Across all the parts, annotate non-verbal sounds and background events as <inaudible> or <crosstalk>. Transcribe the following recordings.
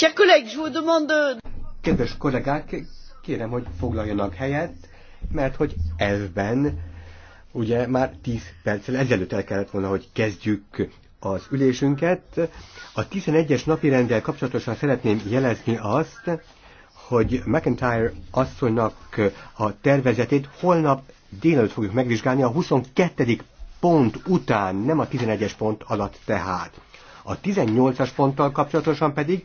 Chers collègues, je vous demande... Kedves kollégák, kérem, hogy foglaljanak helyet, mert hogy elvben, ugye már 10 perccel ezelőtt el kellett volna, hogy kezdjük az ülésünket. A 11-es napi rendel kapcsolatosan szeretném jelezni azt, hogy McIntyre asszonynak a tervezetét holnap délelőtt fogjuk megvizsgálni a 22. pont után, nem a 11-es pont alatt tehát. A 18-as ponttal kapcsolatosan pedig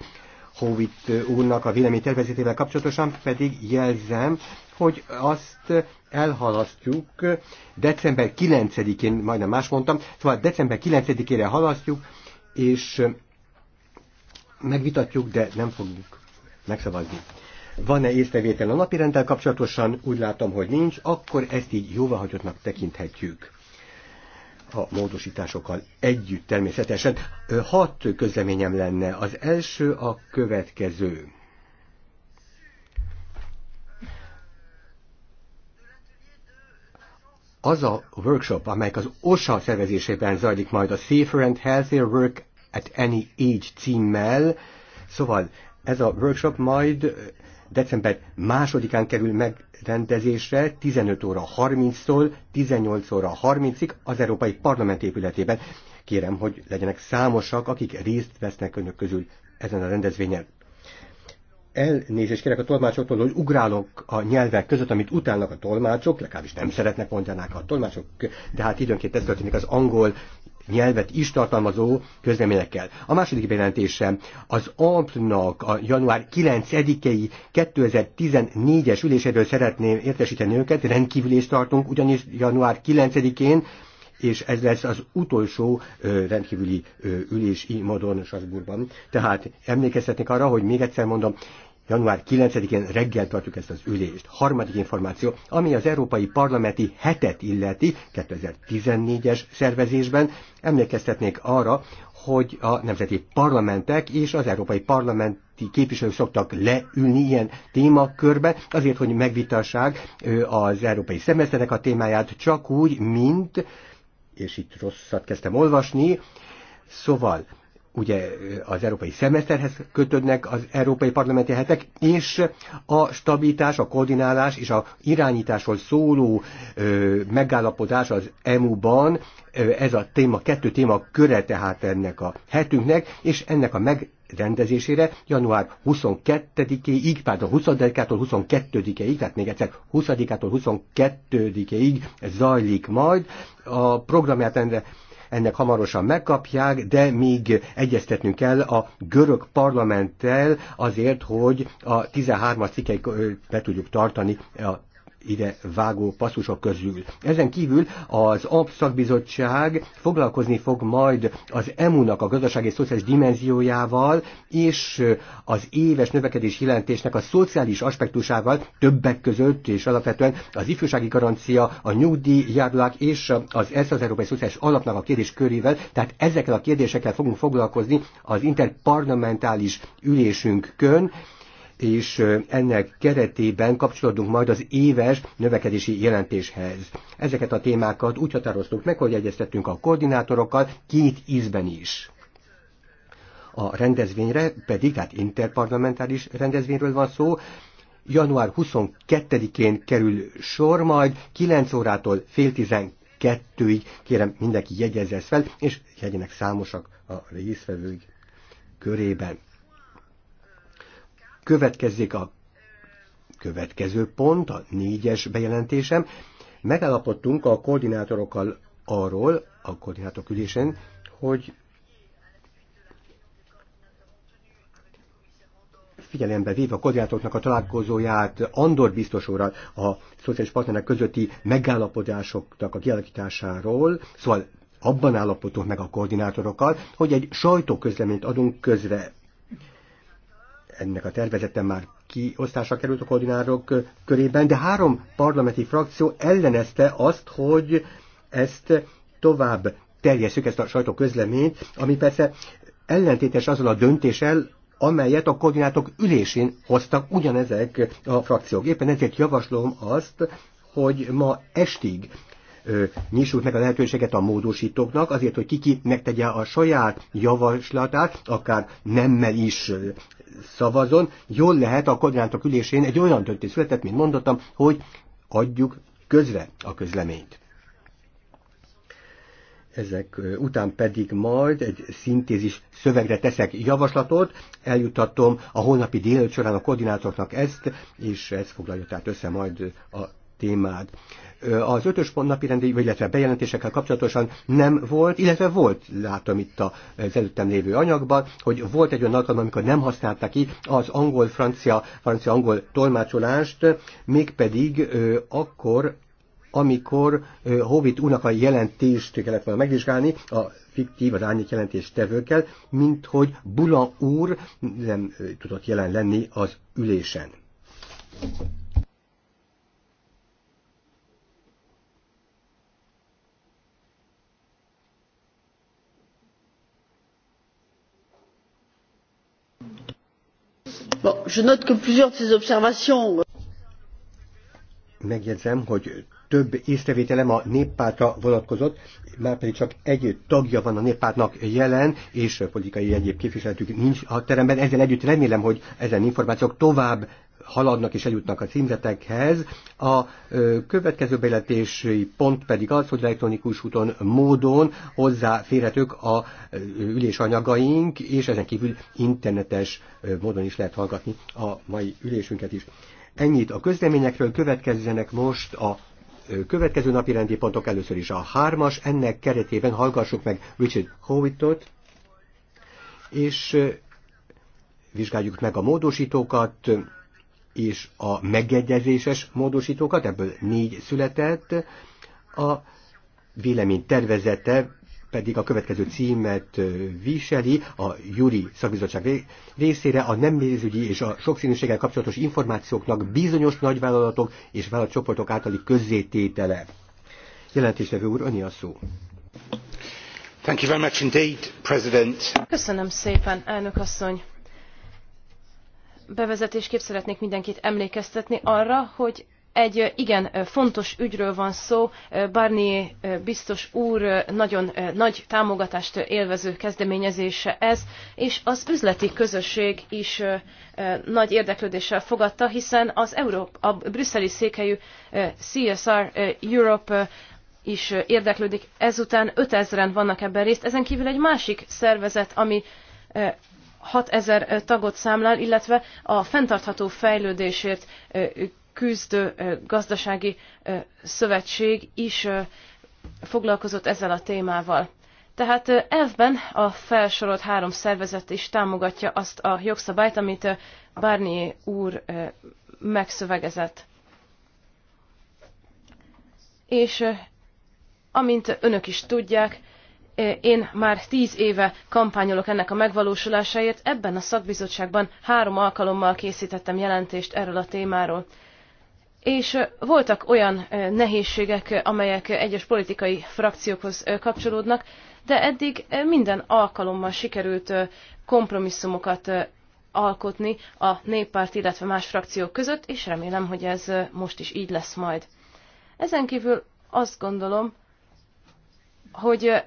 Hovit úrnak a vélemény tervezetével kapcsolatosan pedig jelzem, hogy azt elhalasztjuk december 9-én, majdnem más mondtam, szóval december 9-ére halasztjuk, és megvitatjuk, de nem fogjuk megszavazni. Van-e észrevétel a napirenddel kapcsolatosan? Úgy látom, hogy nincs, akkor ezt így jóvahagyottnak tekinthetjük a módosításokkal együtt természetesen. Hat közleményem lenne. Az első a következő. Az a workshop, amelyik az OSA szervezésében zajlik majd a Safer and Healthier Work at Any Age címmel, szóval ez a workshop majd december másodikán kerül megrendezésre 15 óra 30-tól 18 óra 30-ig az Európai Parlament épületében. Kérem, hogy legyenek számosak, akik részt vesznek önök közül ezen a rendezvényen. Elnézést kérek a tolmácsoktól, hogy ugrálok a nyelvek között, amit utálnak a tolmácsok, legalábbis nem szeretnek mondanák a tolmácsok, de hát időnként ez történik az angol nyelvet is tartalmazó közleményekkel. A második bejelentése az AMP-nak a január 9-i 2014-es üléséről szeretném értesíteni őket, rendkívülést tartunk, ugyanis január 9-én és ez lesz az utolsó ö, rendkívüli ö, ülés Strasbourgban. Tehát emlékeztetnék arra, hogy még egyszer mondom, január 9-én reggel tartjuk ezt az ülést. Harmadik információ, ami az Európai Parlamenti hetet illeti 2014-es szervezésben, emlékeztetnék arra, hogy a nemzeti parlamentek és az Európai Parlament képviselők szoktak leülni ilyen témakörbe, azért, hogy megvitassák az európai szemeszternek a témáját, csak úgy, mint, és itt rosszat kezdtem olvasni, szóval ugye az európai szemeszterhez kötődnek az európai parlamenti hetek, és a stabilitás, a koordinálás és a irányításról szóló ö, megállapodás az EMU-ban, ez a téma, kettő téma köre tehát ennek a hetünknek, és ennek a meg rendezésére január 22-ig, például 20-től 22-ig, tehát még egyszer 20-től 22-ig zajlik majd. A programját ennek ennek hamarosan megkapják, de még egyeztetnünk kell a görög parlamenttel azért, hogy a 13-as cikkeit be tudjuk tartani a ide vágó passzusok közül. Ezen kívül az AMP szakbizottság foglalkozni fog majd az EMU-nak a gazdasági és szociális dimenziójával, és az éves növekedés jelentésnek a szociális aspektusával többek között, és alapvetően az ifjúsági garancia, a nyugdíjjárulák és az ESZ az Európai Szociális Alapnak a kérdéskörével, tehát ezekkel a kérdésekkel fogunk foglalkozni az interparlamentális ülésünkön, és ennek keretében kapcsolódunk majd az éves növekedési jelentéshez. Ezeket a témákat úgy határoztuk meg, hogy egyeztettünk a koordinátorokkal két ízben is. A rendezvényre pedig, tehát interparlamentális rendezvényről van szó, január 22-én kerül sor, majd 9 órától fél 12-ig, kérem mindenki jegyezze ezt fel, és legyenek számosak a résztvevők körében. Következzék a következő pont, a négyes bejelentésem. Megállapodtunk a koordinátorokkal arról, a koordinátorok ülésen, hogy figyelembe véve a koordinátoroknak a találkozóját Andor biztos úrral a szociális partnerek közötti megállapodásoknak a kialakításáról, szóval abban állapodtunk meg a koordinátorokkal, hogy egy sajtóközleményt adunk közre ennek a tervezete már kiosztásra került a koordinárok körében, de három parlamenti frakció ellenezte azt, hogy ezt tovább terjesszük, ezt a sajtóközleményt, ami persze ellentétes azzal a döntéssel, amelyet a koordinátok ülésén hoztak ugyanezek a frakciók. Éppen ezért javaslom azt, hogy ma estig nyissuk meg a lehetőséget a módosítóknak, azért, hogy kiki megtegye a saját javaslatát, akár nemmel is szavazon. Jól lehet a kodrántok ülésén egy olyan döntés született, mint mondottam, hogy adjuk közre a közleményt ezek után pedig majd egy szintézis szövegre teszek javaslatot, eljutatom a holnapi délőtt során a koordinátoroknak ezt, és ez foglalja tehát össze majd a témád. Az ötös pont napirendi, illetve bejelentésekkel kapcsolatosan nem volt, illetve volt, látom itt az előttem lévő anyagban, hogy volt egy olyan alkalom, amikor nem használták ki az angol-francia, francia-angol tolmácsolást, mégpedig akkor, amikor hovit úrnak a jelentést kellett volna megvizsgálni, a fiktív, az árnyék tevőkkel, mint hogy Bulan úr nem tudott jelen lenni az ülésen. je note que plusieurs de ces observations. Euh, Megjegyzem, hogy több észrevételem a néppártra vonatkozott, már pedig csak egy tagja van a néppártnak jelen, és politikai egyéb képviseletük nincs a teremben. Ezzel együtt remélem, hogy ezen információk tovább haladnak és eljutnak a címzetekhez. A következő beletési pont pedig az, hogy elektronikus úton, módon hozzáférhetők a ülésanyagaink, és ezen kívül internetes módon is lehet hallgatni a mai ülésünket is. Ennyit a közleményekről, következzenek most a következő napi rendi pontok először is a hármas, ennek keretében hallgassuk meg Richard Howittot, és vizsgáljuk meg a módosítókat, és a megegyezéses módosítókat, ebből négy született, a vélemény tervezete pedig a következő címet viseli a Juri szakbizottság részére a nem mézügyi és a sokszínűséggel kapcsolatos információknak bizonyos nagyvállalatok és vállalatcsoportok általi közzététele. Jelentéstevő úr, öni a szó. Thank you very much indeed, President. Köszönöm szépen, elnök asszony bevezetésképp szeretnék mindenkit emlékeztetni arra, hogy egy igen fontos ügyről van szó. Barnier biztos úr nagyon nagy támogatást élvező kezdeményezése ez, és az üzleti közösség is nagy érdeklődéssel fogadta, hiszen az Európa, a brüsszeli székhelyű CSR Europe is érdeklődik. Ezután 5000-en vannak ebben részt. Ezen kívül egy másik szervezet, ami 6000 tagot számlál, illetve a fenntartható fejlődésért küzdő gazdasági szövetség is foglalkozott ezzel a témával. Tehát elvben a felsorolt három szervezet is támogatja azt a jogszabályt, amit Barnier úr megszövegezett. És amint önök is tudják, én már tíz éve kampányolok ennek a megvalósulásáért, ebben a szakbizottságban három alkalommal készítettem jelentést erről a témáról. És voltak olyan nehézségek, amelyek egyes politikai frakciókhoz kapcsolódnak, de eddig minden alkalommal sikerült kompromisszumokat alkotni a néppárt, illetve más frakciók között, és remélem, hogy ez most is így lesz majd. Ezen kívül azt gondolom, hogy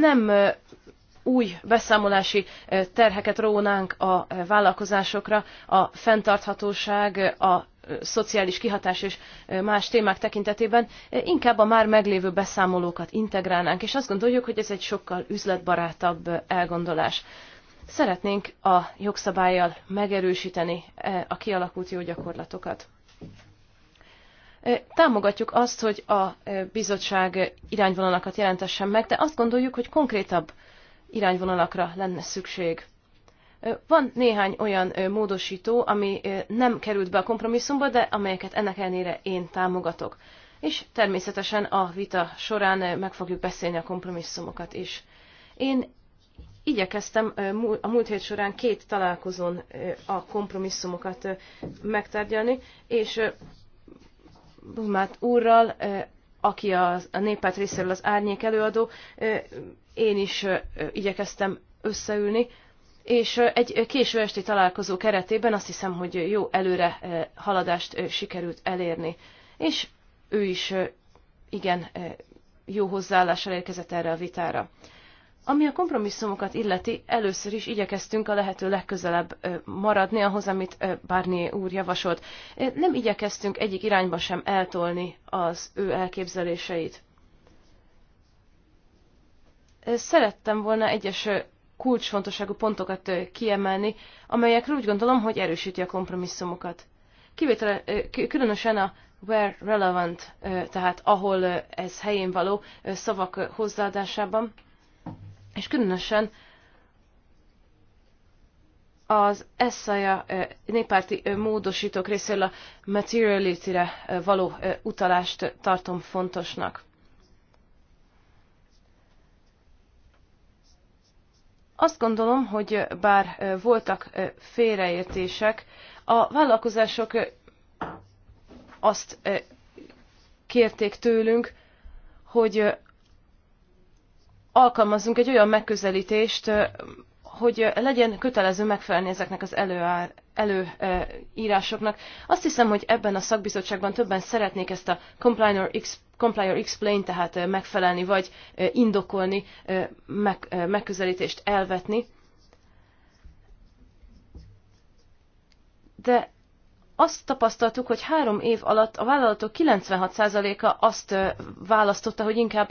nem új beszámolási terheket rónánk a vállalkozásokra, a fenntarthatóság, a szociális kihatás és más témák tekintetében, inkább a már meglévő beszámolókat integrálnánk, és azt gondoljuk, hogy ez egy sokkal üzletbarátabb elgondolás. Szeretnénk a jogszabályjal megerősíteni a kialakult jó gyakorlatokat. Támogatjuk azt, hogy a bizottság irányvonalakat jelentessen meg, de azt gondoljuk, hogy konkrétabb irányvonalakra lenne szükség. Van néhány olyan módosító, ami nem került be a kompromisszumba, de amelyeket ennek ellenére én támogatok. És természetesen a vita során meg fogjuk beszélni a kompromisszumokat is. Én igyekeztem a múlt hét során két találkozón a kompromisszumokat megtárgyalni, és Bumát úrral, aki a, a néppárt részéről az árnyék előadó, én is igyekeztem összeülni, és egy késő esti találkozó keretében azt hiszem, hogy jó előre haladást sikerült elérni. És ő is igen jó hozzáállással érkezett erre a vitára. Ami a kompromisszumokat illeti, először is igyekeztünk a lehető legközelebb maradni ahhoz, amit Barnier úr javasolt. Nem igyekeztünk egyik irányba sem eltolni az ő elképzeléseit. Szerettem volna egyes kulcsfontosságú pontokat kiemelni, amelyekről úgy gondolom, hogy erősíti a kompromisszumokat. Kivétele, különösen a where relevant, tehát ahol ez helyén való szavak hozzáadásában, és különösen az eszaja néppárti módosítók részéről a materiality-re való utalást tartom fontosnak. Azt gondolom, hogy bár voltak félreértések, a vállalkozások azt kérték tőlünk, hogy alkalmazzunk egy olyan megközelítést, hogy legyen kötelező megfelelni ezeknek az előár, előírásoknak. Azt hiszem, hogy ebben a szakbizottságban többen szeretnék ezt a Complier explain, tehát megfelelni vagy indokolni meg, megközelítést elvetni. De azt tapasztaltuk, hogy három év alatt a vállalatok 96%-a azt választotta, hogy inkább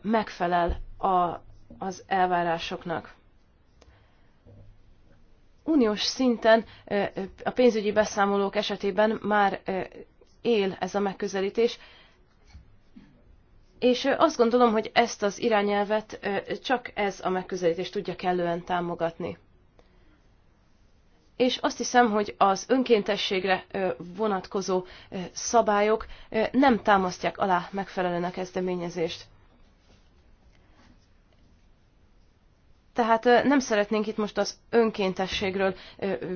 megfelel a, az elvárásoknak. Uniós szinten a pénzügyi beszámolók esetében már él ez a megközelítés, és azt gondolom, hogy ezt az irányelvet csak ez a megközelítés tudja kellően támogatni. És azt hiszem, hogy az önkéntességre vonatkozó szabályok nem támasztják alá megfelelően a kezdeményezést. Tehát nem szeretnénk itt most az önkéntességről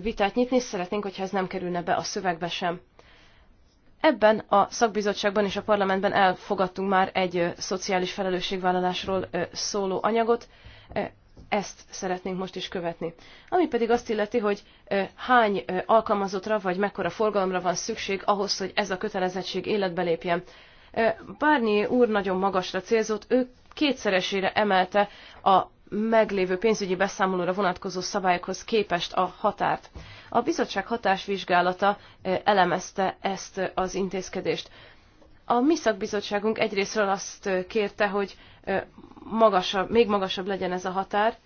vitát nyitni, szeretnénk, hogyha ez nem kerülne be a szövegbe sem. Ebben a szakbizottságban és a parlamentben elfogadtunk már egy szociális felelősségvállalásról szóló anyagot, ezt szeretnénk most is követni. Ami pedig azt illeti, hogy hány alkalmazottra vagy mekkora forgalomra van szükség ahhoz, hogy ez a kötelezettség életbe lépjen. Bárnyi úr nagyon magasra célzott, ő kétszeresére emelte a meglévő pénzügyi beszámolóra vonatkozó szabályokhoz képest a határt. A bizottság hatásvizsgálata eh, elemezte ezt eh, az intézkedést. A mi szakbizottságunk egyrésztről azt eh, kérte, hogy magasabb, még magasabb legyen ez a határ,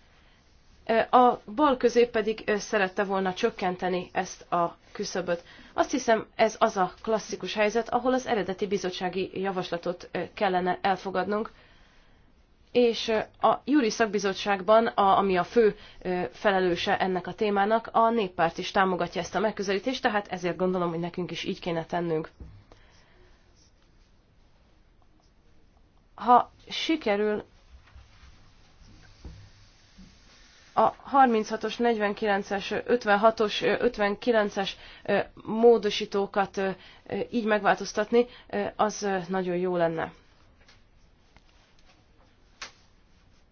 a bal közép pedig szerette volna csökkenteni ezt a küszöböt. Azt hiszem, ez az a klasszikus helyzet, ahol az eredeti bizottsági javaslatot kellene elfogadnunk, és a Júri Szakbizottságban, a, ami a fő felelőse ennek a témának, a néppárt is támogatja ezt a megközelítést, tehát ezért gondolom, hogy nekünk is így kéne tennünk. Ha sikerül a 36-os, 49-es, 56-os, 59-es módosítókat így megváltoztatni, az nagyon jó lenne.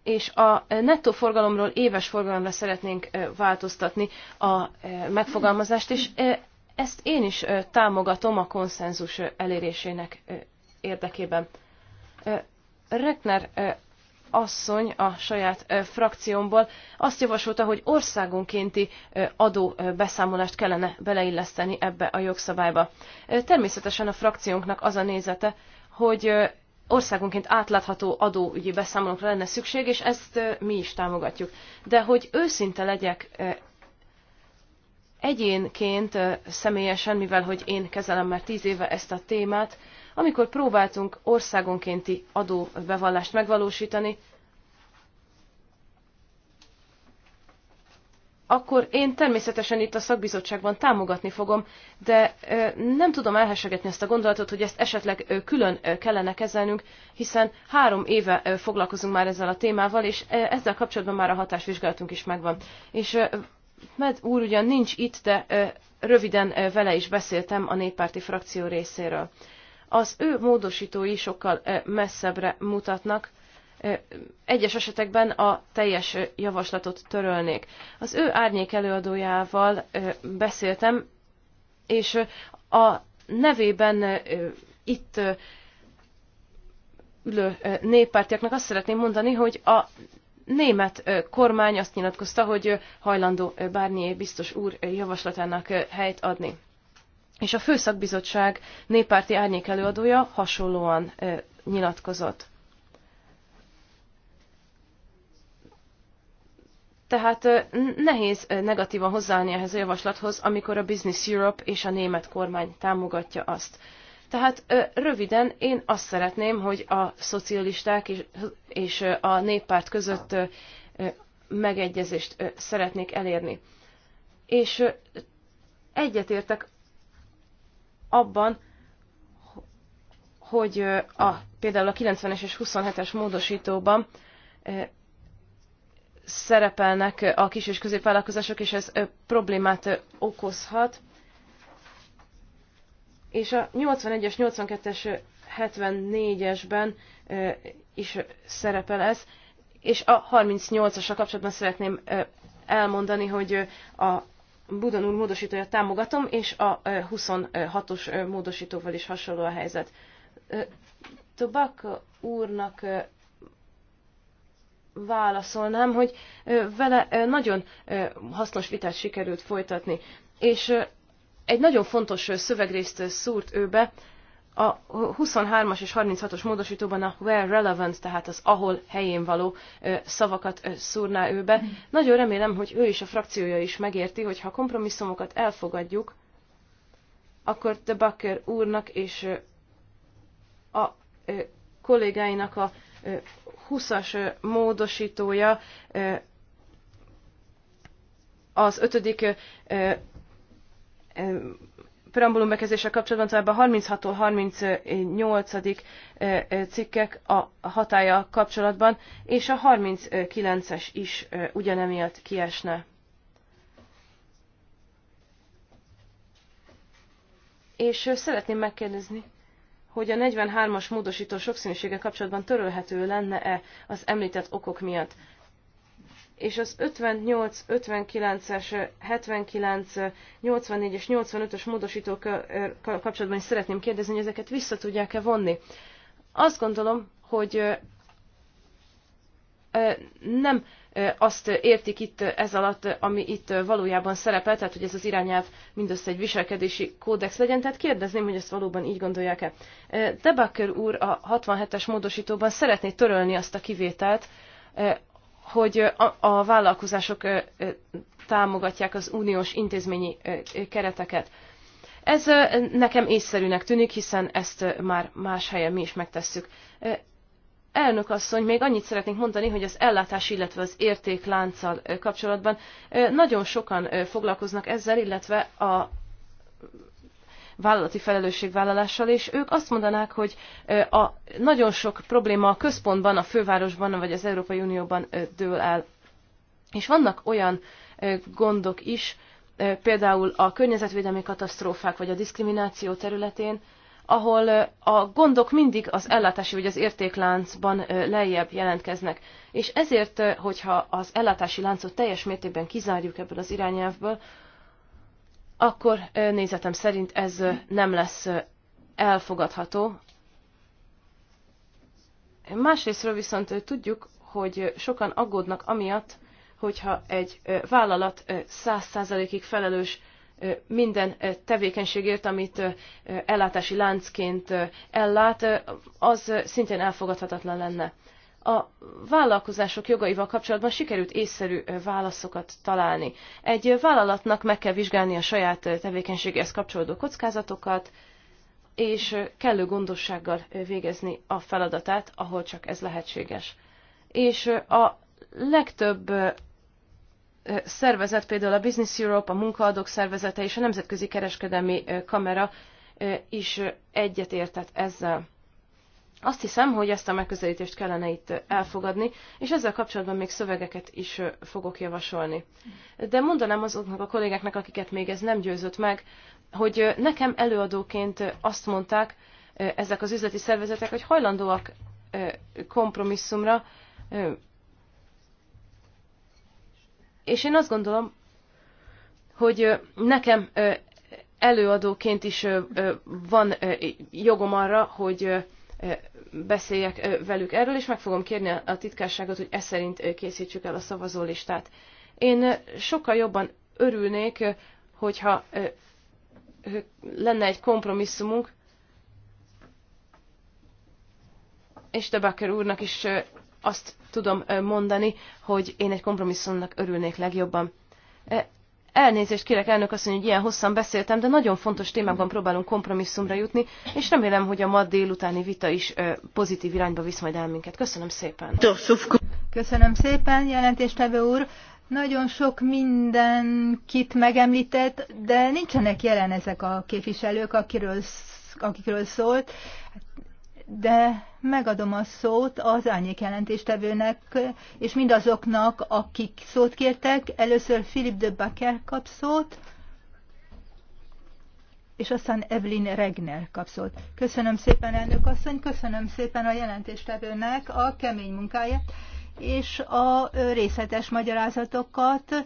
és a nettó forgalomról éves forgalomra szeretnénk változtatni a megfogalmazást, és ezt én is támogatom a konszenzus elérésének érdekében. Rekner asszony a saját frakciómból azt javasolta, hogy országonkénti adóbeszámolást kellene beleilleszteni ebbe a jogszabályba. Természetesen a frakciónknak az a nézete, hogy országonként átlátható adóügyi beszámolókra lenne szükség, és ezt mi is támogatjuk. De hogy őszinte legyek egyénként, személyesen, mivel hogy én kezelem már tíz éve ezt a témát, amikor próbáltunk országonkénti adóbevallást megvalósítani, akkor én természetesen itt a szakbizottságban támogatni fogom, de nem tudom elhessegetni ezt a gondolatot, hogy ezt esetleg külön kellene kezelnünk, hiszen három éve foglalkozunk már ezzel a témával, és ezzel kapcsolatban már a hatásvizsgálatunk is megvan. És Med úr ugyan nincs itt, de röviden vele is beszéltem a néppárti frakció részéről. Az ő módosítói sokkal messzebbre mutatnak, egyes esetekben a teljes javaslatot törölnék. Az ő árnyék előadójával beszéltem, és a nevében itt ülő néppártiaknak azt szeretném mondani, hogy a német kormány azt nyilatkozta, hogy hajlandó Barnier biztos úr javaslatának helyt adni. És a főszakbizottság néppárti árnyék előadója hasonlóan nyilatkozott. Tehát nehéz negatívan hozzáállni ehhez a javaslathoz, amikor a Business Europe és a német kormány támogatja azt. Tehát röviden én azt szeretném, hogy a szocialisták és a néppárt között megegyezést szeretnék elérni. És egyetértek abban, hogy a, például a 90-es és 27-es módosítóban szerepelnek a kis és középvállalkozások, és ez problémát okozhat. És a 81-es, 82-es, 74-esben is szerepel ez, és a 38-asra kapcsolatban szeretném elmondani, hogy a Budon úr módosítója támogatom, és a 26-os módosítóval is hasonló a helyzet. Tobak úrnak válaszolnám, hogy vele nagyon hasznos vitát sikerült folytatni, és egy nagyon fontos szövegrészt szúrt ő be, a 23-as és 36-os módosítóban a where relevant, tehát az ahol helyén való szavakat szúrná ő be. Nagyon remélem, hogy ő is, a frakciója is megérti, hogy ha kompromisszumokat elfogadjuk, akkor de Bakker úrnak és a kollégáinak a 20-as módosítója az ötödik preambulum bekezdése kapcsolatban tovább a 36-tól 38 cikkek a hatája kapcsolatban, és a 39-es is ugyanemiatt kiesne. És szeretném megkérdezni hogy a 43-as módosító sokszínűsége kapcsolatban törölhető lenne-e az említett okok miatt. És az 58, 59-es, 79, 84 és 85-ös módosítók kapcsolatban is szeretném kérdezni, hogy ezeket vissza tudják-e vonni. Azt gondolom, hogy nem azt értik itt ez alatt, ami itt valójában szerepel, tehát hogy ez az irányelv mindössze egy viselkedési kódex legyen, tehát kérdezném, hogy ezt valóban így gondolják-e. Debakker úr a 67-es módosítóban szeretné törölni azt a kivételt, hogy a vállalkozások támogatják az uniós intézményi kereteket. Ez nekem észszerűnek tűnik, hiszen ezt már más helyen mi is megtesszük. Elnök asszony, még annyit szeretnék mondani, hogy az ellátás, illetve az értéklánccal kapcsolatban nagyon sokan foglalkoznak ezzel, illetve a vállalati felelősségvállalással, és ők azt mondanák, hogy a nagyon sok probléma a központban, a fővárosban vagy az Európai Unióban dől el. És vannak olyan gondok is, például a környezetvédelmi katasztrófák vagy a diszkrimináció területén, ahol a gondok mindig az ellátási vagy az értékláncban lejjebb jelentkeznek. És ezért, hogyha az ellátási láncot teljes mértékben kizárjuk ebből az irányelvből, akkor nézetem szerint ez nem lesz elfogadható. Másrésztről viszont tudjuk, hogy sokan aggódnak amiatt, hogyha egy vállalat 100%-ig felelős minden tevékenységért, amit ellátási láncként ellát, az szintén elfogadhatatlan lenne. A vállalkozások jogaival kapcsolatban sikerült észszerű válaszokat találni. Egy vállalatnak meg kell vizsgálni a saját tevékenységéhez kapcsolódó kockázatokat, és kellő gondossággal végezni a feladatát, ahol csak ez lehetséges. És a legtöbb szervezet, például a Business Europe, a munkaadók szervezete és a Nemzetközi Kereskedelmi Kamera is egyetértett ezzel. Azt hiszem, hogy ezt a megközelítést kellene itt elfogadni, és ezzel kapcsolatban még szövegeket is fogok javasolni. De mondanám azoknak a kollégáknak, akiket még ez nem győzött meg, hogy nekem előadóként azt mondták ezek az üzleti szervezetek, hogy hajlandóak kompromisszumra, és én azt gondolom, hogy nekem előadóként is van jogom arra, hogy beszéljek velük erről, és meg fogom kérni a titkárságot, hogy ez szerint készítsük el a szavazólistát. Én sokkal jobban örülnék, hogyha lenne egy kompromisszumunk, és Tebaker úrnak is azt tudom mondani, hogy én egy kompromisszumnak örülnék legjobban. Elnézést kérek, elnök mondja, hogy ilyen hosszan beszéltem, de nagyon fontos témában próbálunk kompromisszumra jutni, és remélem, hogy a ma délutáni vita is pozitív irányba visz majd el minket. Köszönöm szépen. Köszönöm szépen, jelentéstevő úr. Nagyon sok mindenkit megemlített, de nincsenek jelen ezek a képviselők, akiről, akikről szólt de megadom a szót az árnyék jelentéstevőnek, és mindazoknak, akik szót kértek. Először Philip de Baker kap szót, és aztán Evelyn Regner kap szót. Köszönöm szépen, elnök asszony, köszönöm szépen a jelentéstevőnek a kemény munkáját és a részletes magyarázatokat.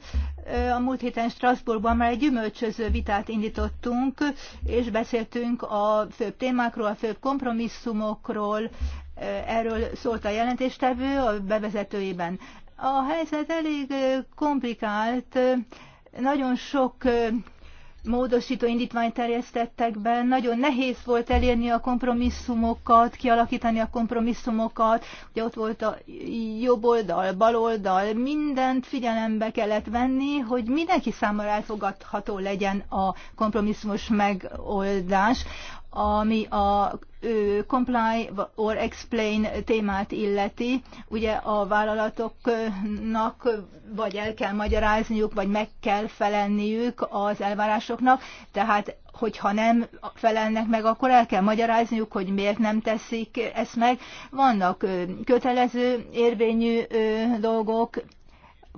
A múlt héten Strasbourgban már egy gyümölcsöző vitát indítottunk, és beszéltünk a főbb témákról, a főbb kompromisszumokról. Erről szólt a jelentéstevő a bevezetőjében. A helyzet elég komplikált, nagyon sok módosító indítványt terjesztettek be. Nagyon nehéz volt elérni a kompromisszumokat, kialakítani a kompromisszumokat. Ugye ott volt a jobb oldal, bal oldal, mindent figyelembe kellett venni, hogy mindenki számára elfogadható legyen a kompromisszumos megoldás ami a comply or explain témát illeti, ugye a vállalatoknak vagy el kell magyarázniuk, vagy meg kell felenniük az elvárásoknak, tehát hogyha nem felelnek meg, akkor el kell magyarázniuk, hogy miért nem teszik ezt meg. Vannak kötelező érvényű dolgok,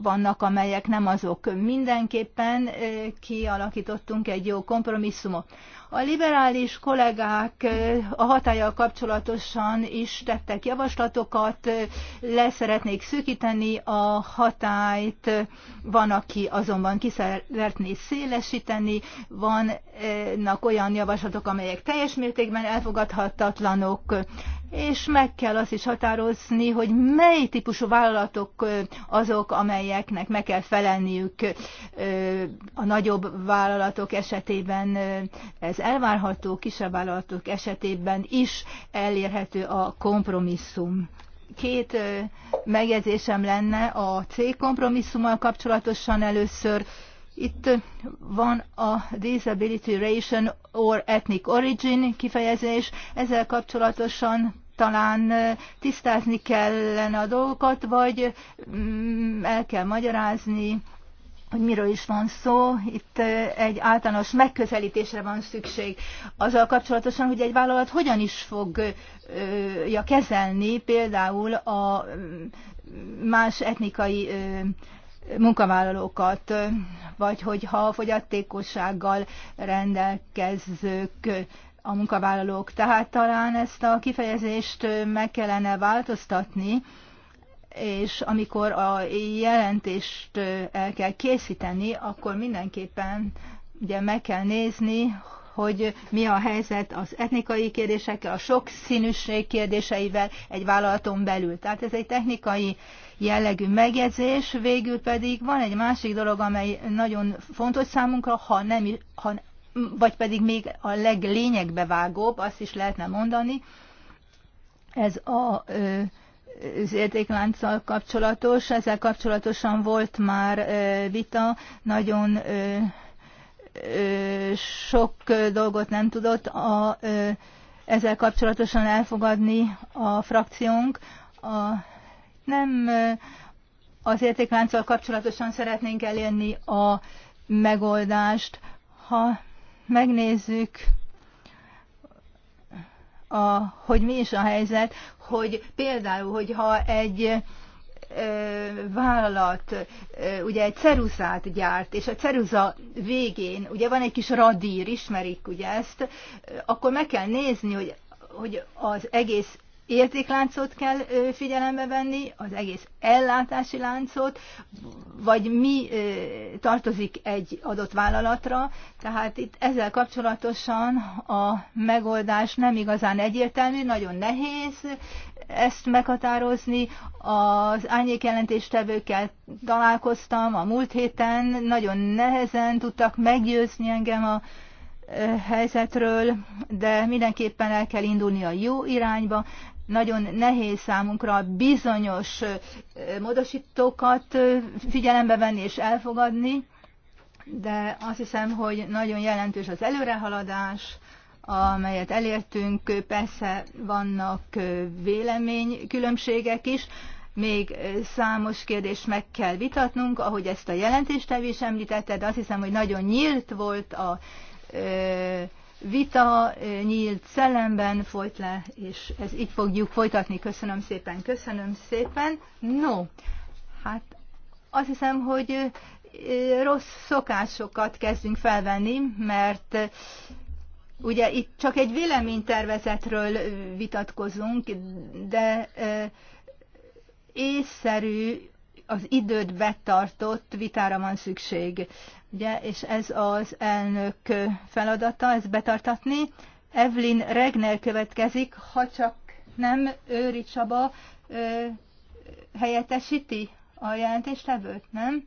vannak, amelyek nem azok. Mindenképpen eh, kialakítottunk egy jó kompromisszumot. A liberális kollégák eh, a hatája kapcsolatosan is tettek javaslatokat, eh, leszeretnék szűkíteni a hatályt, van, aki azonban ki szeretné szélesíteni, vannak olyan javaslatok, amelyek teljes mértékben elfogadhatatlanok, és meg kell azt is határozni, hogy mely típusú vállalatok azok, amelyeknek meg kell felelniük a nagyobb vállalatok esetében, ez elvárható, kisebb vállalatok esetében is elérhető a kompromisszum két megjegyzésem lenne a C kompromisszummal kapcsolatosan először. Itt van a disability ration or ethnic origin kifejezés, ezzel kapcsolatosan talán tisztázni kellene a dolgokat, vagy mm, el kell magyarázni, hogy miről is van szó. Itt egy általános megközelítésre van szükség azzal kapcsolatosan, hogy egy vállalat hogyan is fogja kezelni például a mm, más etnikai munkavállalókat, vagy hogyha fogyatékossággal rendelkezők a munkavállalók. Tehát talán ezt a kifejezést meg kellene változtatni, és amikor a jelentést el kell készíteni, akkor mindenképpen ugye meg kell nézni, hogy mi a helyzet az etnikai kérdésekkel, a sokszínűség kérdéseivel egy vállalaton belül. Tehát ez egy technikai jellegű megjegyzés, végül pedig van egy másik dolog, amely nagyon fontos számunkra, ha nem, ha vagy pedig még a leglényegbe vágóbb, azt is lehetne mondani, ez a az értéklánccal kapcsolatos. Ezzel kapcsolatosan volt már vita, nagyon sok dolgot nem tudott a, ezzel kapcsolatosan elfogadni a frakciónk. A, nem az értéklánccal kapcsolatosan szeretnénk elérni a megoldást, ha megnézzük, a, hogy mi is a helyzet, hogy például, hogyha egy vállalat ugye egy ceruzát gyárt, és a ceruza végén ugye van egy kis radír, ismerik ugye ezt, akkor meg kell nézni, hogy hogy az egész értékláncot kell figyelembe venni, az egész ellátási láncot, vagy mi tartozik egy adott vállalatra. Tehát itt ezzel kapcsolatosan a megoldás nem igazán egyértelmű, nagyon nehéz ezt meghatározni. Az árnyékjelentéstevőkkel találkoztam a múlt héten, nagyon nehezen tudtak meggyőzni engem a helyzetről, de mindenképpen el kell indulni a jó irányba, nagyon nehéz számunkra bizonyos módosítókat figyelembe venni és elfogadni, de azt hiszem, hogy nagyon jelentős az előrehaladás, amelyet elértünk. Persze vannak véleménykülönbségek is, még számos kérdést meg kell vitatnunk, ahogy ezt a te is említetted, azt hiszem, hogy nagyon nyílt volt a vita nyílt szellemben folyt le, és ez így fogjuk folytatni. Köszönöm szépen, köszönöm szépen. No, hát azt hiszem, hogy rossz szokásokat kezdünk felvenni, mert ugye itt csak egy véleménytervezetről vitatkozunk, de észszerű az időt betartott vitára van szükség ugye, és ez az elnök feladata, ezt betartatni. Evelyn Regner következik, ha csak nem Őri Csaba ö, helyettesíti a jelentéstevőt, nem?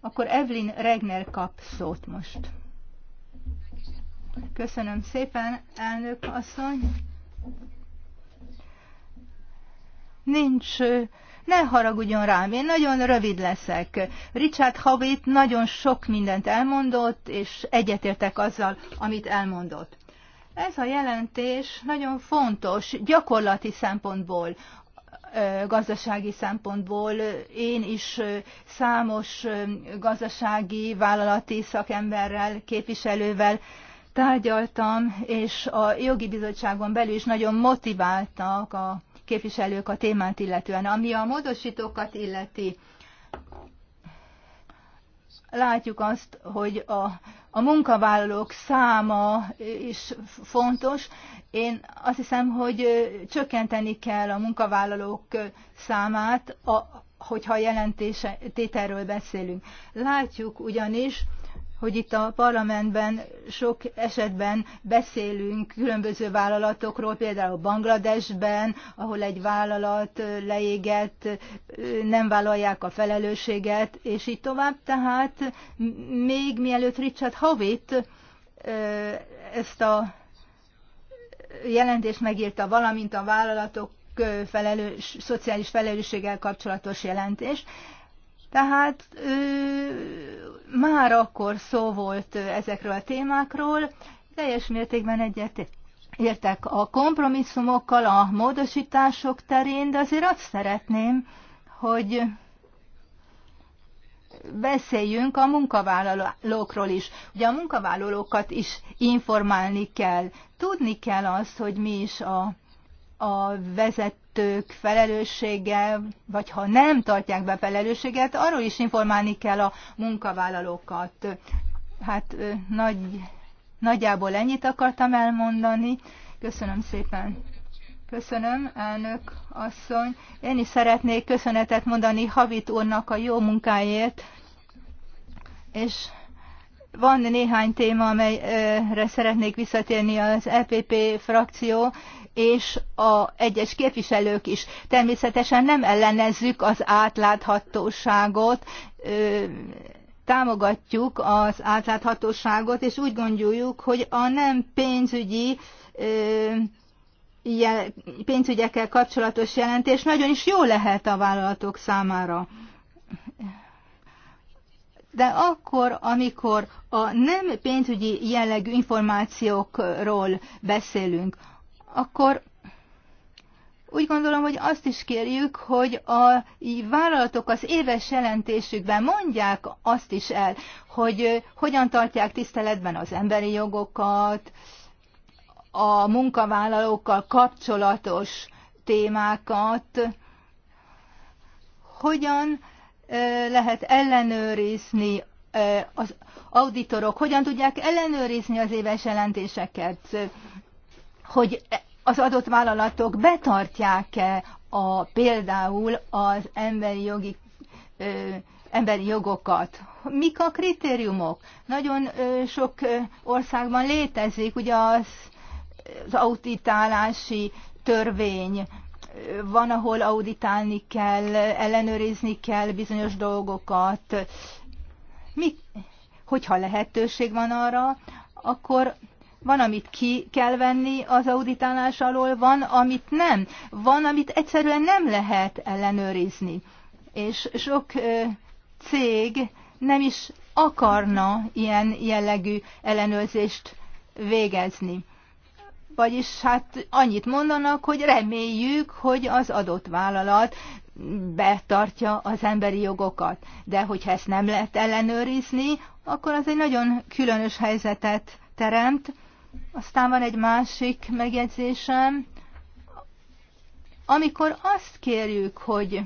Akkor Evelyn Regner kap szót most. Köszönöm szépen, elnök asszony. Nincs ne haragudjon rám, én nagyon rövid leszek. Richard Havit nagyon sok mindent elmondott, és egyetértek azzal, amit elmondott. Ez a jelentés nagyon fontos gyakorlati szempontból, gazdasági szempontból. Én is számos gazdasági, vállalati szakemberrel, képviselővel tárgyaltam, és a jogi bizottságon belül is nagyon motiváltak a képviselők a témát illetően. Ami a módosítókat illeti, látjuk azt, hogy a, a munkavállalók száma is fontos. Én azt hiszem, hogy csökkenteni kell a munkavállalók számát, a, hogyha a jelentése, tételről beszélünk. Látjuk ugyanis, hogy itt a parlamentben sok esetben beszélünk különböző vállalatokról, például Bangladesben, ahol egy vállalat leégett, nem vállalják a felelősséget, és így tovább. Tehát még mielőtt Richard Howitt ezt a jelentést megírta, valamint a vállalatok felelős, szociális felelősséggel kapcsolatos jelentés. Tehát ö, már akkor szó volt ezekről a témákról, teljes mértékben egyet értek a kompromisszumokkal, a módosítások terén, de azért azt szeretném, hogy beszéljünk a munkavállalókról is. Ugye a munkavállalókat is informálni kell. Tudni kell azt, hogy mi is a a vezetők felelőssége, vagy ha nem tartják be felelősséget, arról is informálni kell a munkavállalókat. Hát nagy, nagyjából ennyit akartam elmondani. Köszönöm szépen. Köszönöm, elnök asszony. Én is szeretnék köszönetet mondani Havit úrnak a jó munkáért, és van néhány téma, amelyre szeretnék visszatérni az EPP frakció és a egyes képviselők is. Természetesen nem ellenezzük az átláthatóságot, támogatjuk az átláthatóságot, és úgy gondoljuk, hogy a nem pénzügyi pénzügyekkel kapcsolatos jelentés nagyon is jó lehet a vállalatok számára. De akkor, amikor a nem pénzügyi jellegű információkról beszélünk, akkor úgy gondolom, hogy azt is kérjük, hogy a vállalatok az éves jelentésükben mondják azt is el, hogy hogyan tartják tiszteletben az emberi jogokat, a munkavállalókkal kapcsolatos témákat, hogyan lehet ellenőrizni az auditorok, hogyan tudják ellenőrizni az éves jelentéseket, hogy az adott vállalatok betartják-e a, például az emberi jogi ö, emberi jogokat. Mik a kritériumok? Nagyon ö, sok ö, országban létezik ugye az, az auditálási törvény. Van, ahol auditálni kell, ellenőrizni kell bizonyos dolgokat. Mi, hogyha lehetőség van arra, akkor van, amit ki kell venni az auditálás alól, van, amit nem. Van, amit egyszerűen nem lehet ellenőrizni. És sok cég nem is akarna ilyen jellegű ellenőrzést végezni. Vagyis hát annyit mondanak, hogy reméljük, hogy az adott vállalat betartja az emberi jogokat. De hogyha ezt nem lehet ellenőrizni, akkor az egy nagyon különös helyzetet teremt, aztán van egy másik megjegyzésem. Amikor azt kérjük, hogy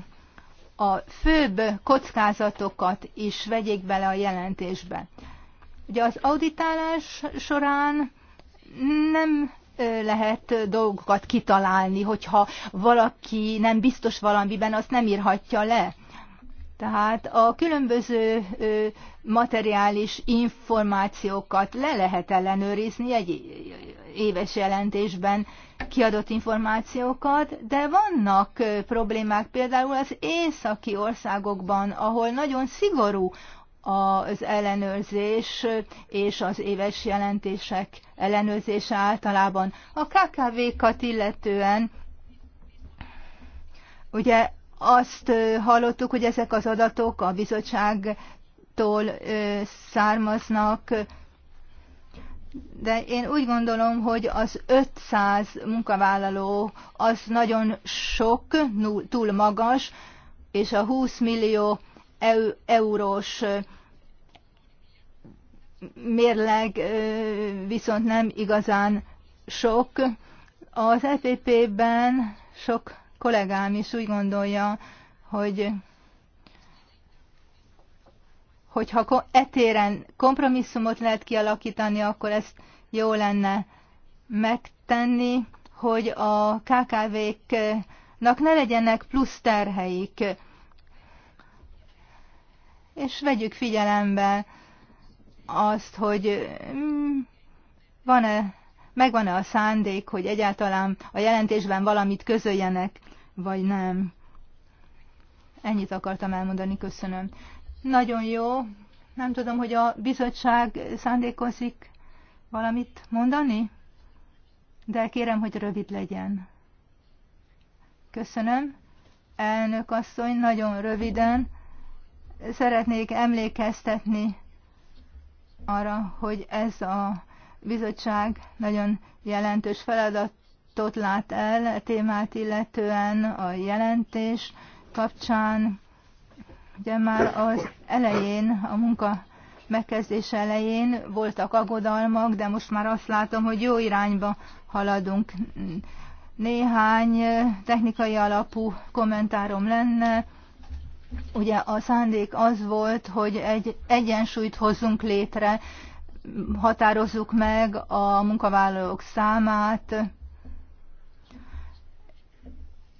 a főbb kockázatokat is vegyék bele a jelentésbe. Ugye az auditálás során nem lehet dolgokat kitalálni, hogyha valaki nem biztos valamiben, azt nem írhatja le. Tehát a különböző materiális információkat le lehet ellenőrizni egy éves jelentésben kiadott információkat, de vannak problémák például az északi országokban, ahol nagyon szigorú az ellenőrzés és az éves jelentések ellenőrzése általában. A KKV-kat illetően ugye azt hallottuk, hogy ezek az adatok a bizottságtól származnak, de én úgy gondolom, hogy az 500 munkavállaló az nagyon sok, túl magas, és a 20 millió eurós mérleg viszont nem igazán sok. Az EPP-ben sok kollégám is úgy gondolja, hogy hogyha etéren kompromisszumot lehet kialakítani, akkor ezt jó lenne megtenni, hogy a KKV-knak ne legyenek plusz terheik. És vegyük figyelembe azt, hogy mm, van-e megvan-e a szándék, hogy egyáltalán a jelentésben valamit közöljenek, vagy nem. Ennyit akartam elmondani, köszönöm. Nagyon jó. Nem tudom, hogy a bizottság szándékozik valamit mondani, de kérem, hogy rövid legyen. Köszönöm. Elnök asszony, nagyon röviden szeretnék emlékeztetni arra, hogy ez a bizottság nagyon jelentős feladatot lát el a e témát illetően a jelentés kapcsán. Ugye már az elején, a munka megkezdés elején voltak aggodalmak, de most már azt látom, hogy jó irányba haladunk. Néhány technikai alapú kommentárom lenne. Ugye a szándék az volt, hogy egy egyensúlyt hozzunk létre határozzuk meg a munkavállalók számát,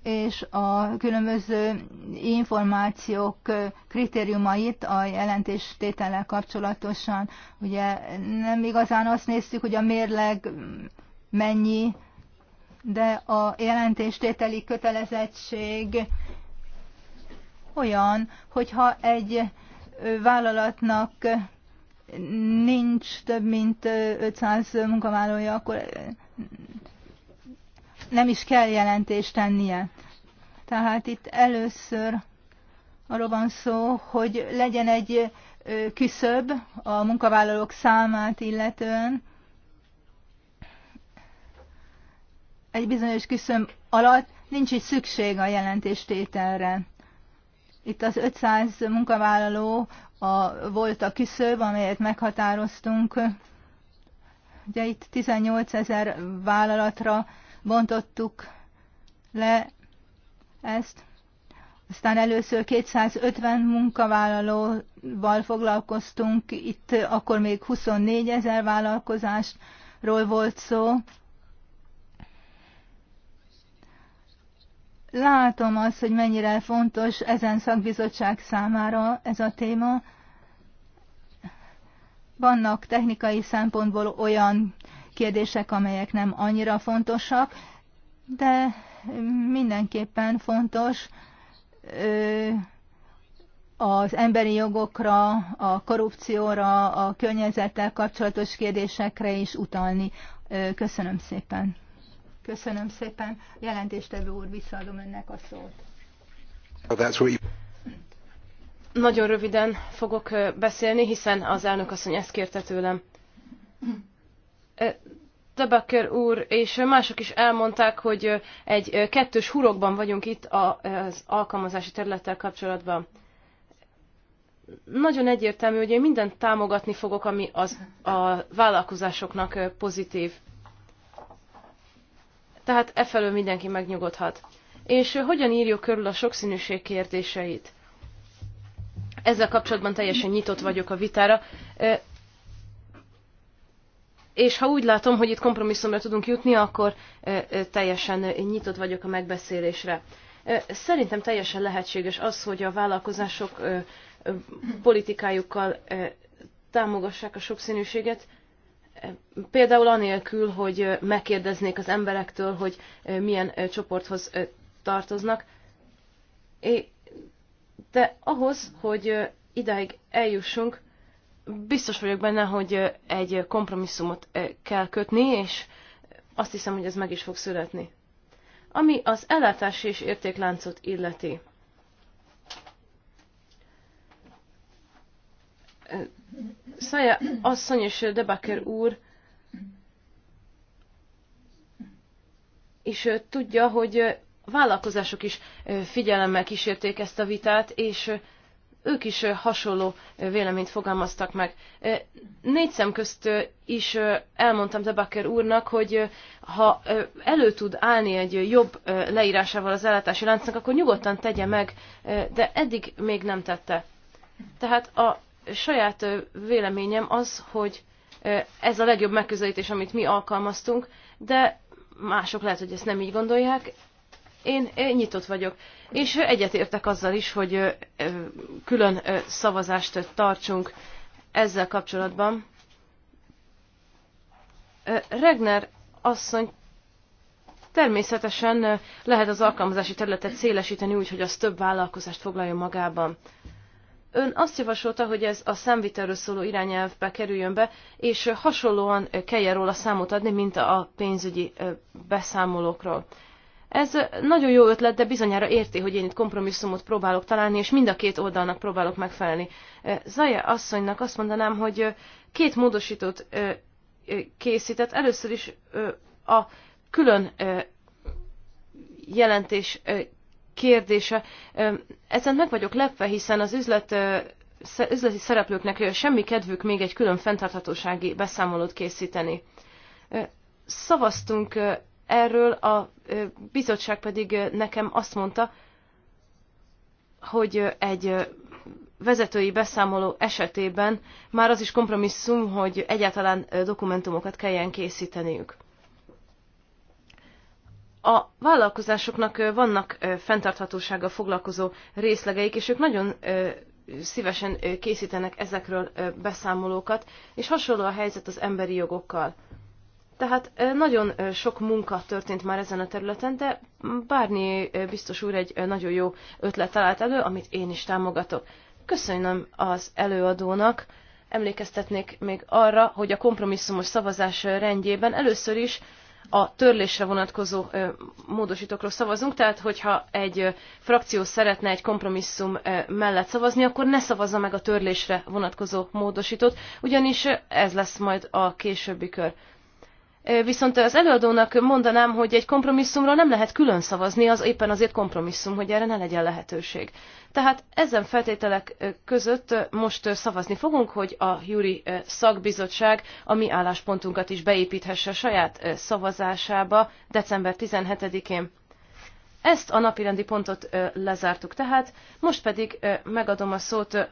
és a különböző információk kritériumait a jelentéstétellel kapcsolatosan. Ugye nem igazán azt néztük, hogy a mérleg mennyi, de a jelentéstételi kötelezettség olyan, hogyha egy vállalatnak nincs több mint 500 munkavállalója, akkor nem is kell jelentést tennie. Tehát itt először arról van szó, hogy legyen egy küszöb a munkavállalók számát illetően, egy bizonyos küszöb alatt nincs is szükség a jelentéstételre. Itt az 500 munkavállaló a, volt a kiszöv, amelyet meghatároztunk. Ugye itt 18 ezer vállalatra bontottuk le ezt. Aztán először 250 munkavállalóval foglalkoztunk, itt akkor még 24 ezer vállalkozásról volt szó, látom azt, hogy mennyire fontos ezen szakbizottság számára ez a téma. Vannak technikai szempontból olyan kérdések, amelyek nem annyira fontosak, de mindenképpen fontos az emberi jogokra, a korrupcióra, a környezettel kapcsolatos kérdésekre is utalni. Köszönöm szépen! Köszönöm szépen. Jelentéstevő úr, visszaadom önnek a szót. Nagyon röviden fogok beszélni, hiszen az elnök asszony ezt kérte tőlem. Debaker úr és mások is elmondták, hogy egy kettős hurokban vagyunk itt az alkalmazási területtel kapcsolatban. Nagyon egyértelmű, hogy én mindent támogatni fogok, ami az, a vállalkozásoknak pozitív tehát e felől mindenki megnyugodhat. És hogyan írjuk körül a sokszínűség kérdéseit? Ezzel kapcsolatban teljesen nyitott vagyok a vitára. E, és ha úgy látom, hogy itt kompromisszumra tudunk jutni, akkor e, teljesen nyitott vagyok a megbeszélésre. Szerintem teljesen lehetséges az, hogy a vállalkozások politikájukkal támogassák a sokszínűséget, Például anélkül, hogy megkérdeznék az emberektől, hogy milyen csoporthoz tartoznak. De ahhoz, hogy ideig eljussunk, biztos vagyok benne, hogy egy kompromisszumot kell kötni, és azt hiszem, hogy ez meg is fog születni. Ami az ellátási és értékláncot illeti. Szaja asszony és Debaker úr és tudja, hogy vállalkozások is figyelemmel kísérték ezt a vitát, és ők is hasonló véleményt fogalmaztak meg. Négy szem közt is elmondtam Debaker úrnak, hogy ha elő tud állni egy jobb leírásával az ellátási láncnak, akkor nyugodtan tegye meg, de eddig még nem tette. Tehát a saját véleményem az, hogy ez a legjobb megközelítés, amit mi alkalmaztunk, de mások lehet, hogy ezt nem így gondolják. Én, én nyitott vagyok. És egyetértek azzal is, hogy külön szavazást tartsunk ezzel kapcsolatban. Regner asszony természetesen lehet az alkalmazási területet szélesíteni úgy, hogy az több vállalkozást foglaljon magában. Ön azt javasolta, hogy ez a számvitelről szóló irányelvbe kerüljön be, és hasonlóan kelljen róla számot adni, mint a pénzügyi beszámolókról. Ez nagyon jó ötlet, de bizonyára érti, hogy én itt kompromisszumot próbálok találni, és mind a két oldalnak próbálok megfelelni. Zaja asszonynak azt mondanám, hogy két módosítót készített. Először is a külön jelentés kérdése. Ezen meg vagyok lepve, hiszen az üzlet üzleti szereplőknek semmi kedvük még egy külön fenntarthatósági beszámolót készíteni. Szavaztunk erről, a bizottság pedig nekem azt mondta, hogy egy vezetői beszámoló esetében már az is kompromisszum, hogy egyáltalán dokumentumokat kelljen készíteniük. A vállalkozásoknak vannak fenntarthatósággal foglalkozó részlegeik, és ők nagyon szívesen készítenek ezekről beszámolókat, és hasonló a helyzet az emberi jogokkal. Tehát nagyon sok munka történt már ezen a területen, de Bárni biztos úr egy nagyon jó ötlet talált elő, amit én is támogatok. Köszönöm az előadónak, emlékeztetnék még arra, hogy a kompromisszumos szavazás rendjében először is a törlésre vonatkozó módosítókról szavazunk, tehát hogyha egy frakció szeretne egy kompromisszum mellett szavazni, akkor ne szavazza meg a törlésre vonatkozó módosítót, ugyanis ez lesz majd a későbbi kör. Viszont az előadónak mondanám, hogy egy kompromisszumról nem lehet külön szavazni, az éppen azért kompromisszum, hogy erre ne legyen lehetőség. Tehát ezen feltételek között most szavazni fogunk, hogy a Júri szakbizottság a mi álláspontunkat is beépíthesse a saját szavazásába december 17-én. Ezt a napirendi pontot lezártuk tehát, most pedig megadom a szót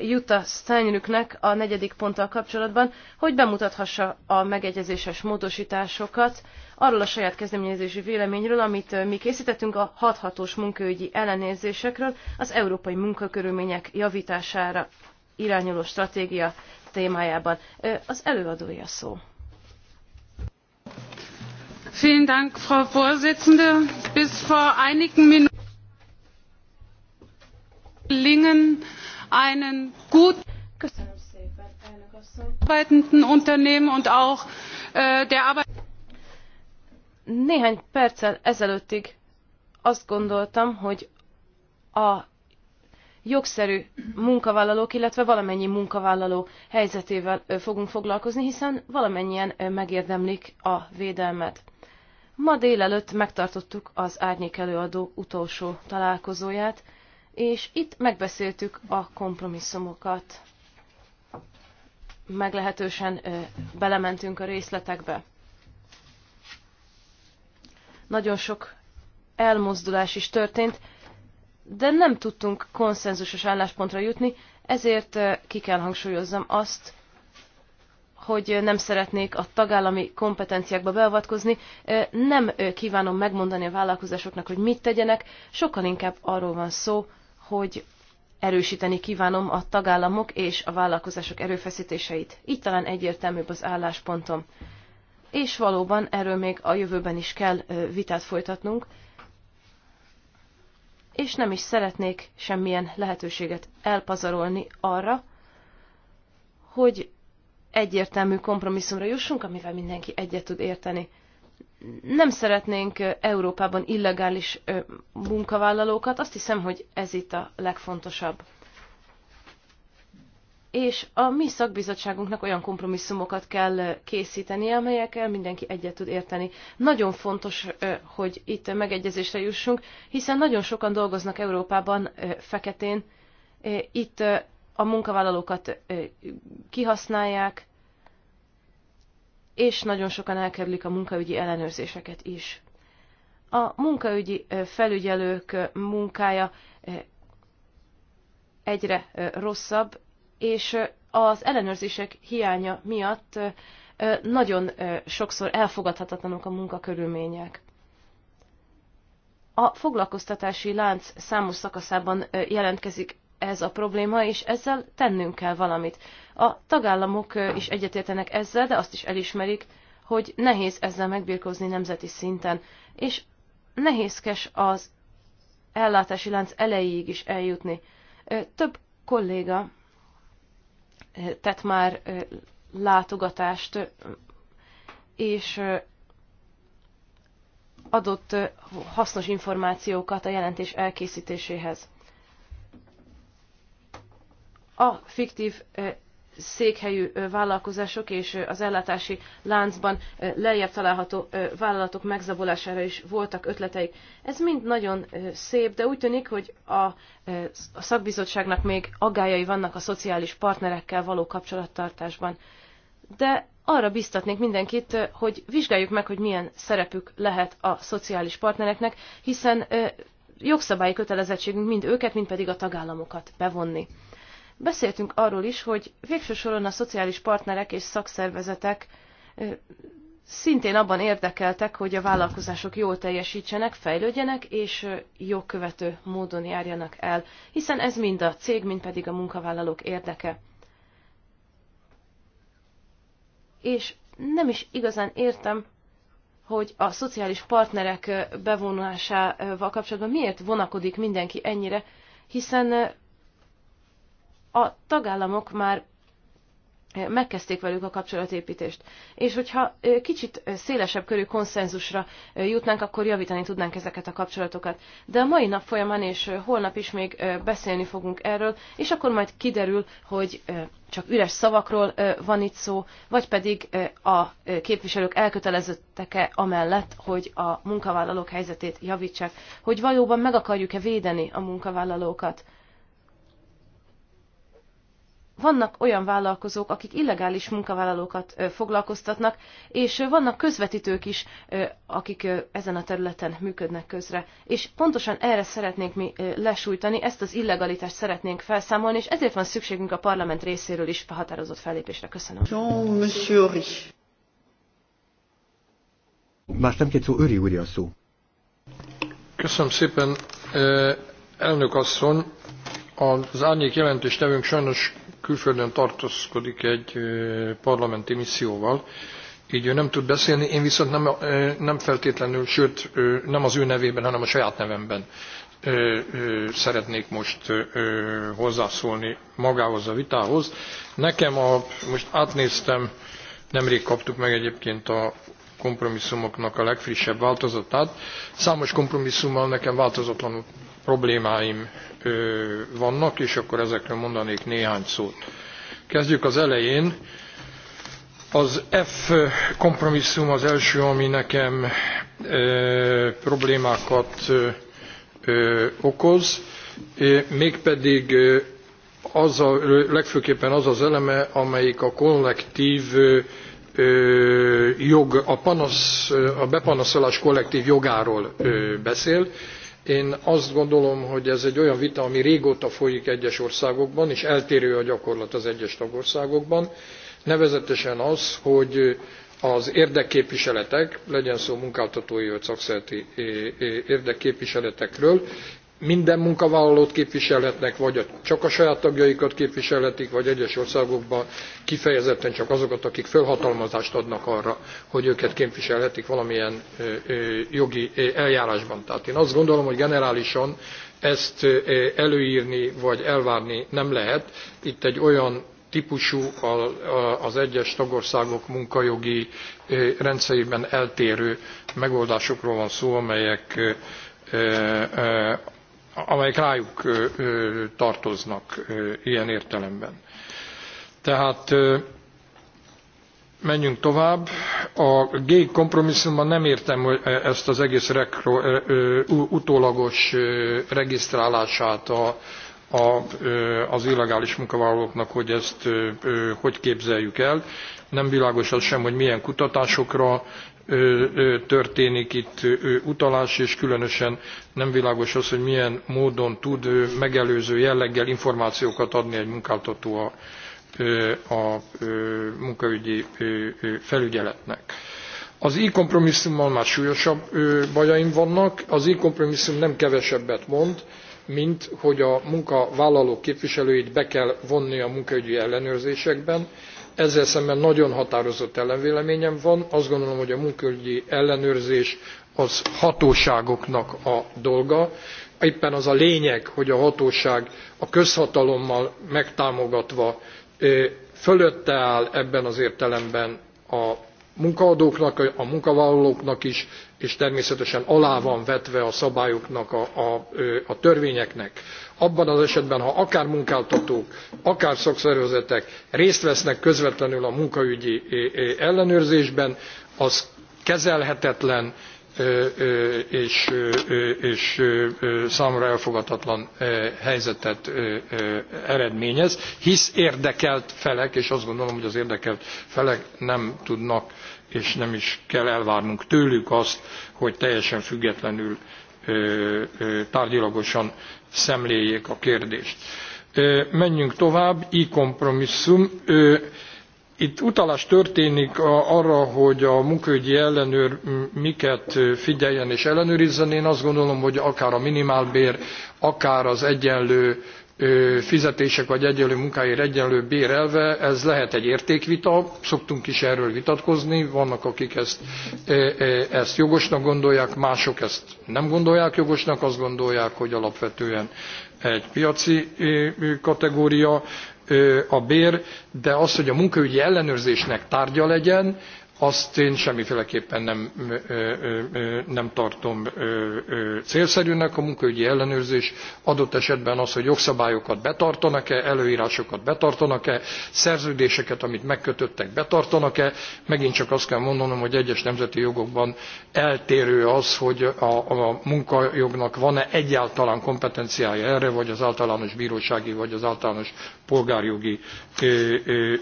Jutta Steinrücknek a negyedik ponttal kapcsolatban, hogy bemutathassa a megegyezéses módosításokat arról a saját kezdeményezési véleményről, amit mi készítettünk a hathatós munkaügyi ellenérzésekről az európai munkakörülmények javítására irányuló stratégia témájában. Az előadója szó. Vielen Dank, Frau Vorsitzende. Bis vor einigen Minuten einen guten arbeitenden unternehmen und auch äh, der arbeit. néhány perccel ezelőttig azt gondoltam hogy a jogszerű munkavállalók, illetve valamennyi munkavállaló helyzetével fogunk foglalkozni, hiszen valamennyien megérdemlik a védelmet. Ma délelőtt megtartottuk az árnyék előadó utolsó találkozóját, és itt megbeszéltük a kompromisszumokat. Meglehetősen belementünk a részletekbe. Nagyon sok elmozdulás is történt, de nem tudtunk konszenzusos álláspontra jutni, ezért ki kell hangsúlyozzam azt, hogy nem szeretnék a tagállami kompetenciákba beavatkozni, nem kívánom megmondani a vállalkozásoknak, hogy mit tegyenek, sokkal inkább arról van szó, hogy erősíteni kívánom a tagállamok és a vállalkozások erőfeszítéseit. Így talán egyértelműbb az álláspontom. És valóban erről még a jövőben is kell vitát folytatnunk, és nem is szeretnék semmilyen lehetőséget elpazarolni arra, hogy egyértelmű kompromisszumra jussunk, amivel mindenki egyet tud érteni nem szeretnénk Európában illegális munkavállalókat, azt hiszem, hogy ez itt a legfontosabb. És a mi szakbizottságunknak olyan kompromisszumokat kell készíteni, amelyekkel mindenki egyet tud érteni. Nagyon fontos, hogy itt megegyezésre jussunk, hiszen nagyon sokan dolgoznak Európában feketén. Itt a munkavállalókat kihasználják, és nagyon sokan elkerülik a munkaügyi ellenőrzéseket is. A munkaügyi felügyelők munkája egyre rosszabb, és az ellenőrzések hiánya miatt nagyon sokszor elfogadhatatlanok a munkakörülmények. A foglalkoztatási lánc számos szakaszában jelentkezik ez a probléma, és ezzel tennünk kell valamit. A tagállamok is egyetértenek ezzel, de azt is elismerik, hogy nehéz ezzel megbirkózni nemzeti szinten, és nehézkes az ellátási lánc elejéig is eljutni. Több kolléga tett már látogatást, és adott hasznos információkat a jelentés elkészítéséhez. A fiktív székhelyű vállalkozások és az ellátási láncban lejjebb található vállalatok megzabolására is voltak ötleteik. Ez mind nagyon szép, de úgy tűnik, hogy a, szakbizottságnak még aggájai vannak a szociális partnerekkel való kapcsolattartásban. De arra biztatnék mindenkit, hogy vizsgáljuk meg, hogy milyen szerepük lehet a szociális partnereknek, hiszen jogszabályi kötelezettségünk mind őket, mind pedig a tagállamokat bevonni. Beszéltünk arról is, hogy végső soron a szociális partnerek és szakszervezetek szintén abban érdekeltek, hogy a vállalkozások jól teljesítsenek, fejlődjenek és jogkövető módon járjanak el, hiszen ez mind a cég, mind pedig a munkavállalók érdeke. És nem is igazán értem, hogy a szociális partnerek bevonulásával kapcsolatban miért vonakodik mindenki ennyire, hiszen a tagállamok már eh, megkezdték velük a kapcsolatépítést. És hogyha eh, kicsit eh, szélesebb körű konszenzusra jutnánk, akkor javítani tudnánk ezeket a kapcsolatokat. De a mai nap folyamán és holnap is még beszélni fogunk erről, és akkor majd kiderül, hogy csak üres szavakról van itt szó, vagy pedig a képviselők elkötelezettek-e amellett, hogy a munkavállalók helyzetét javítsák, hogy valóban meg akarjuk-e védeni a munkavállalókat vannak olyan vállalkozók, akik illegális munkavállalókat foglalkoztatnak, és vannak közvetítők is, akik ezen a területen működnek közre. És pontosan erre szeretnénk mi lesújtani, ezt az illegalitást szeretnénk felszámolni, és ezért van szükségünk a parlament részéről is határozott fellépésre. Köszönöm. Más nem két szó, Öri úr a szó. Köszönöm szépen, elnök asszony. Az árnyék jelentéstevőnk sajnos külföldön tartózkodik egy parlamenti misszióval, így ő nem tud beszélni, én viszont nem, nem feltétlenül, sőt nem az ő nevében, hanem a saját nevemben szeretnék most hozzászólni magához a vitához. Nekem a, most átnéztem, nemrég kaptuk meg egyébként a kompromisszumoknak a legfrissebb változatát. Számos kompromisszummal nekem változatlanul problémáim vannak, és akkor ezekről mondanék néhány szót. Kezdjük az elején. Az F kompromisszum az első, ami nekem problémákat okoz, mégpedig az a, legfőképpen az az eleme, amelyik a kollektív jog, a, panasz, a bepanaszolás kollektív jogáról beszél, én azt gondolom, hogy ez egy olyan vita, ami régóta folyik egyes országokban, és eltérő a gyakorlat az egyes tagországokban. Nevezetesen az, hogy az érdekképviseletek, legyen szó munkáltatói vagy szakszervezeti eh, eh, érdekképviseletekről, minden munkavállalót képviselhetnek, vagy csak a saját tagjaikat képviselhetik, vagy egyes országokban kifejezetten csak azokat, akik fölhatalmazást adnak arra, hogy őket képviselhetik valamilyen jogi eljárásban. Tehát én azt gondolom, hogy generálisan ezt előírni vagy elvárni nem lehet. Itt egy olyan típusú az egyes tagországok munkajogi rendszerében eltérő megoldásokról van szó, amelyek amelyek rájuk tartoznak ilyen értelemben. Tehát menjünk tovább. A G kompromisszumban nem értem e, ezt az egész rekro, utólagos regisztrálását a, a, az illegális munkavállalóknak, hogy ezt hogy képzeljük el. Nem világos az sem, hogy milyen kutatásokra, történik itt utalás, és különösen nem világos az, hogy milyen módon tud megelőző jelleggel információkat adni egy munkáltató a, a munkaügyi felügyeletnek. Az e-kompromisszummal már súlyosabb bajaim vannak. Az e-kompromisszum nem kevesebbet mond, mint hogy a munkavállalók képviselőit be kell vonni a munkaügyi ellenőrzésekben, ezzel szemben nagyon határozott ellenvéleményem van azt gondolom hogy a munkaügyi ellenőrzés az hatóságoknak a dolga éppen az a lényeg hogy a hatóság a közhatalommal megtámogatva fölötte áll ebben az értelemben a munkaadóknak a munkavállalóknak is és természetesen alá van vetve a szabályoknak a, a törvényeknek abban az esetben ha akár munkáltatók akár szakszervezetek részt vesznek közvetlenül a munkaügyi ellenőrzésben az kezelhetetlen és, számomra elfogadhatatlan helyzetet eredményez, hisz érdekelt felek, és azt gondolom, hogy az érdekelt felek nem tudnak, és nem is kell elvárnunk tőlük azt, hogy teljesen függetlenül tárgyilagosan szemléljék a kérdést. Menjünk tovább, e-kompromisszum. Itt utalás történik arra, hogy a munkahogyi ellenőr miket figyeljen és ellenőrizzen. Én azt gondolom, hogy akár a minimálbér, akár az egyenlő fizetések vagy egyenlő munkáért egyenlő bér elve, ez lehet egy értékvita, szoktunk is erről vitatkozni, vannak akik ezt, jogosnak gondolják, mások ezt nem gondolják jogosnak, azt gondolják, hogy alapvetően egy piaci kategória a bér, de az, hogy a munkaügyi ellenőrzésnek tárgya legyen, azt én semmiféleképpen nem, nem tartom célszerűnek. A munkaügyi ellenőrzés adott esetben az, hogy jogszabályokat betartanak-e, előírásokat betartanak-e, szerződéseket, amit megkötöttek, betartanak-e. Megint csak azt kell mondanom, hogy egyes nemzeti jogokban eltérő az, hogy a, a munkajognak van-e egyáltalán kompetenciája erre, vagy az általános bírósági, vagy az általános polgárjogi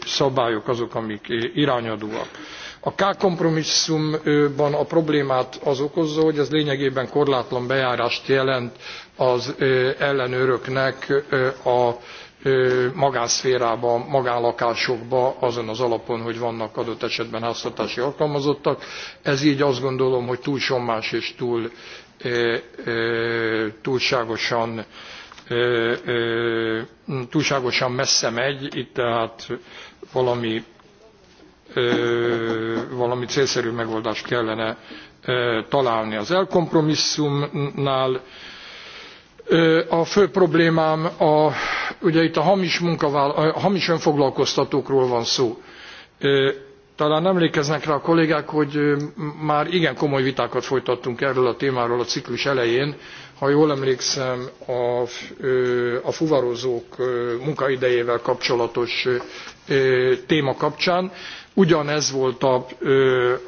szabályok azok, amik irányadóak a K kompromisszumban a problémát az okozza, hogy ez lényegében korlátlan bejárást jelent az ellenőröknek a magánszférába, magánlakásokba azon az alapon, hogy vannak adott esetben háztartási alkalmazottak. Ez így azt gondolom, hogy túl sommás és túl túlságosan, túlságosan messze megy, itt tehát valami valami célszerű megoldást kellene találni. Az elkompromisszumnál a fő problémám, a, ugye itt a hamis, a hamis önfoglalkoztatókról van szó. Talán emlékeznek rá a kollégák, hogy már igen komoly vitákat folytattunk erről a témáról a ciklus elején. Ha jól emlékszem, a, a fuvarozók munkaidejével kapcsolatos téma kapcsán ugyanez volt a,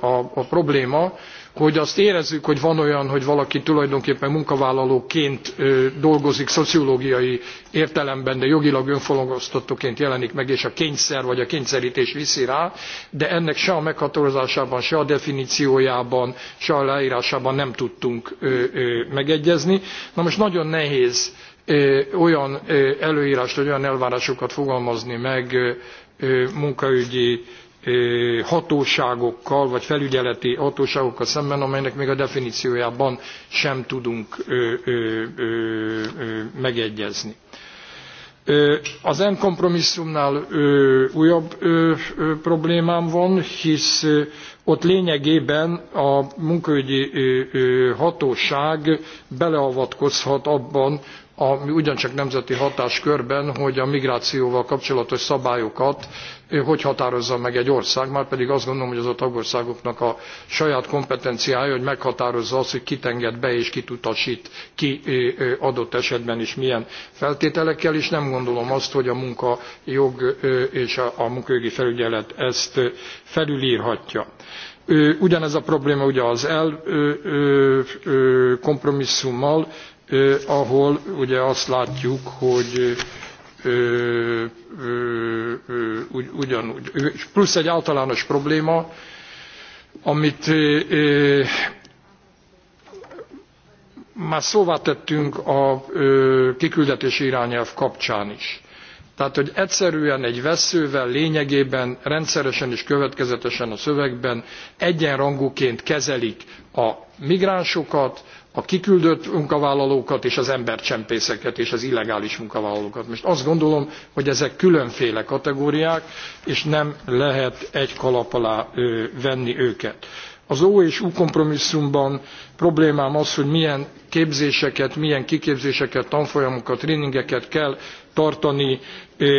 a, a probléma, hogy azt érezzük, hogy van olyan, hogy valaki tulajdonképpen munkavállalóként dolgozik szociológiai értelemben, de jogilag önfoglalkoztatóként jelenik meg, és a kényszer vagy a kényszerítés viszi rá, de ennek se a meghatározásában, se a definíciójában, se a leírásában nem tudtunk megegyezni. Na most nagyon nehéz olyan előírást, vagy olyan elvárásokat fogalmazni meg munkaügyi hatóságokkal vagy felügyeleti hatóságokkal szemben, amelynek még a definíciójában sem tudunk megegyezni. Az en kompromisszumnál újabb problémám van, hisz ott lényegében a munkaügyi hatóság beleavatkozhat abban, ami ugyancsak nemzeti hatáskörben, hogy a migrációval kapcsolatos szabályokat hogy határozza meg egy ország, már pedig azt gondolom, hogy az a tagországoknak a saját kompetenciája, hogy meghatározza azt, hogy kit enged be és kit utasít ki adott esetben is milyen feltételekkel, és nem gondolom azt, hogy a munkajog és a munkajogi felügyelet ezt felülírhatja. Ugyanez a probléma ugye az el kompromisszummal, ahol ugye azt látjuk, hogy ugyanúgy. Plusz egy általános probléma, amit már szóvá tettünk a kiküldetési irányelv kapcsán is. Tehát, hogy egyszerűen egy veszővel lényegében rendszeresen és következetesen a szövegben egyenrangúként kezelik a migránsokat, a kiküldött munkavállalókat és az embercsempészeket és az illegális munkavállalókat. Most azt gondolom, hogy ezek különféle kategóriák, és nem lehet egy kalap alá venni őket. Az O és U kompromisszumban problémám az, hogy milyen képzéseket, milyen kiképzéseket, tanfolyamokat, tréningeket kell tartani,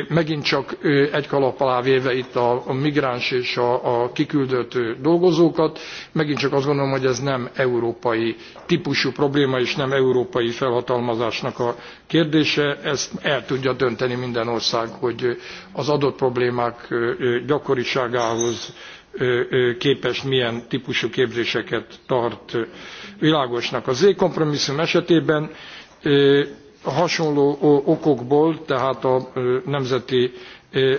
megint csak egy kalap alá véve itt a, migráns és a, kiküldött dolgozókat. Megint csak azt gondolom, hogy ez nem európai típusú probléma, és nem európai felhatalmazásnak a kérdése. Ezt el tudja dönteni minden ország, hogy az adott problémák gyakoriságához képes milyen típusú képzéseket tart világosnak. a z kompromisszum esetében hasonló okokból, tehát a nemzeti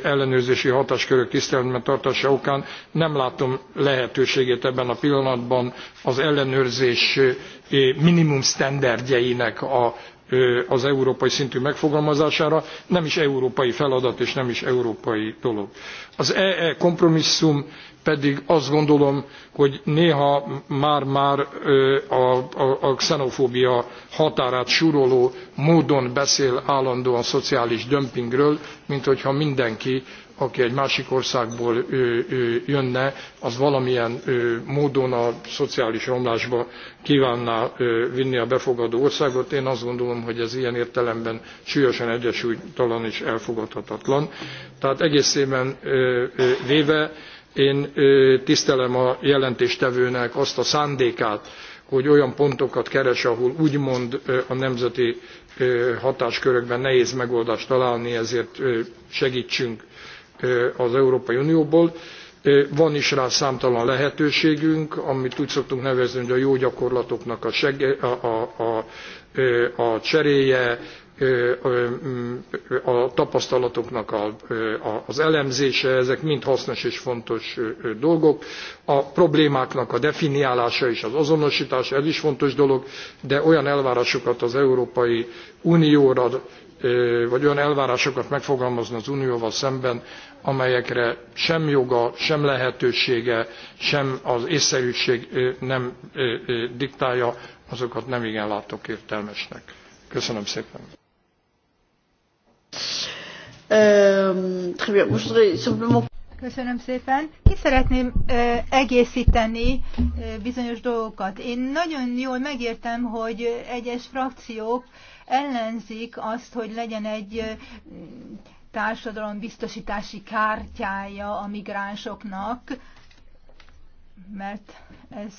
ellenőrzési hatáskörök tiszteletben tartása okán nem látom lehetőségét ebben a pillanatban az ellenőrzés minimum sztenderdjeinek a az európai szintű megfogalmazására nem is európai feladat és nem is európai dolog. Az EE e kompromisszum pedig azt gondolom, hogy néha már-már a, a, a xenofóbia határát súroló módon beszél állandóan szociális dömpingről, mint hogyha mindenki aki egy másik országból jönne, az valamilyen módon a szociális romlásba kívánná vinni a befogadó országot. Én azt gondolom, hogy ez ilyen értelemben súlyosan egyesültalan és elfogadhatatlan. Tehát egészében véve én tisztelem a jelentéstevőnek azt a szándékát, hogy olyan pontokat keres, ahol úgymond a nemzeti hatáskörökben nehéz megoldást találni, ezért segítsünk az Európai Unióból. Van is rá számtalan lehetőségünk, amit úgy szoktunk nevezni, hogy a jó gyakorlatoknak a, a, a, a, a cseréje, a tapasztalatoknak az elemzése, ezek mind hasznos és fontos dolgok. A problémáknak a definiálása és az azonosítása, ez is fontos dolog, de olyan elvárásokat az Európai Unióra, vagy olyan elvárásokat megfogalmazni az Unióval szemben, amelyekre sem joga, sem lehetősége, sem az észszerűség nem diktálja, azokat nem igen látok értelmesnek. Köszönöm szépen. Köszönöm szépen. Ki szeretném ö, egészíteni ö, bizonyos dolgokat. Én nagyon jól megértem, hogy egyes frakciók ellenzik azt, hogy legyen egy biztosítási kártyája a migránsoknak, mert ez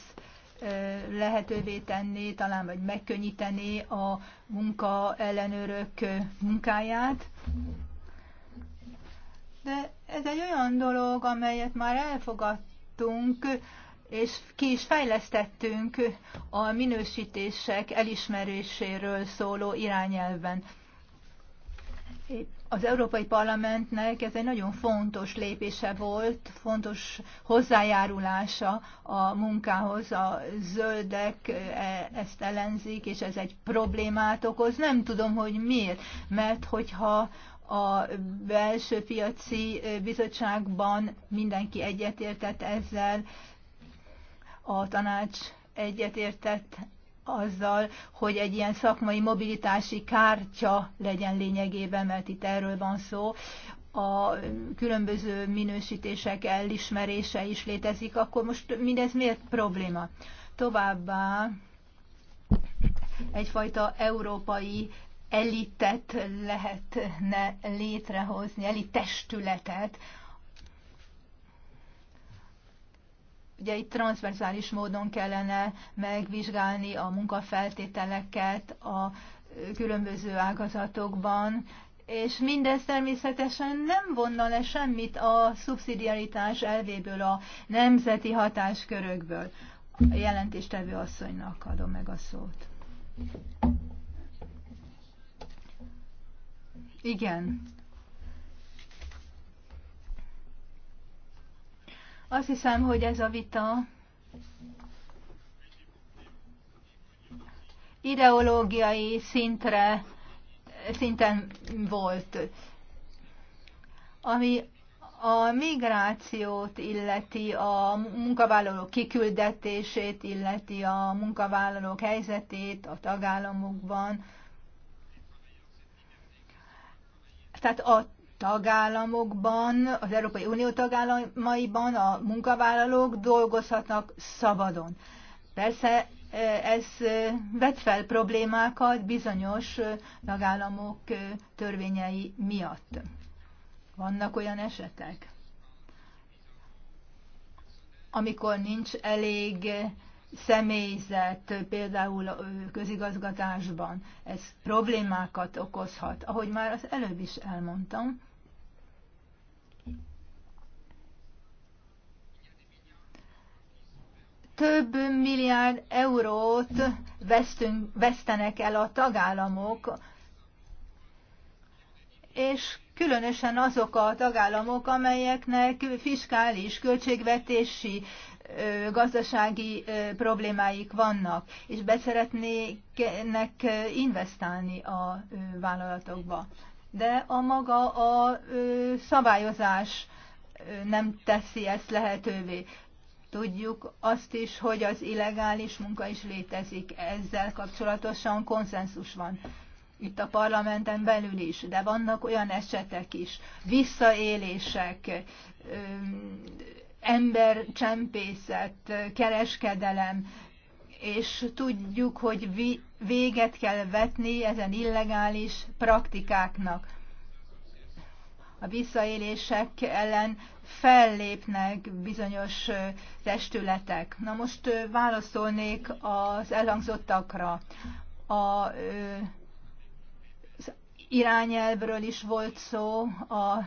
lehetővé tenné, talán vagy megkönnyítené a munka ellenőrök munkáját. De ez egy olyan dolog, amelyet már elfogadtunk, és ki is fejlesztettünk a minősítések elismeréséről szóló irányelven. Épp az Európai Parlamentnek ez egy nagyon fontos lépése volt, fontos hozzájárulása a munkához. A zöldek e, ezt ellenzik, és ez egy problémát okoz. Nem tudom, hogy miért, mert hogyha a belső piaci e, bizottságban mindenki egyetértett ezzel, a tanács egyetértett azzal, hogy egy ilyen szakmai mobilitási kártya legyen lényegében, mert itt erről van szó, a különböző minősítések elismerése is létezik, akkor most mindez miért probléma? Továbbá egyfajta európai elitet lehetne létrehozni, elitestületet, Ugye itt transzverzális módon kellene megvizsgálni a munkafeltételeket a különböző ágazatokban, és mindez természetesen nem vonna le semmit a szubszidiaritás elvéből, a nemzeti hatáskörökből. A jelentéstevő asszonynak adom meg a szót. Igen, Azt hiszem, hogy ez a vita ideológiai szintre, szinten volt. Ami a migrációt illeti, a munkavállalók kiküldetését illeti, a munkavállalók helyzetét a tagállamokban. Tehát a tagállamokban, az Európai Unió tagállamaiban a munkavállalók dolgozhatnak szabadon. Persze e, ez e, vet fel problémákat bizonyos e, tagállamok törvényei miatt. Vannak olyan esetek, amikor nincs elég személyzet, például közigazgatásban, ez problémákat okozhat, ahogy már az előbb is elmondtam. több milliárd eurót vesztünk, vesztenek el a tagállamok, és különösen azok a tagállamok, amelyeknek fiskális, költségvetési, gazdasági problémáik vannak, és beszeretnének investálni a vállalatokba. De a maga a szabályozás nem teszi ezt lehetővé. Tudjuk azt is, hogy az illegális munka is létezik. Ezzel kapcsolatosan konszenzus van itt a parlamenten belül is, de vannak olyan esetek is, visszaélések, embercsempészet, kereskedelem, és tudjuk, hogy véget kell vetni ezen illegális praktikáknak a visszaélések ellen fellépnek bizonyos testületek. Na most válaszolnék az elhangzottakra. A, irányelvről is volt szó a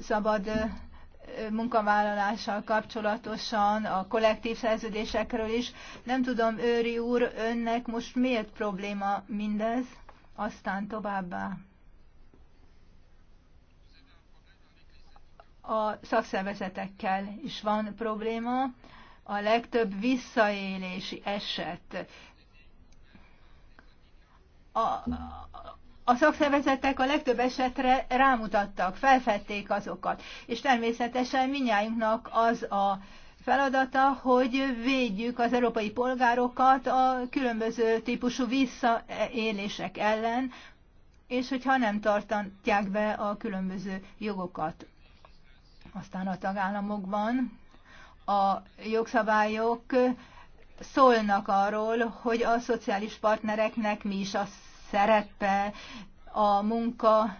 szabad munkavállalással kapcsolatosan, a kollektív szerződésekről is. Nem tudom, Őri úr, önnek most miért probléma mindez? Aztán továbbá. a szakszervezetekkel is van probléma. A legtöbb visszaélési eset. A, a szakszervezetek a legtöbb esetre rámutattak, felfedték azokat, és természetesen minnyájunknak az a feladata, hogy védjük az európai polgárokat a különböző típusú visszaélések ellen, és hogyha nem tartatják be a különböző jogokat aztán a tagállamokban a jogszabályok szólnak arról, hogy a szociális partnereknek mi is a szerepe, a munka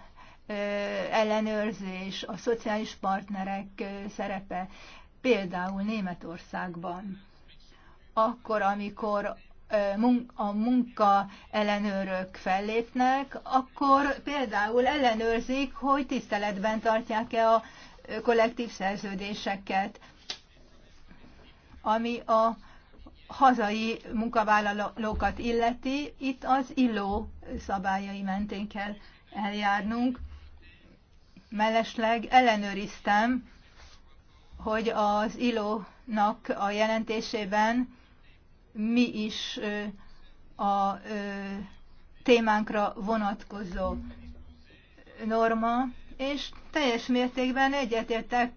ellenőrzés, a szociális partnerek szerepe, például Németországban. Akkor, amikor a munka ellenőrök fellépnek, akkor például ellenőrzik, hogy tiszteletben tartják-e a kollektív szerződéseket, ami a hazai munkavállalókat illeti, itt az illó szabályai mentén kell eljárnunk. Mellesleg ellenőriztem, hogy az ilónak a jelentésében mi is a témánkra vonatkozó norma, és teljes mértékben egyetértek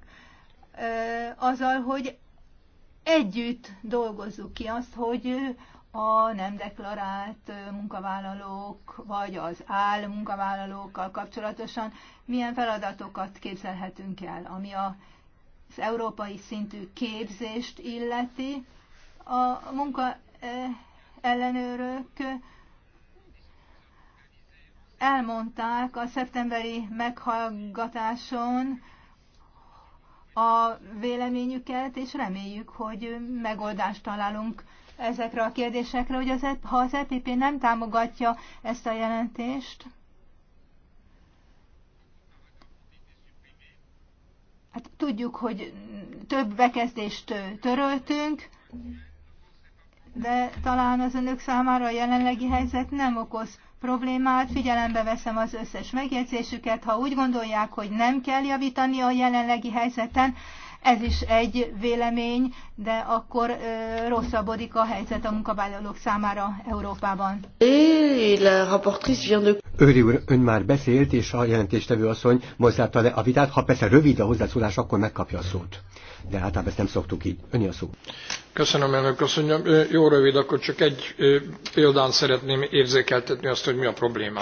azzal, hogy együtt dolgozzuk ki azt, hogy a nem deklarált munkavállalók, vagy az áll munkavállalókkal kapcsolatosan milyen feladatokat képzelhetünk el, ami az európai szintű képzést illeti. A munka ellenőrök elmondták a szeptemberi meghallgatáson a véleményüket, és reméljük, hogy megoldást találunk ezekre a kérdésekre, hogy az, e ha az EPP nem támogatja ezt a jelentést, hát tudjuk, hogy több bekezdést töröltünk, de talán az önök számára a jelenlegi helyzet nem okoz problémát, figyelembe veszem az összes megjegyzésüket, ha úgy gondolják, hogy nem kell javítani a jelenlegi helyzeten, ez is egy vélemény, de akkor ö, rosszabbodik a helyzet a munkavállalók számára Európában. Őri úr, ön már beszélt, és a jelentéstevő asszony mozdálta le a vitát. Ha persze rövid a hozzászólás, akkor megkapja a szót. De általában ezt nem szoktuk így. Öni a szó. Köszönöm, elnök asszony. Jó rövid, akkor csak egy példán szeretném érzékeltetni azt, hogy mi a probléma.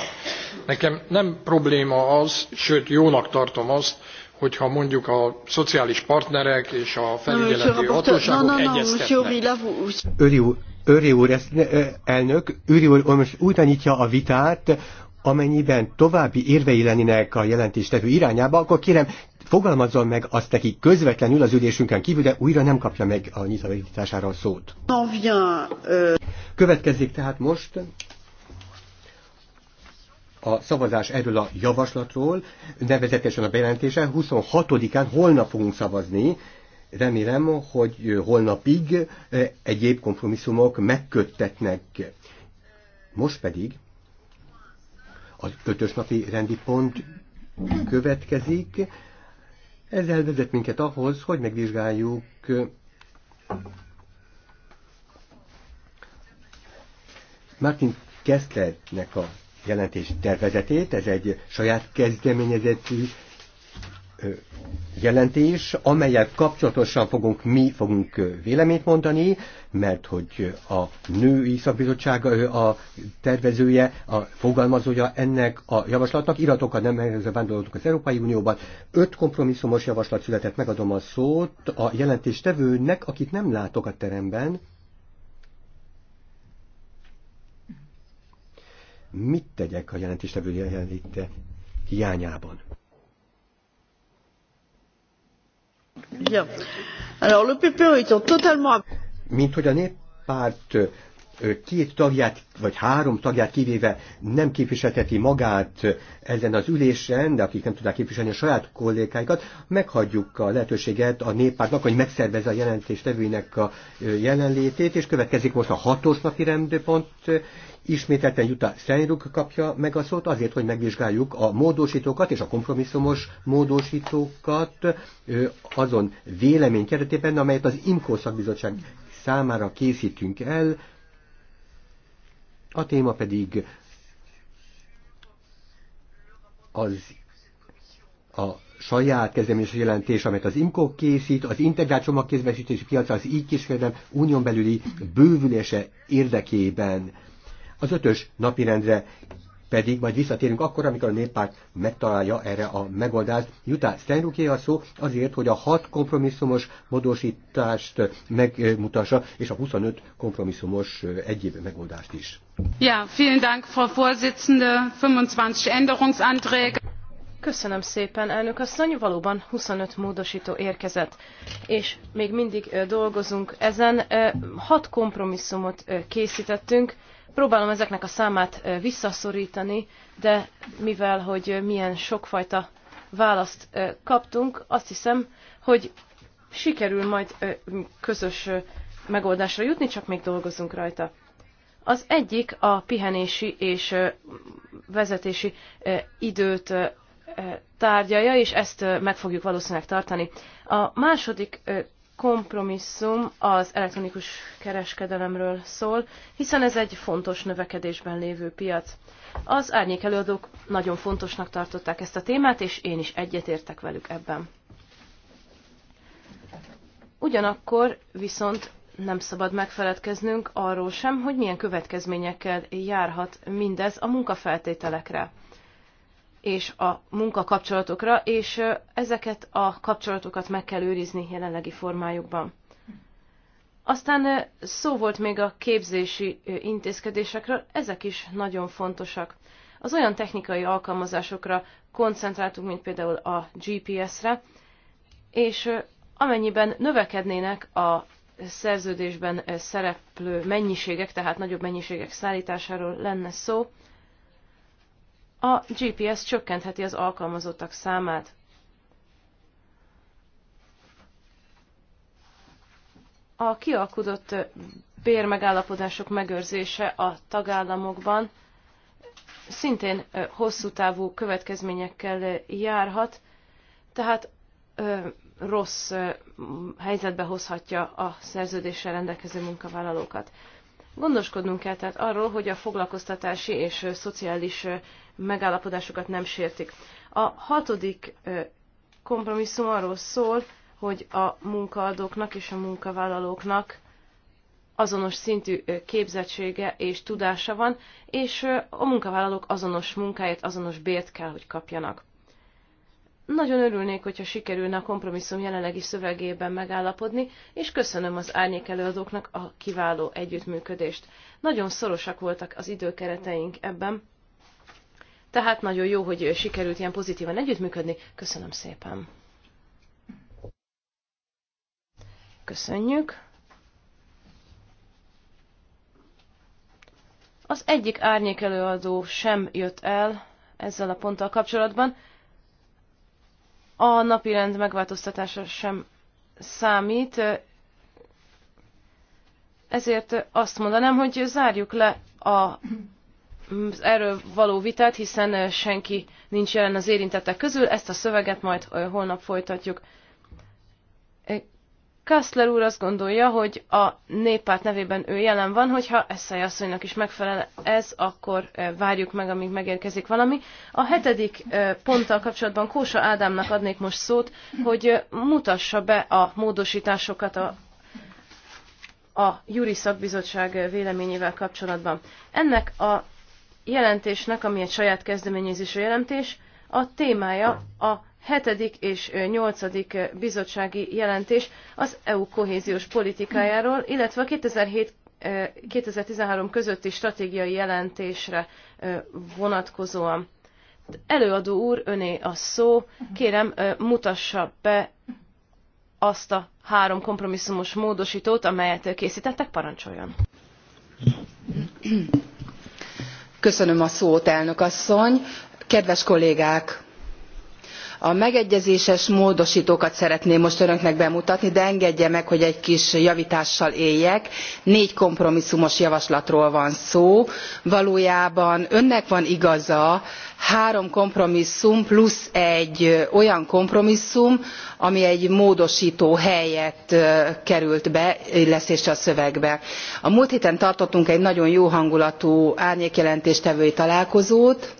Nekem nem probléma az, sőt jónak tartom azt, hogyha mondjuk a szociális partnerek és a felügyeleti hatóságok no, no, egyeztetnek. Öri úr, elnök, Öri úr most úgy tanítja a vitát, amennyiben további érvei lennének a jelentéstevő irányába, akkor kérem, fogalmazzon meg azt neki közvetlenül az ülésünkön kívül, de újra nem kapja meg a nyitavítására a szót. Euh, Következik tehát most a szavazás erről a javaslatról, nevezetesen a bejelentése 26-án holnap fogunk szavazni, remélem, hogy holnapig eh, egyéb kompromisszumok megköttetnek. Most pedig az ötös napi rendi pont következik. Ez elvezet minket ahhoz, hogy megvizsgáljuk Martin Kesslernek a jelentés tervezetét. Ez egy saját kezdeményezett jelentés, amelyek kapcsolatosan fogunk mi fogunk véleményt mondani, mert hogy a női szakbizottság a tervezője, a fogalmazója ennek a javaslatnak, iratokat nem megjelző vándoroltuk az Európai Unióban. Öt kompromisszumos javaslat született, megadom a szót a jelentéstevőnek, akit nem látok a teremben. Mit tegyek a jelentéstevő jelenléte hiányában? E Mint hogy a néppárt két tagját, vagy három tagját kivéve nem képviselteti magát ezen az ülésen, de akik nem tudják képviselni a saját kollégáikat, meghagyjuk a lehetőséget a néppártnak, hogy megszervezze a jelentéstevőinek a jelenlétét, és következik most a hatos napi rendőpont, Ismételten a Szenyruk kapja meg a szót azért, hogy megvizsgáljuk a módosítókat és a kompromisszumos módosítókat azon vélemény keretében, amelyet az IMKO szakbizottság számára készítünk el. A téma pedig az a saját kezdeményezés jelentés, amelyet az IMCO készít, az integrált csomagkézbesítési piac az így kísérlem unión belüli bővülése érdekében. Az ötös napirendre pedig majd visszatérünk akkor, amikor a néppárt megtalálja erre a megoldást. Jutá Sztenruké a szó azért, hogy a hat kompromisszumos módosítást megmutassa, és a 25 kompromisszumos egyéb megoldást is. Ja, vielen Dank, Frau Vorsitzende. 25 Änderungsanträge. Köszönöm szépen, elnök asszony, valóban 25 módosító érkezett, és még mindig dolgozunk ezen. Hat kompromisszumot készítettünk, Próbálom ezeknek a számát visszaszorítani, de mivel, hogy milyen sokfajta választ kaptunk, azt hiszem, hogy sikerül majd közös megoldásra jutni, csak még dolgozunk rajta. Az egyik a pihenési és vezetési időt tárgyalja, és ezt meg fogjuk valószínűleg tartani. A második kompromisszum az elektronikus kereskedelemről szól, hiszen ez egy fontos növekedésben lévő piac. Az árnyék előadók nagyon fontosnak tartották ezt a témát, és én is egyetértek velük ebben. Ugyanakkor viszont nem szabad megfeledkeznünk arról sem, hogy milyen következményekkel járhat mindez a munkafeltételekre és a munkakapcsolatokra, és ezeket a kapcsolatokat meg kell őrizni jelenlegi formájukban. Aztán szó volt még a képzési intézkedésekről, ezek is nagyon fontosak. Az olyan technikai alkalmazásokra koncentráltunk, mint például a GPS-re, és amennyiben növekednének a szerződésben szereplő mennyiségek, tehát nagyobb mennyiségek szállításáról lenne szó, a GPS csökkentheti az alkalmazottak számát. A kialkudott bérmegállapodások megőrzése a tagállamokban szintén hosszú távú következményekkel járhat, tehát rossz helyzetbe hozhatja a szerződéssel rendelkező munkavállalókat. Gondoskodnunk kell tehát arról, hogy a foglalkoztatási és szociális megállapodásokat nem sértik. A hatodik kompromisszum arról szól, hogy a munkaadóknak és a munkavállalóknak azonos szintű képzettsége és tudása van, és a munkavállalók azonos munkáját azonos bért kell, hogy kapjanak. Nagyon örülnék, hogyha sikerülne a kompromisszum jelenlegi szövegében megállapodni, és köszönöm az árnyék előadóknak a kiváló együttműködést. Nagyon szorosak voltak az időkereteink ebben, tehát nagyon jó, hogy sikerült ilyen pozitívan együttműködni. Köszönöm szépen. Köszönjük. Az egyik árnyék előadó sem jött el ezzel a ponttal kapcsolatban. A napirend megváltoztatása sem számít, ezért azt mondanám, hogy zárjuk le a erről való vitát, hiszen senki nincs jelen az érintettek közül. Ezt a szöveget majd holnap folytatjuk. Kastler úr azt gondolja, hogy a néppárt nevében ő jelen van, hogyha Eszai asszonynak is megfelel ez, akkor várjuk meg, amíg megérkezik valami. A hetedik ponttal kapcsolatban Kósa Ádámnak adnék most szót, hogy mutassa be a módosításokat a a Juri Szakbizottság véleményével kapcsolatban. Ennek a jelentésnek, ami egy saját kezdeményezésű jelentés, a témája a hetedik és nyolcadik bizottsági jelentés az EU kohéziós politikájáról, illetve a 2007 2013 eh, közötti stratégiai jelentésre eh, vonatkozóan. Előadó úr, öné a szó, kérem eh, mutassa be azt a három kompromisszumos módosítót, amelyet készítettek, parancsoljon. <coughs> kedves kollégák! a megegyezéses módostókat szeretném most önöknek bemutatni de engedje meg hogy egy kis javtással éljek négy kompromisszumos javaslatról van szó valójában önnek van igaza három kompromisszum plusz egy olyan kompromisszum ami egy módostó helyett került be illesztésre a szövegbe. a múlt héten tartottunk egy nagyon jó hangulatú árnyékjelentéstevői találkozót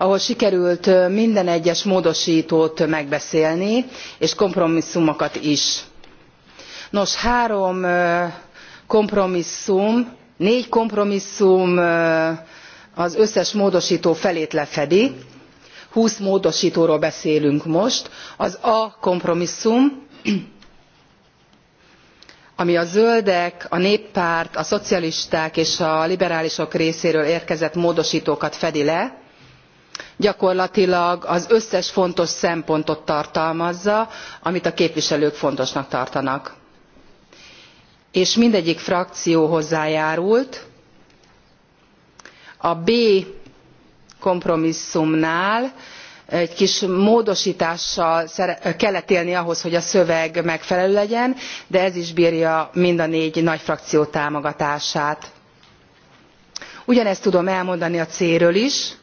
ahol sikerült minden egyes módostót megbeszélni és kompromisszumokat is. nos három kompromisszum négy kompromisszum az összes módostó felét lefedi twenty módostóról beszélünk most az a kompromisszum ami a zöldek a néppárt a szocialisták és a liberálisok részéről érkezett módostókat fedi le gyakorlatilag az összes fontos szempontot tartalmazza amit a képviselők fontosnak tartanak és mindegyik frakció hozzájárult a b kompromisszumnál egy kis módostással kellett élni ahhoz hogy a szöveg megfelelő legyen de ez is brja mind a négy nagy frakció támogatását. ugyanezt tudom elmondani a c ről is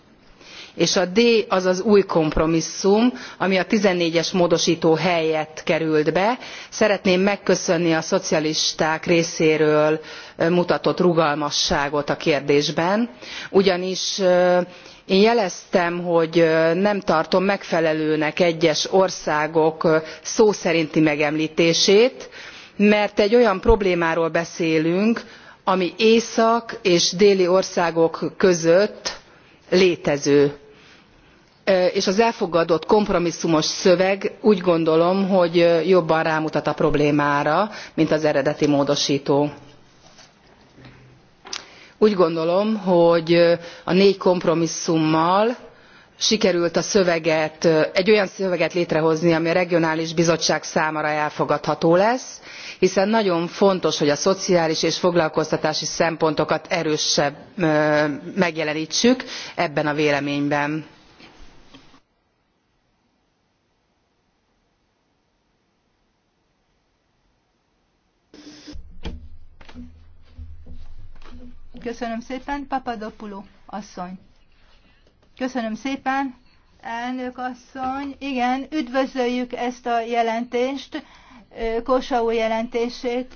és a d az az új kompromisszum ami a fourteen es módostó helyett került be. szeretném megköszönni a szocialisták részéről mutatott rugalmasságot a kérdésben ugyanis én jeleztem hogy nem tartom megfelelőnek egyes országok szó szerinti megemltését mert egy olyan problémáról beszélünk ami észak és déli országok között létező és az elfogadott kompromisszumos szöveg úgy gondolom hogy jobban rámutat a problémára mint az eredeti módostó. úgy gondolom hogy a négy kompromisszummal sikerült a szöveget egy olyan szöveget létrehozni ami a regionális bizottság számára elfogadható lesz hiszen nagyon fontos hogy a szociális és foglalkoztatási szempontokat erősebben megjelentsük ebben a véleményben Köszönöm szépen, Papadopulu asszony. Köszönöm szépen, elnök asszony. Igen, üdvözöljük ezt a jelentést, Kósaú jelentését.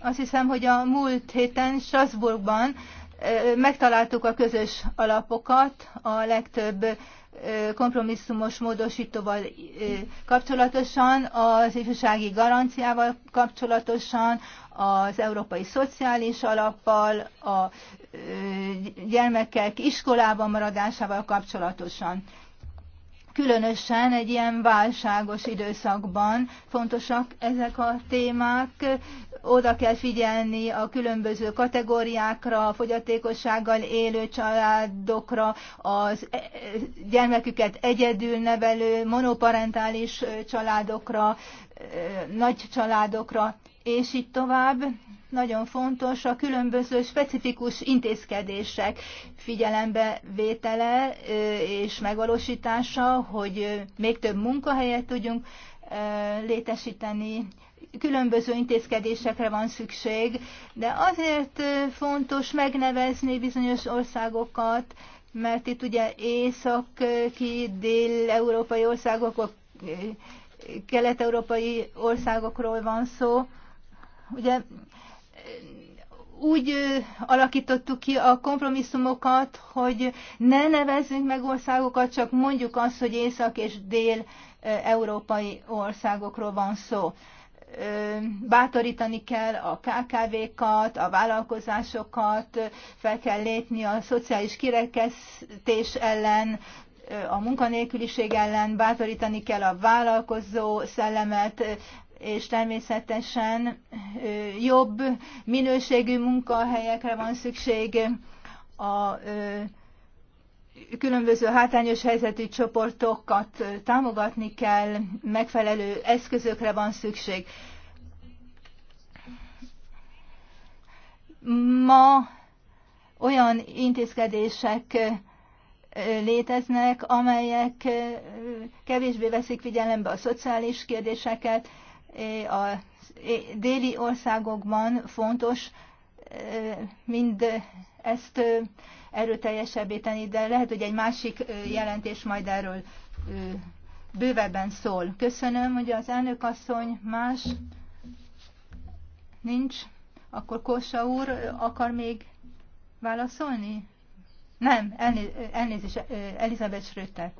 Azt hiszem, hogy a múlt héten Strasbourgban megtaláltuk a közös alapokat a legtöbb kompromisszumos módosítóval kapcsolatosan, az ifjúsági garanciával kapcsolatosan, az Európai Szociális Alappal, a gyermekek iskolában maradásával kapcsolatosan. Különösen egy ilyen válságos időszakban fontosak ezek a témák, oda kell figyelni a különböző kategóriákra, a fogyatékossággal élő családokra, az e, gyermeküket egyedül nevelő, monoparentális családokra, nagy családokra, és így tovább. Nagyon fontos a különböző specifikus intézkedések figyelembe vétele és megvalósítása, hogy még több munkahelyet tudjunk létesíteni, különböző intézkedésekre van szükség, de azért fontos megnevezni bizonyos országokat, mert itt ugye északi, dél-európai országok, kelet-európai országokról van szó. Ugye úgy alakítottuk ki a kompromisszumokat, hogy ne nevezzünk meg országokat, csak mondjuk azt, hogy észak és dél európai országokról van szó bátorítani kell a KKV-kat, a vállalkozásokat, fel kell lépni a szociális kirekesztés ellen, a munkanélküliség ellen, bátorítani kell a vállalkozó szellemet, és természetesen jobb minőségű munkahelyekre van szükség a különböző hátrányos helyzetű csoportokat támogatni kell, megfelelő eszközökre van szükség. Ma olyan intézkedések léteznek, amelyek kevésbé veszik figyelembe a szociális kérdéseket. A déli országokban fontos mind ezt erőteljesebbé tenni, de lehet, hogy egy másik jelentés majd erről bővebben szól. Köszönöm, hogy az elnök asszony más nincs. Akkor Kósa úr akar még válaszolni? Nem, elnéz, elnézést, Elizabeth Schröter.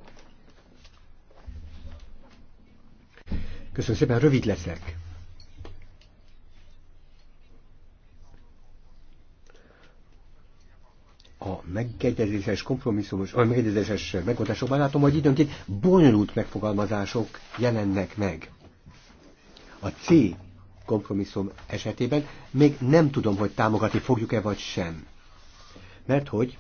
Köszönöm szépen, rövid leszek. a megegyezéses kompromisszumos, a megegyezéses megoldásokban látom, hogy időnként bonyolult megfogalmazások jelennek meg. A C kompromisszum esetében még nem tudom, hogy támogatni fogjuk-e vagy sem. Mert hogy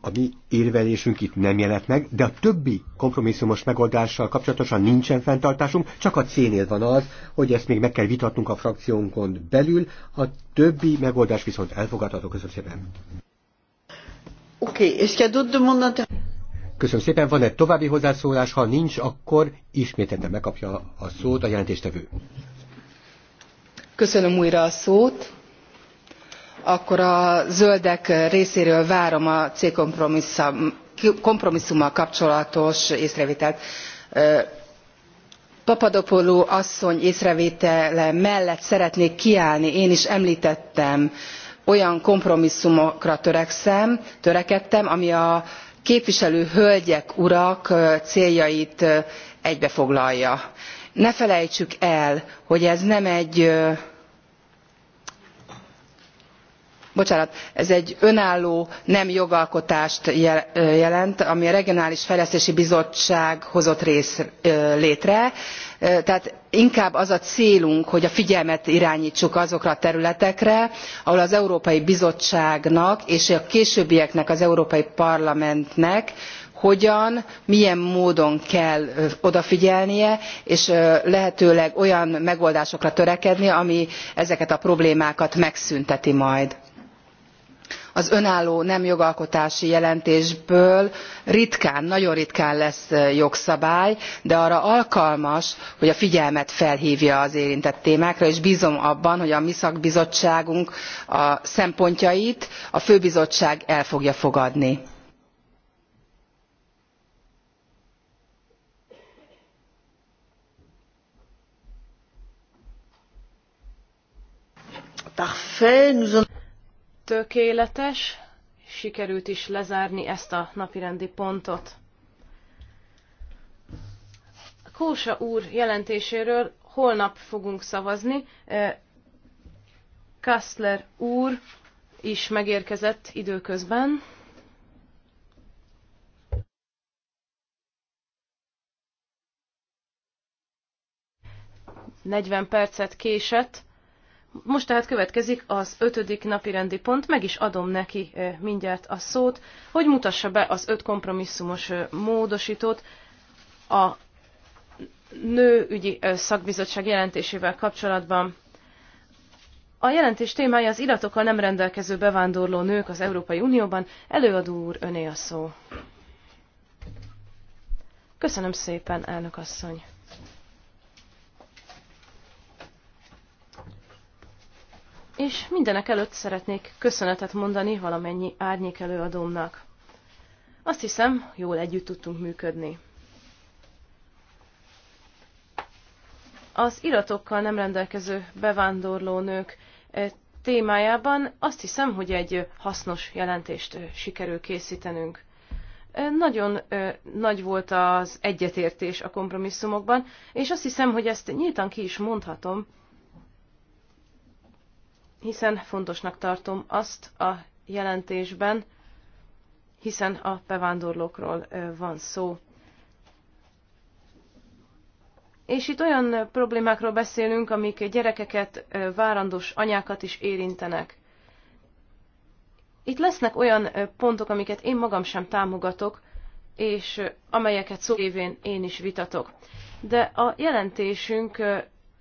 a mi érvelésünk itt nem jelent meg, de a többi kompromisszumos megoldással kapcsolatosan nincsen fenntartásunk, csak a cénél van az, hogy ezt még meg kell vitatnunk a frakciónkon belül, a többi megoldás viszont elfogadható. Köszönöm szépen. Oké, okay. és Köszönöm szépen, van egy további hozzászólás, ha nincs, akkor ismételten megkapja a szót a jelentéstevő. Köszönöm újra a szót akkor a zöldek részéről várom a c kompromisszummal kapcsolatos észrevételt. papadopoulou asszony észrevétele mellett szeretnék kiállni én is emltettem olyan kompromisszumokra törekszem törekedtem ami a képviselő hölgyek urak céljait egybefoglalja. ne felejtsük el hogy ez nem egy bocsánat ez egy önálló nem jogalkotást jelent ami a regionális fejlesztési bizottság hozott rész, létre tehát inkább az a célunk hogy a figyelmet iránytsuk azokra a területekre ahol az európai bizottságnak és a későbbieknek az európai parlamentnek hogyan milyen módon kell odafigyelnie és lehetőleg olyan megoldásokra törekednie ami ezeket a problémákat megszünteti majd az önálló nem jogalkotási jelentésből ritkán nagyon ritkán lesz jogszabály de arra alkalmas hogy a figyelmet felhvja az érintett témákra és bzom abban hogy a mi szakbizottságunk a szempontjait a főbizottság el fogja fogadni tökéletes, sikerült is lezárni ezt a napirendi pontot. Kósa úr jelentéséről holnap fogunk szavazni. E, Kastler úr is megérkezett időközben. Negyven percet késett, most tehát következik az ötödik napi rendi pont, meg is adom neki eh, mindjárt a szót, hogy mutassa be az öt kompromisszumos eh, módosítót a nőügyi eh, szakbizottság jelentésével kapcsolatban. A jelentés témája az iratokkal nem rendelkező bevándorló nők az Európai Unióban. Előadó úr, öné a szó. Köszönöm szépen, elnök asszony. és mindenek előtt szeretnék köszönetet mondani valamennyi árnyék előadómnak. Azt hiszem, jól együtt tudtunk működni. Az iratokkal nem rendelkező bevándorlónők eh, témájában azt hiszem, hogy egy hasznos jelentést eh, sikerül készítenünk. Eh, nagyon nagy volt az egyetértés a kompromisszumokban, és azt hiszem, hogy ezt nyíltan ki is mondhatom, hiszen fontosnak tartom azt a jelentésben, hiszen a bevándorlókról van szó. És itt olyan problémákról beszélünk, amik gyerekeket, várandos anyákat is érintenek. Itt lesznek olyan pontok, amiket én magam sem támogatok, és amelyeket szó én is vitatok. De a jelentésünk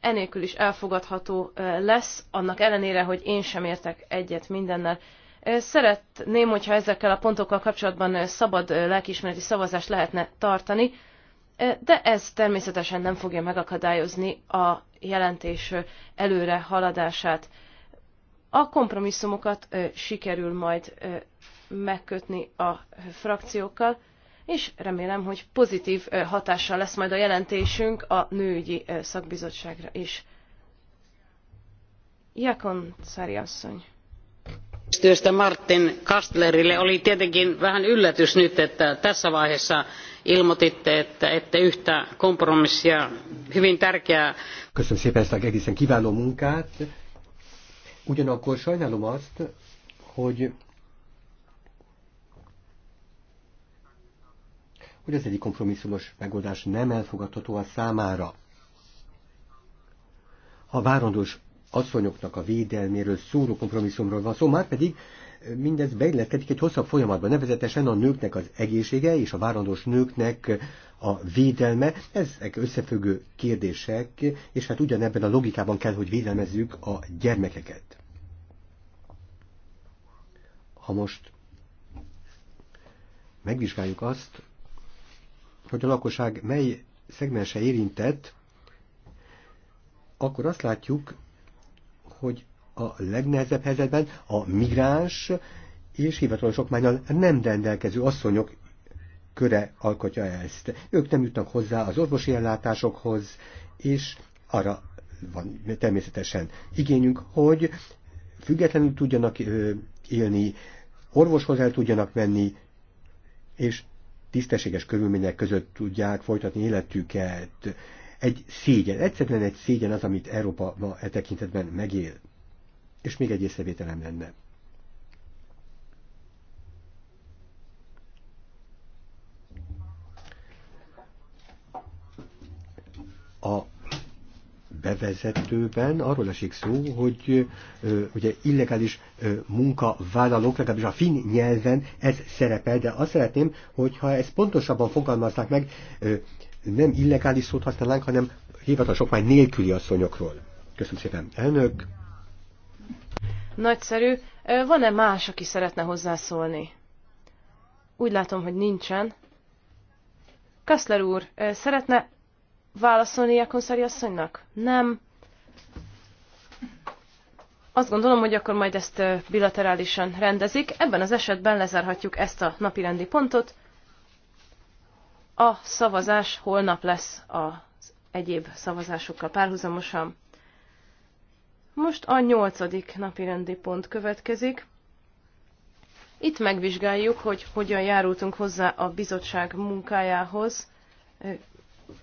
enélkül is elfogadható lesz, annak ellenére, hogy én sem értek egyet mindennel. Szeretném, hogyha ezekkel a pontokkal kapcsolatban szabad lelkiismereti szavazást lehetne tartani, de ez természetesen nem fogja megakadályozni a jelentés előre haladását. A kompromisszumokat sikerül majd megkötni a frakciókkal, és remélem, hogy pozitív hatással lesz majd a jelentésünk a nőügyi szakbizottságra is. Jakon Szári asszony. Yhteistyöstä Martin Kastlerille oli tietenkin vähän yllätys nyt, että tässä vaiheessa ilmoititte, että ette yhtä kompromissia hyvin tärkeää. Köszönöm szépen ezt a egészen kiváló munkát. Ugyanakkor sajnálom azt, hogy hogy az egyik kompromisszumos megoldás nem elfogadható a számára. Ha várandós asszonyoknak a védelméről szóló kompromisszumról van szó, már pedig mindez beilleszkedik egy hosszabb folyamatban, nevezetesen a nőknek az egészsége és a várandós nőknek a védelme, ezek összefüggő kérdések, és hát ugyanebben a logikában kell, hogy védelmezzük a gyermekeket. Ha most megvizsgáljuk azt, hogy a lakosság mely szegmense érintett, akkor azt látjuk, hogy a legnehezebb helyzetben a migráns és hivatalos okmányal nem rendelkező asszonyok köre alkotja ezt. Ők nem jutnak hozzá az orvosi ellátásokhoz, és arra van természetesen igényünk, hogy függetlenül tudjanak élni, orvoshoz el tudjanak menni, és tisztességes körülmények között tudják folytatni életüket. Egy szégyen, egyszerűen egy szégyen az, amit Európa ma e tekintetben megél. És még egy észrevételem lenne. bevezetőben arról esik szó, hogy ugye illegális munkavállalók, legalábbis a finn nyelven ez szerepel, de azt szeretném, hogyha ezt pontosabban fogalmaznák meg, nem illegális szót használnánk, hanem hivatalos okmány nélküli asszonyokról. Köszönöm szépen, elnök. Nagyszerű. Van-e más, aki szeretne hozzászólni? Úgy látom, hogy nincsen. Kaszler úr, szeretne válaszolni a konszeri asszonynak? Nem. Azt gondolom, hogy akkor majd ezt bilaterálisan rendezik. Ebben az esetben lezárhatjuk ezt a napirendi pontot. A szavazás holnap lesz az egyéb szavazásokkal párhuzamosan. Most a nyolcadik napirendi pont következik. Itt megvizsgáljuk, hogy hogyan járultunk hozzá a bizottság munkájához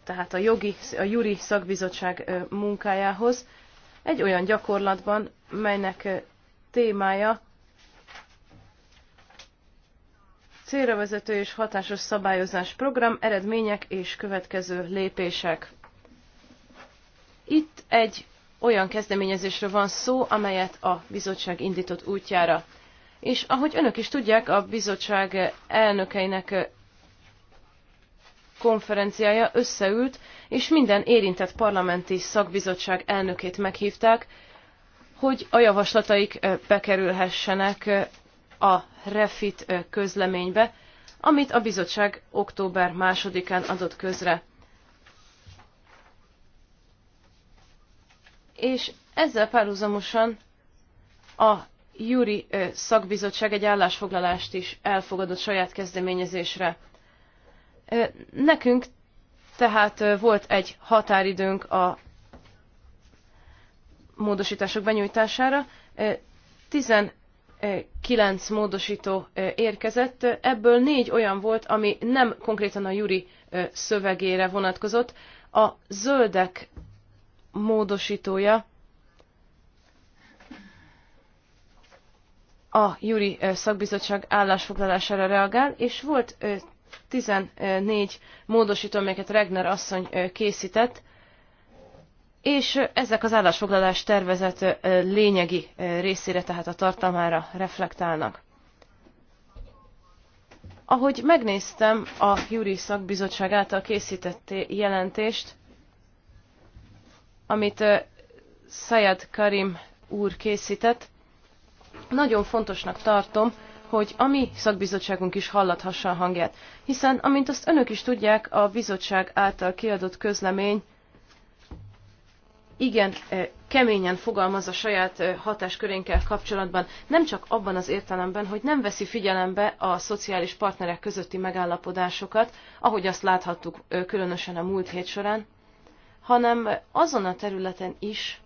tehát a jogi, a juri szakbizottság munkájához, egy olyan gyakorlatban, melynek témája célravezető és hatásos szabályozás program, eredmények és következő lépések. Itt egy olyan kezdeményezésről van szó, amelyet a bizottság indított útjára. És ahogy önök is tudják, a bizottság elnökeinek konferenciája összeült, és minden érintett parlamenti szakbizottság elnökét meghívták, hogy a javaslataik bekerülhessenek a REFIT közleménybe, amit a bizottság október másodikán án adott közre. És ezzel párhuzamosan a Júri szakbizottság egy állásfoglalást is elfogadott saját kezdeményezésre. Nekünk tehát volt egy határidőnk a módosítások benyújtására. 19 módosító érkezett, ebből négy olyan volt, ami nem konkrétan a Juri szövegére vonatkozott. A zöldek módosítója a Juri szakbizottság állásfoglalására reagál, és volt 14 módosító, amelyeket Regner asszony készített, és ezek az állásfoglalás tervezet lényegi részére, tehát a tartalmára reflektálnak. Ahogy megnéztem a Júri Szakbizottság által készített jelentést, amit Szajad Karim úr készített, nagyon fontosnak tartom, hogy a mi szakbizottságunk is hallathassa a hangját, hiszen, amint azt önök is tudják, a bizottság által kiadott közlemény igen eh, keményen fogalmaz a saját eh, hatáskörénkkel kapcsolatban, nem csak abban az értelemben, hogy nem veszi figyelembe a szociális partnerek közötti megállapodásokat, ahogy azt láthattuk eh, különösen a múlt hét során, hanem azon a területen is,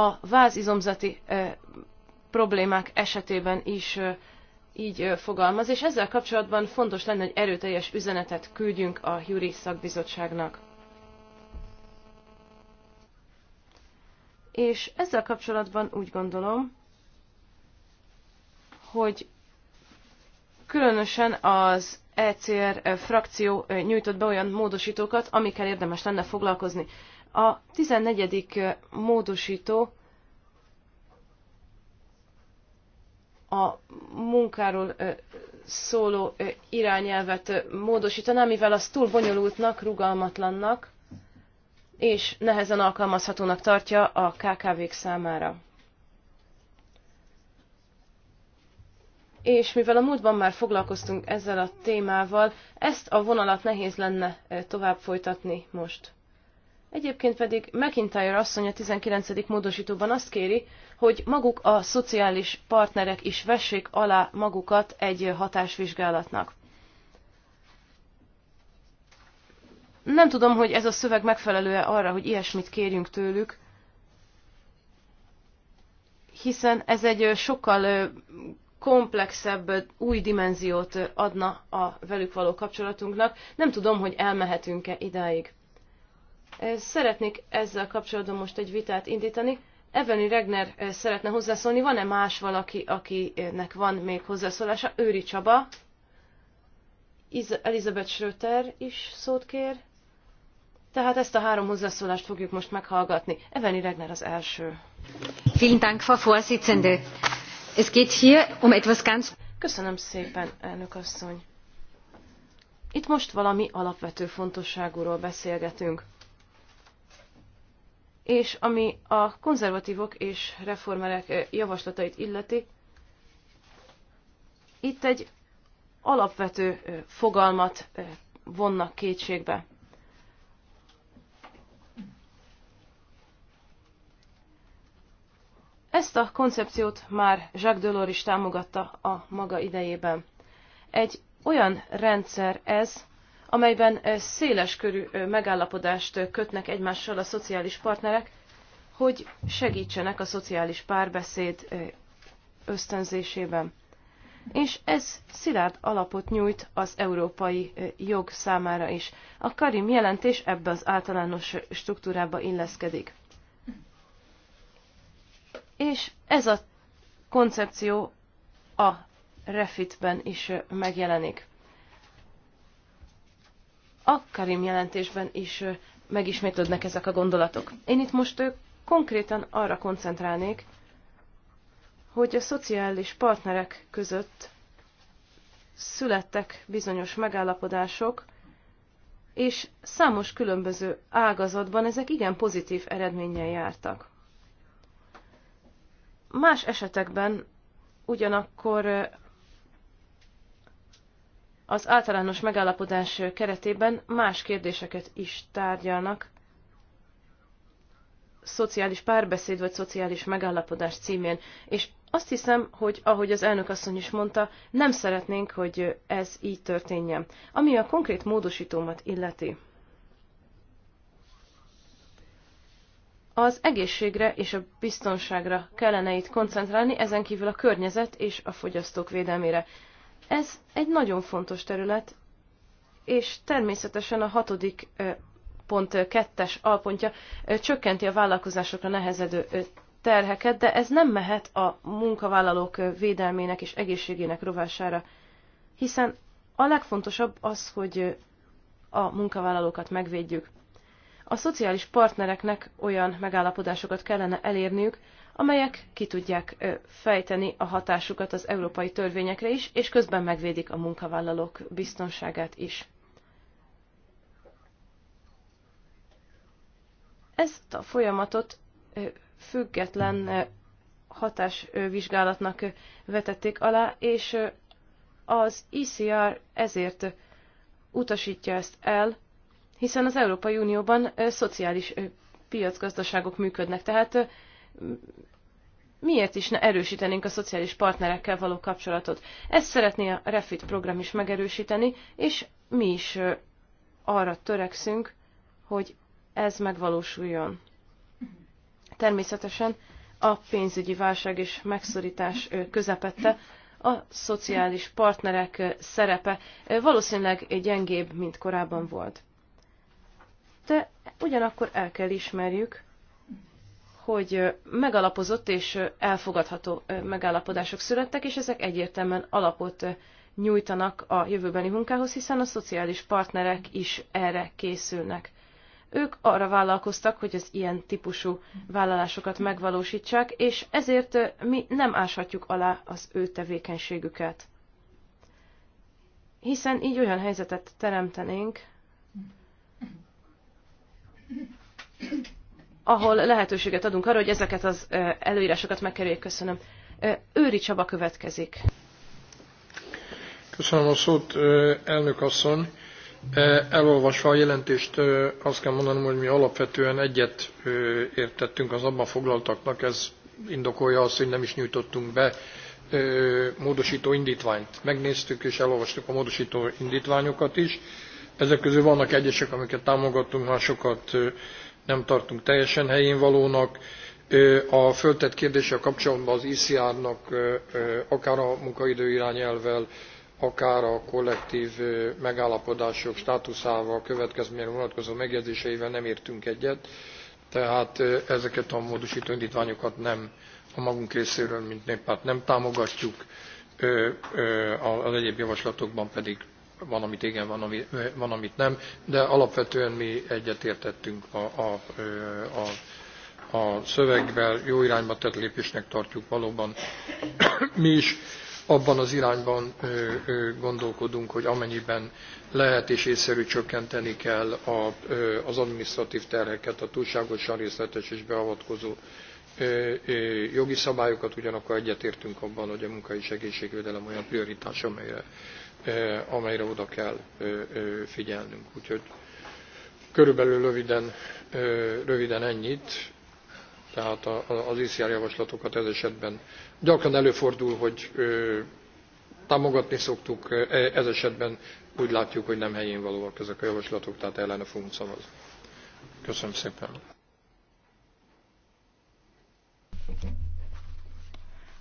a vázizomzati problémák esetében is így fogalmaz, és ezzel kapcsolatban fontos lenne, hogy erőteljes üzenetet küldjünk a Juri szakbizottságnak. És ezzel kapcsolatban úgy gondolom, hogy különösen az ECR frakció nyújtott be olyan módosítókat, amikkel érdemes lenne foglalkozni. A 14. módosító a munkáról szóló irányelvet módosítaná, mivel az túl bonyolultnak, rugalmatlannak és nehezen alkalmazhatónak tartja a KKV-k számára. És mivel a múltban már foglalkoztunk ezzel a témával, ezt a vonalat nehéz lenne tovább folytatni most. Egyébként pedig McIntyre asszony a 19. módosítóban azt kéri, hogy maguk a szociális partnerek is vessék alá magukat egy hatásvizsgálatnak. Nem tudom, hogy ez a szöveg megfelelő-e arra, hogy ilyesmit kérjünk tőlük, hiszen ez egy sokkal komplexebb, új dimenziót adna a velük való kapcsolatunknak. Nem tudom, hogy elmehetünk-e idáig. Szeretnék ezzel kapcsolatban most egy vitát indítani. Evelyn Regner szeretne hozzászólni. Van-e más valaki, akinek van még hozzászólása? Őri Csaba. Elizabeth Schröter is szót kér. Tehát ezt a három hozzászólást fogjuk most meghallgatni. Evelyn Regner az első. Vielen Dank, Frau Vorsitzende. Es geht hier um etwas ganz... Köszönöm szépen, elnök asszony. Itt most valami alapvető fontosságúról beszélgetünk és ami a konzervatívok és reformerek eh, javaslatait illeti, itt egy alapvető eh, fogalmat eh, vonnak kétségbe. Ezt a koncepciót már Jacques Delors is támogatta a maga idejében. Egy olyan rendszer ez, amelyben széles körű megállapodást kötnek egymással a szociális partnerek, hogy segítsenek a szociális párbeszéd ösztönzésében. És ez szilárd alapot nyújt az európai jog számára is. A Karim jelentés ebbe az általános struktúrába illeszkedik. És ez a koncepció a refitben is megjelenik. Akkarim jelentésben is megismétlődnek ezek a gondolatok. Én itt most konkrétan arra koncentrálnék, hogy a szociális partnerek között születtek bizonyos megállapodások, és számos különböző ágazatban ezek igen pozitív eredménnyel jártak. Más esetekben ugyanakkor az általános megállapodás keretében más kérdéseket is tárgyalnak, szociális párbeszéd vagy szociális megállapodás címén. És azt hiszem, hogy ahogy az elnök asszony is mondta, nem szeretnénk, hogy ez így történjen. Ami a konkrét módosítómat illeti. Az egészségre és a biztonságra kellene itt koncentrálni, ezen kívül a környezet és a fogyasztók védelmére. Ez egy nagyon fontos terület, és természetesen a hatodik pont kettes alpontja csökkenti a vállalkozásokra nehezedő terheket, de ez nem mehet a munkavállalók védelmének és egészségének rovására, hiszen a legfontosabb az, hogy a munkavállalókat megvédjük. A szociális partnereknek olyan megállapodásokat kellene elérniük, amelyek ki tudják fejteni a hatásukat az európai törvényekre is, és közben megvédik a munkavállalók biztonságát is. Ezt a folyamatot független hatásvizsgálatnak vetették alá, és az ICR e ezért utasítja ezt el, hiszen az Európai Unióban szociális piacgazdaságok működnek, tehát miért is ne erősítenénk a szociális partnerekkel való kapcsolatot? Ezt szeretné a Refit program is megerősíteni, és mi is arra törekszünk, hogy ez megvalósuljon. Természetesen a pénzügyi válság és megszorítás közepette a szociális partnerek szerepe valószínűleg gyengébb, mint korábban volt. De ugyanakkor el kell ismerjük, hogy megalapozott és elfogadható megállapodások születtek, és ezek egyértelműen alapot nyújtanak a jövőbeni munkához, hiszen a szociális partnerek is erre készülnek. Ők arra vállalkoztak, hogy az ilyen típusú vállalásokat megvalósítsák, és ezért mi nem áshatjuk alá az ő tevékenységüket. Hiszen így olyan helyzetet teremtenénk, ahol lehetőséget adunk arra, hogy ezeket az előírásokat megkerüljék. Köszönöm. Őri Csaba következik. Köszönöm a szót, elnök asszony. Elolvasva a jelentést azt kell mondanom, hogy mi alapvetően egyet értettünk az abban foglaltaknak, ez indokolja azt, hogy nem is nyújtottunk be módosító indítványt. Megnéztük és elolvastuk a módosító indítványokat is. Ezek közül vannak egyesek, amiket támogattunk másokat nem tartunk teljesen helyén valónak. A föltett kérdéssel kapcsolatban az ICR-nak akár a munkaidő irányelvvel, akár a kollektív megállapodások státuszával, következményre vonatkozó megjegyzéseivel nem értünk egyet, tehát ezeket a módosító indítványokat nem a magunk részéről, mint néppárt nem támogatjuk, az egyéb javaslatokban pedig van, amit igen, van, ami, van amit nem, de alapvetően mi egyetértettünk a, a, a a jó irányba tett lépésnek tartjuk valóban. <clears throat> Mi is abban az irányban gondolkodunk, hogy amennyiben lehet és észszerű csökkenteni kell az administratív terheket, a túlságosan részletes és beavatkozó jogi szabályokat, ugyanakkor egyetértünk abban, hogy a munkai segítségvédelem olyan prioritás, amelyre amelyre oda kell figyelnünk. Úgyhogy körülbelül röviden, röviden ennyit, tehát az ICR javaslatokat ez esetben gyakran előfordul, hogy támogatni szoktuk, e, ez esetben úgy látjuk, hogy nem helyén valóak ezek a javaslatok, tehát ellene fogunk szavazni. Köszönöm szépen.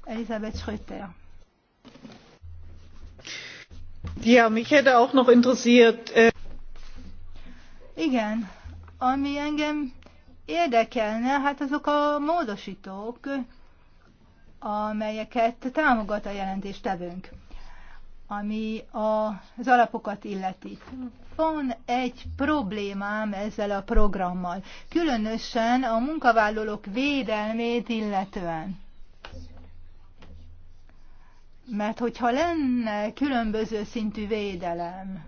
Elizabeth Schröter. Ja, mich hätte auch noch interessiert. Äh, Igen, ami engem érdekelne, hát azok a módosítók, amelyeket támogat a jelentéstevőnk, ami az alapokat illeti. Van egy problémám ezzel a programmal, különösen a munkavállalók védelmét illetően. Mert hogyha lenne különböző szintű védelem,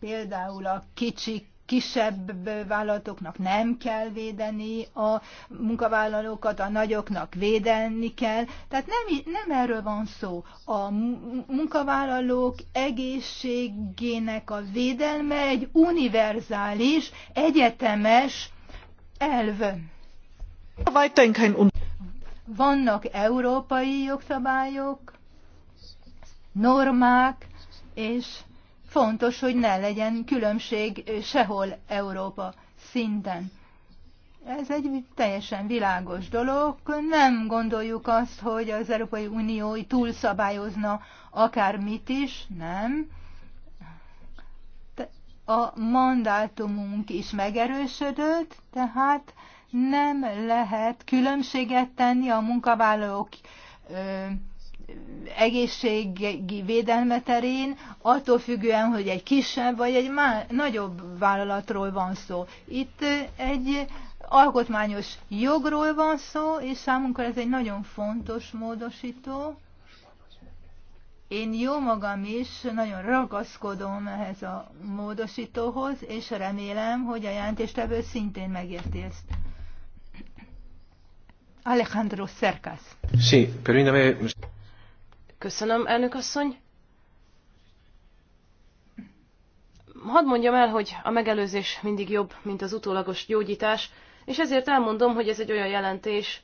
például a kicsik kisebb vállalatoknak nem kell védeni a munkavállalókat, a nagyoknak védelni kell. Tehát nem, nem erről van szó. A munkavállalók egészségének a védelme egy univerzális, egyetemes elv. Vannak európai jogszabályok, normák, és fontos, hogy ne legyen különbség sehol Európa szinten. Ez egy teljesen világos dolog. Nem gondoljuk azt, hogy az Európai Unió túlszabályozna akármit is, nem. A mandátumunk is megerősödött, tehát nem lehet különbséget tenni a munkavállalók egészségi védelme terén, attól függően, hogy egy kisebb vagy egy má- nagyobb vállalatról van szó. Itt egy alkotmányos jogról van szó, és számunkra ez egy nagyon fontos módosító. Én jó magam is nagyon ragaszkodom ehhez a módosítóhoz, és remélem, hogy a jelentéstevő szintén megérti ezt. Alejandro Cercas. Sí, permítame... Köszönöm, elnök asszony. Hadd mondjam el, hogy a megelőzés mindig jobb, mint az utólagos gyógyítás, és ezért elmondom, hogy ez egy olyan jelentés,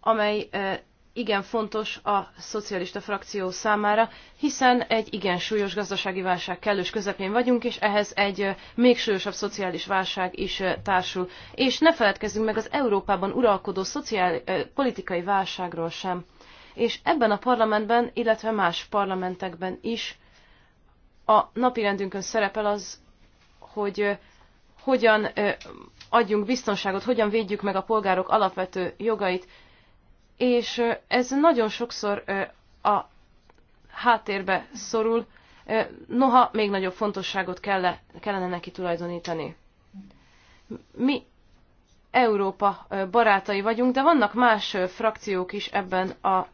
amely eh, igen fontos a szocialista frakció számára, hiszen egy igen súlyos gazdasági válság kellős közepén vagyunk, és ehhez egy még súlyosabb szociális válság is társul. És ne feledkezzünk meg az Európában uralkodó szociál, politikai válságról sem. És ebben a parlamentben, illetve más parlamentekben is a napirendünkön szerepel az, hogy hogyan adjunk biztonságot, hogyan védjük meg a polgárok alapvető jogait, és ez nagyon sokszor a háttérbe szorul, noha még nagyobb fontosságot kellene neki tulajdonítani. Mi Európa barátai vagyunk, de vannak más frakciók is ebben a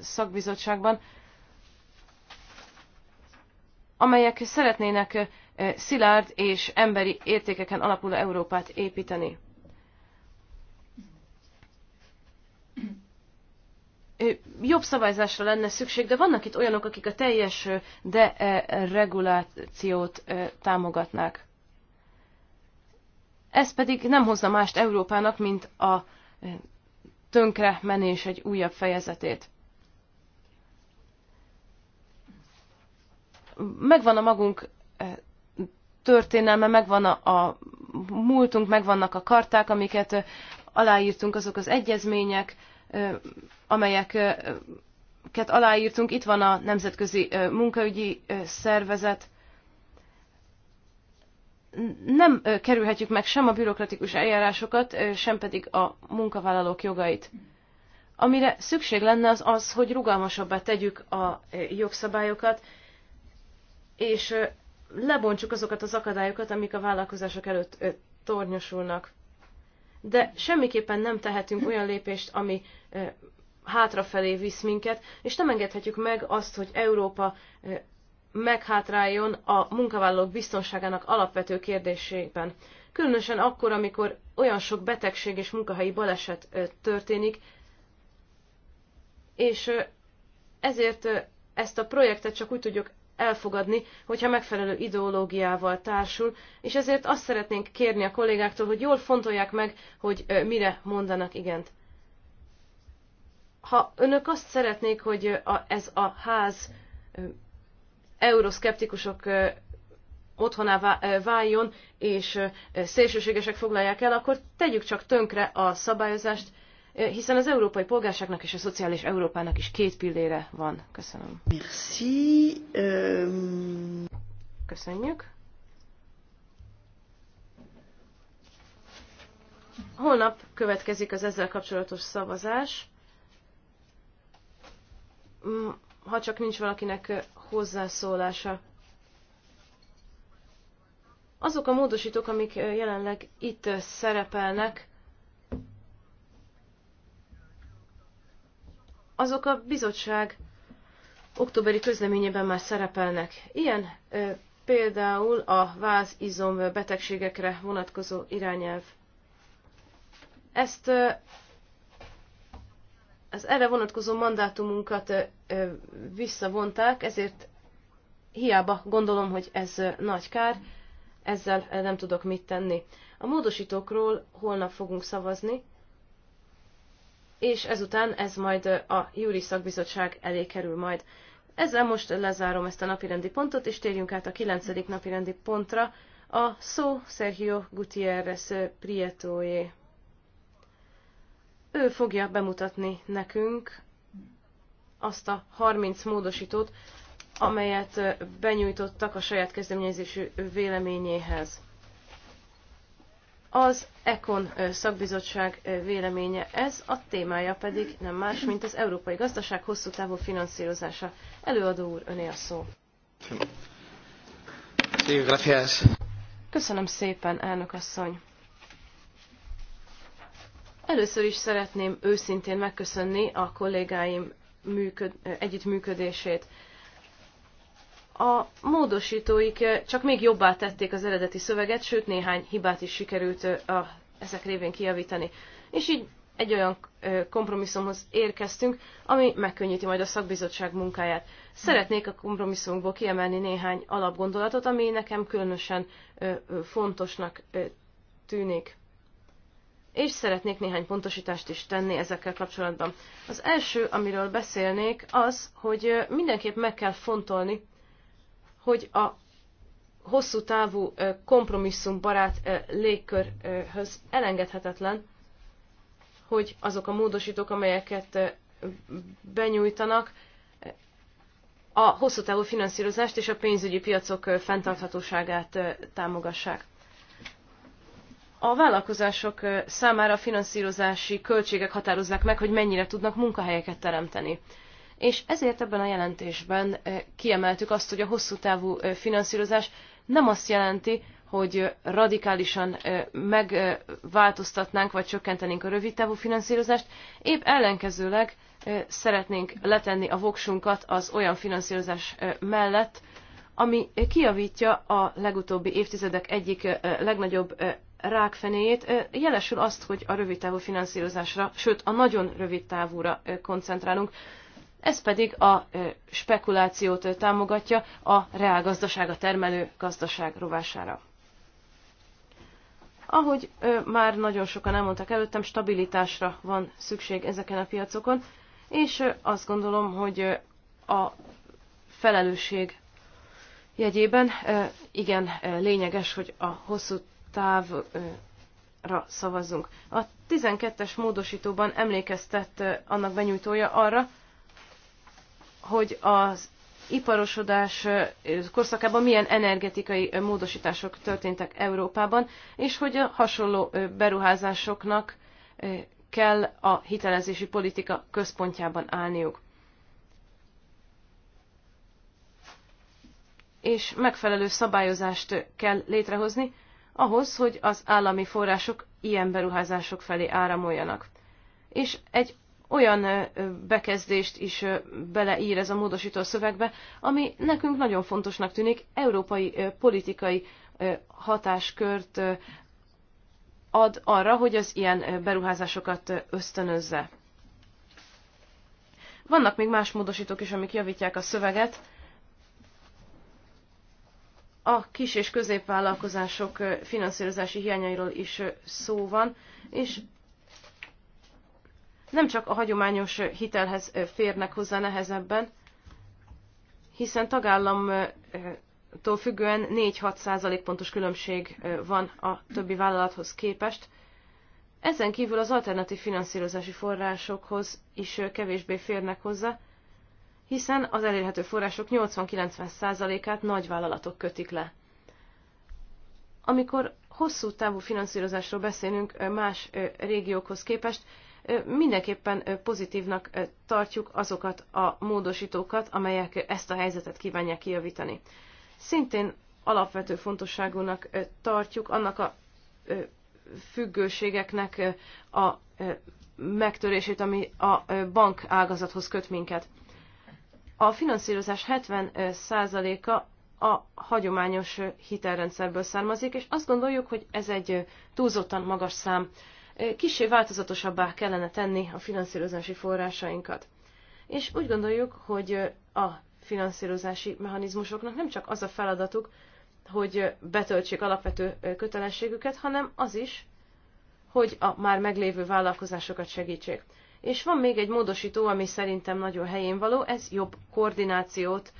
szakbizottságban, amelyek szeretnének szilárd és emberi értékeken alapuló Európát építeni. jobb szabályzásra lenne szükség, de vannak itt olyanok, akik a teljes deregulációt e, támogatnák. Ez pedig nem hozna mást Európának, mint a tönkre menés egy újabb fejezetét. Megvan a magunk történelme, megvan a, a múltunk, megvannak a karták, amiket aláírtunk, azok az egyezmények, amelyeket aláírtunk. Itt van a Nemzetközi Munkaügyi Szervezet. Nem kerülhetjük meg sem a bürokratikus eljárásokat, sem pedig a munkavállalók jogait. Amire szükség lenne az az, hogy rugalmasabbá tegyük a jogszabályokat, és lebontsuk azokat az akadályokat, amik a vállalkozások előtt tornyosulnak de semmiképpen nem tehetünk olyan lépést, ami hátrafelé visz minket, és nem engedhetjük meg azt, hogy Európa meghátráljon a munkavállalók biztonságának alapvető kérdésében. Különösen akkor, amikor olyan sok betegség és munkahelyi baleset történik, és ezért ezt a projektet csak úgy tudjuk elfogadni, hogyha megfelelő ideológiával társul, és ezért azt szeretnénk kérni a kollégáktól, hogy jól fontolják meg, hogy mire mondanak igent. Ha önök azt szeretnék, hogy ez a ház euroszkeptikusok otthoná váljon, és szélsőségesek foglalják el, akkor tegyük csak tönkre a szabályozást, hiszen az európai polgárságnak és a szociális Európának is két pillére van. Köszönöm. Merci. Um... Köszönjük. Holnap következik az ezzel kapcsolatos szavazás. Mm, ha csak nincs valakinek hozzászólása. Azok a módosítók, amik jelenleg itt szerepelnek, azok a bizottság októberi közleményében már szerepelnek. Ilyen például a vázizom betegségekre vonatkozó irányelv. Ezt az erre vonatkozó mandátumunkat visszavonták, ezért hiába gondolom, hogy ez nagy kár, ezzel nem tudok mit tenni. A módosítókról holnap fogunk szavazni, és ezután ez majd a júri szakbizottság elé kerül majd. Ezzel most lezárom ezt a napirendi pontot, és térjünk át a kilencedik napirendi pontra, a szó Sergio Gutierrez Prietoé. Ő fogja bemutatni nekünk azt a 30 módosítót, amelyet benyújtottak a saját kezdeményezésű véleményéhez. Az Econ szakbizottság véleménye ez, a témája pedig nem más, mint az európai gazdaság hosszú távú finanszírozása. Előadó úr, öné a szó. Köszönöm szépen, elnök asszony. Először is szeretném őszintén megköszönni a kollégáim működ, együttműködését. A módosítóik eh, csak még jobbá tették az eredeti szöveget, sőt néhány hibát is sikerült eh, a, ezek révén kijavítani. És így egy olyan eh, kompromisszumhoz érkeztünk, ami megkönnyíti majd a szakbizottság munkáját. Szeretnék a kompromisszumokból kiemelni néhány alapgondolatot, ami nekem különösen fontosnak tűnik. És szeretnék néhány pontosítást is tenni ezekkel kapcsolatban. Az első, amiről beszélnék, az, hogy mindenképp meg kell fontolni, hogy a hosszú távú kompromisszumbarát légkörhöz elengedhetetlen, hogy azok a módosítók, amelyeket benyújtanak, a hosszú távú finanszírozást és a pénzügyi piacok fenntarthatóságát támogassák. A vállalkozások számára a finanszírozási költségek határozzák meg, hogy mennyire tudnak munkahelyeket teremteni és ezért ebben a jelentésben kiemeltük azt, hogy a hosszú távú finanszírozás nem azt jelenti, hogy radikálisan megváltoztatnánk vagy csökkentenénk a rövid távú finanszírozást, épp ellenkezőleg szeretnénk letenni a voksunkat az olyan finanszírozás mellett, ami kiavítja a legutóbbi évtizedek egyik legnagyobb rákfenéjét, jelesül azt, hogy a rövid távú finanszírozásra, sőt a nagyon rövid távúra koncentrálunk, ez pedig a spekulációt támogatja a reálgazdaság, a termelő gazdaság rovására. Ahogy már nagyon sokan elmondtak előttem, stabilitásra van szükség ezeken a piacokon, és azt gondolom, hogy a felelősség jegyében igen lényeges, hogy a hosszú távra szavazzunk. A 12-es módosítóban emlékeztet annak benyújtója arra, hogy az iparosodás korszakában milyen energetikai módosítások történtek Európában, és hogy a hasonló beruházásoknak kell a hitelezési politika központjában állniuk. És megfelelő szabályozást kell létrehozni ahhoz, hogy az állami források ilyen beruházások felé áramoljanak. És egy olyan bekezdést is beleír ez a módosító szövegbe, ami nekünk nagyon fontosnak tűnik, európai politikai hatáskört ad arra, hogy az ilyen beruházásokat ösztönözze. Vannak még más módosítók is, amik javítják a szöveget. A kis és középvállalkozások finanszírozási hiányairól is szó van, és nem csak a hagyományos hitelhez férnek hozzá nehezebben, hiszen tagállamtól függően 4-6 százalékpontos különbség van a többi vállalathoz képest. Ezen kívül az alternatív finanszírozási forrásokhoz is kevésbé férnek hozzá, hiszen az elérhető források 80 90 nagy nagyvállalatok kötik le. Amikor hosszú távú finanszírozásról beszélünk más régiókhoz képest, mindenképpen pozitívnak tartjuk azokat a módosítókat, amelyek ezt a helyzetet kívánják kijavítani. Szintén alapvető fontosságúnak tartjuk annak a függőségeknek a megtörését, ami a bank ágazathoz köt minket. A finanszírozás 70%-a a hagyományos hitelrendszerből származik, és azt gondoljuk, hogy ez egy túlzottan magas szám kicsi változatosabbá kellene tenni a finanszírozási forrásainkat. És úgy gondoljuk, hogy a finanszírozási mechanizmusoknak nem csak az a feladatuk, hogy betöltsék alapvető kötelességüket, hanem az is, hogy a már meglévő vállalkozásokat segítsék. És van még egy módosító, ami szerintem nagyon helyén való, ez jobb koordinációt,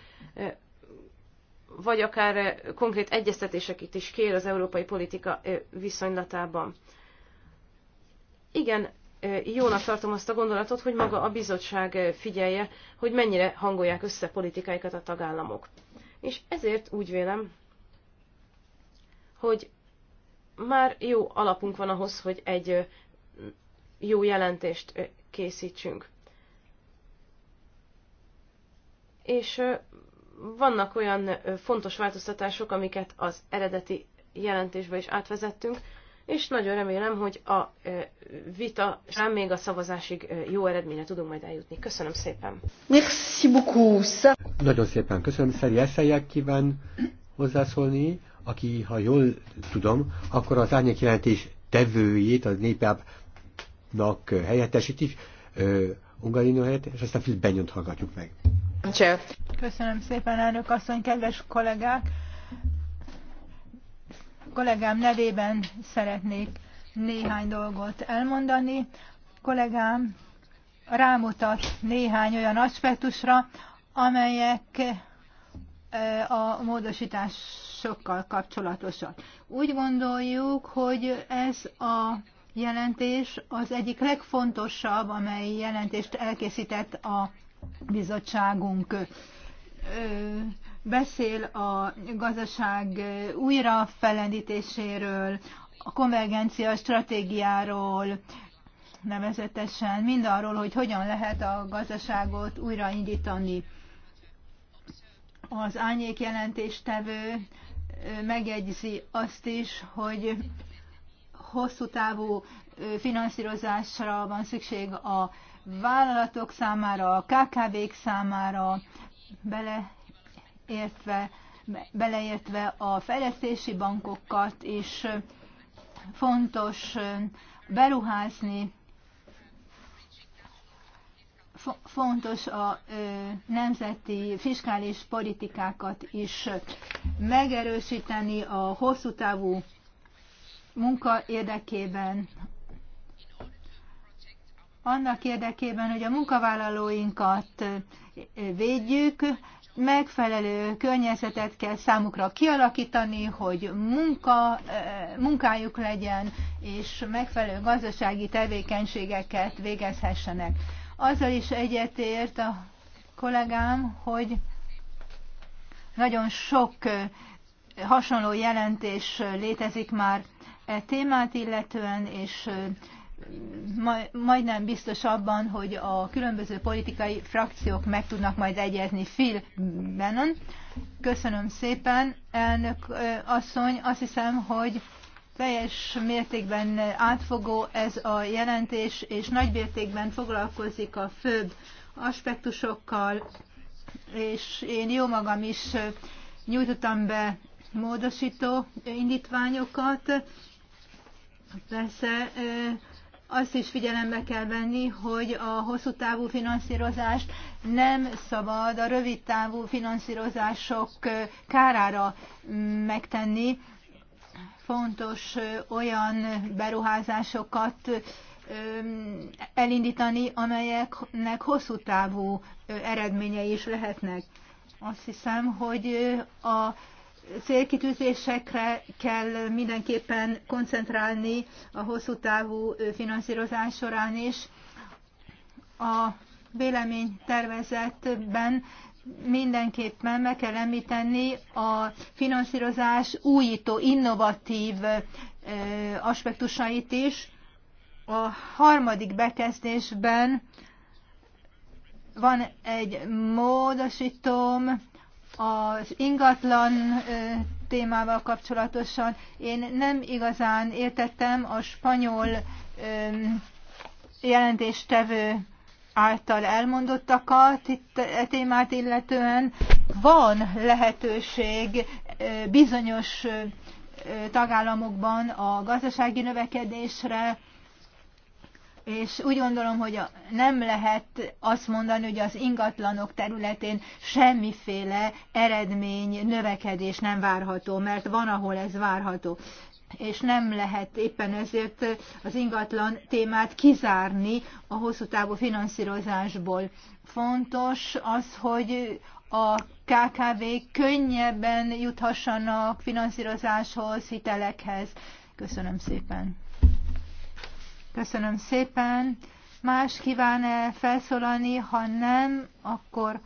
vagy akár konkrét egyeztetéseket is kér az európai politika viszonylatában igen, jónak tartom azt a gondolatot, hogy maga a bizottság figyelje, hogy mennyire hangolják össze politikáikat a tagállamok. És ezért úgy vélem, hogy már jó alapunk van ahhoz, hogy egy jó jelentést készítsünk. És vannak olyan fontos változtatások, amiket az eredeti jelentésbe is átvezettünk, és nagyon remélem, hogy a vita sem még a szavazásig jó eredményre tudunk majd eljutni. Köszönöm szépen! Merci beaucoup! Nagyon szépen köszönöm, Szeri Eszeljek kíván hozzászólni, aki, ha jól tudom, akkor az árnyék jelentés tevőjét, az népjábnak helyettesíti, Ungarino helyett, és aztán Filip Benyont hallgatjuk meg. Köszönöm szépen, elnök asszony, kedves kollégák! kollégám nevében szeretnék néhány dolgot elmondani. Kollégám rámutat néhány olyan aspektusra, amelyek a módosításokkal kapcsolatosak. Úgy gondoljuk, hogy ez a jelentés az egyik legfontosabb, amely jelentést elkészített a bizottságunk beszél a gazdaság újra felendítéséről, a konvergencia stratégiáról, nevezetesen mindarról, hogy hogyan lehet a gazdaságot újraindítani. Az ányék jelentéstevő megjegyzi azt is, hogy hosszú távú finanszírozásra van szükség a vállalatok számára, a KKV-k számára, bele értve, beleértve a fejlesztési bankokat, és fontos beruházni, fontos a nemzeti fiskális politikákat is megerősíteni a hosszú távú munka érdekében, annak érdekében, hogy a munkavállalóinkat védjük, megfelelő környezetet kell számukra kialakítani, hogy munka, eh, munkájuk legyen, és megfelelő gazdasági tevékenységeket végezhessenek. Azzal is egyetért a kollégám, hogy nagyon sok eh, hasonló jelentés létezik már e témát illetően, és eh, majdnem biztos abban, hogy a különböző politikai frakciók meg tudnak majd egyezni. Phil Bannon, köszönöm szépen, elnök asszony, azt hiszem, hogy teljes mértékben átfogó ez a jelentés, és nagy mértékben foglalkozik a főbb aspektusokkal, és én jó magam is nyújtottam be módosító indítványokat. Persze azt is figyelembe kell venni, hogy a hosszú távú finanszírozást nem szabad a rövid távú finanszírozások kárára mm, megtenni. Fontos olyan beruházásokat elindítani, amelyeknek hosszú távú eredményei is lehetnek. Azt hiszem, hogy a célkitűzésekre kell mindenképpen koncentrálni a hosszú távú finanszírozás során is. A véleménytervezetben mindenképpen meg kell említeni a finanszírozás újító, innovatív aspektusait is. A harmadik bekezdésben van egy módosítom, az ingatlan témával kapcsolatosan én nem igazán értettem a spanyol jelentéstevő által elmondottakat itt e témát illetően. Van lehetőség bizonyos tagállamokban a gazdasági növekedésre, és úgy gondolom, hogy nem lehet azt mondani, hogy az ingatlanok területén semmiféle eredmény, növekedés nem várható, mert van, ahol ez várható és nem lehet éppen ezért az ingatlan témát kizárni a hosszú távú finanszírozásból. Fontos az, hogy a KKV könnyebben juthassanak finanszírozáshoz, hitelekhez. Köszönöm szépen. Köszönöm szépen. Más kíván-e felszólalni? Ha nem, akkor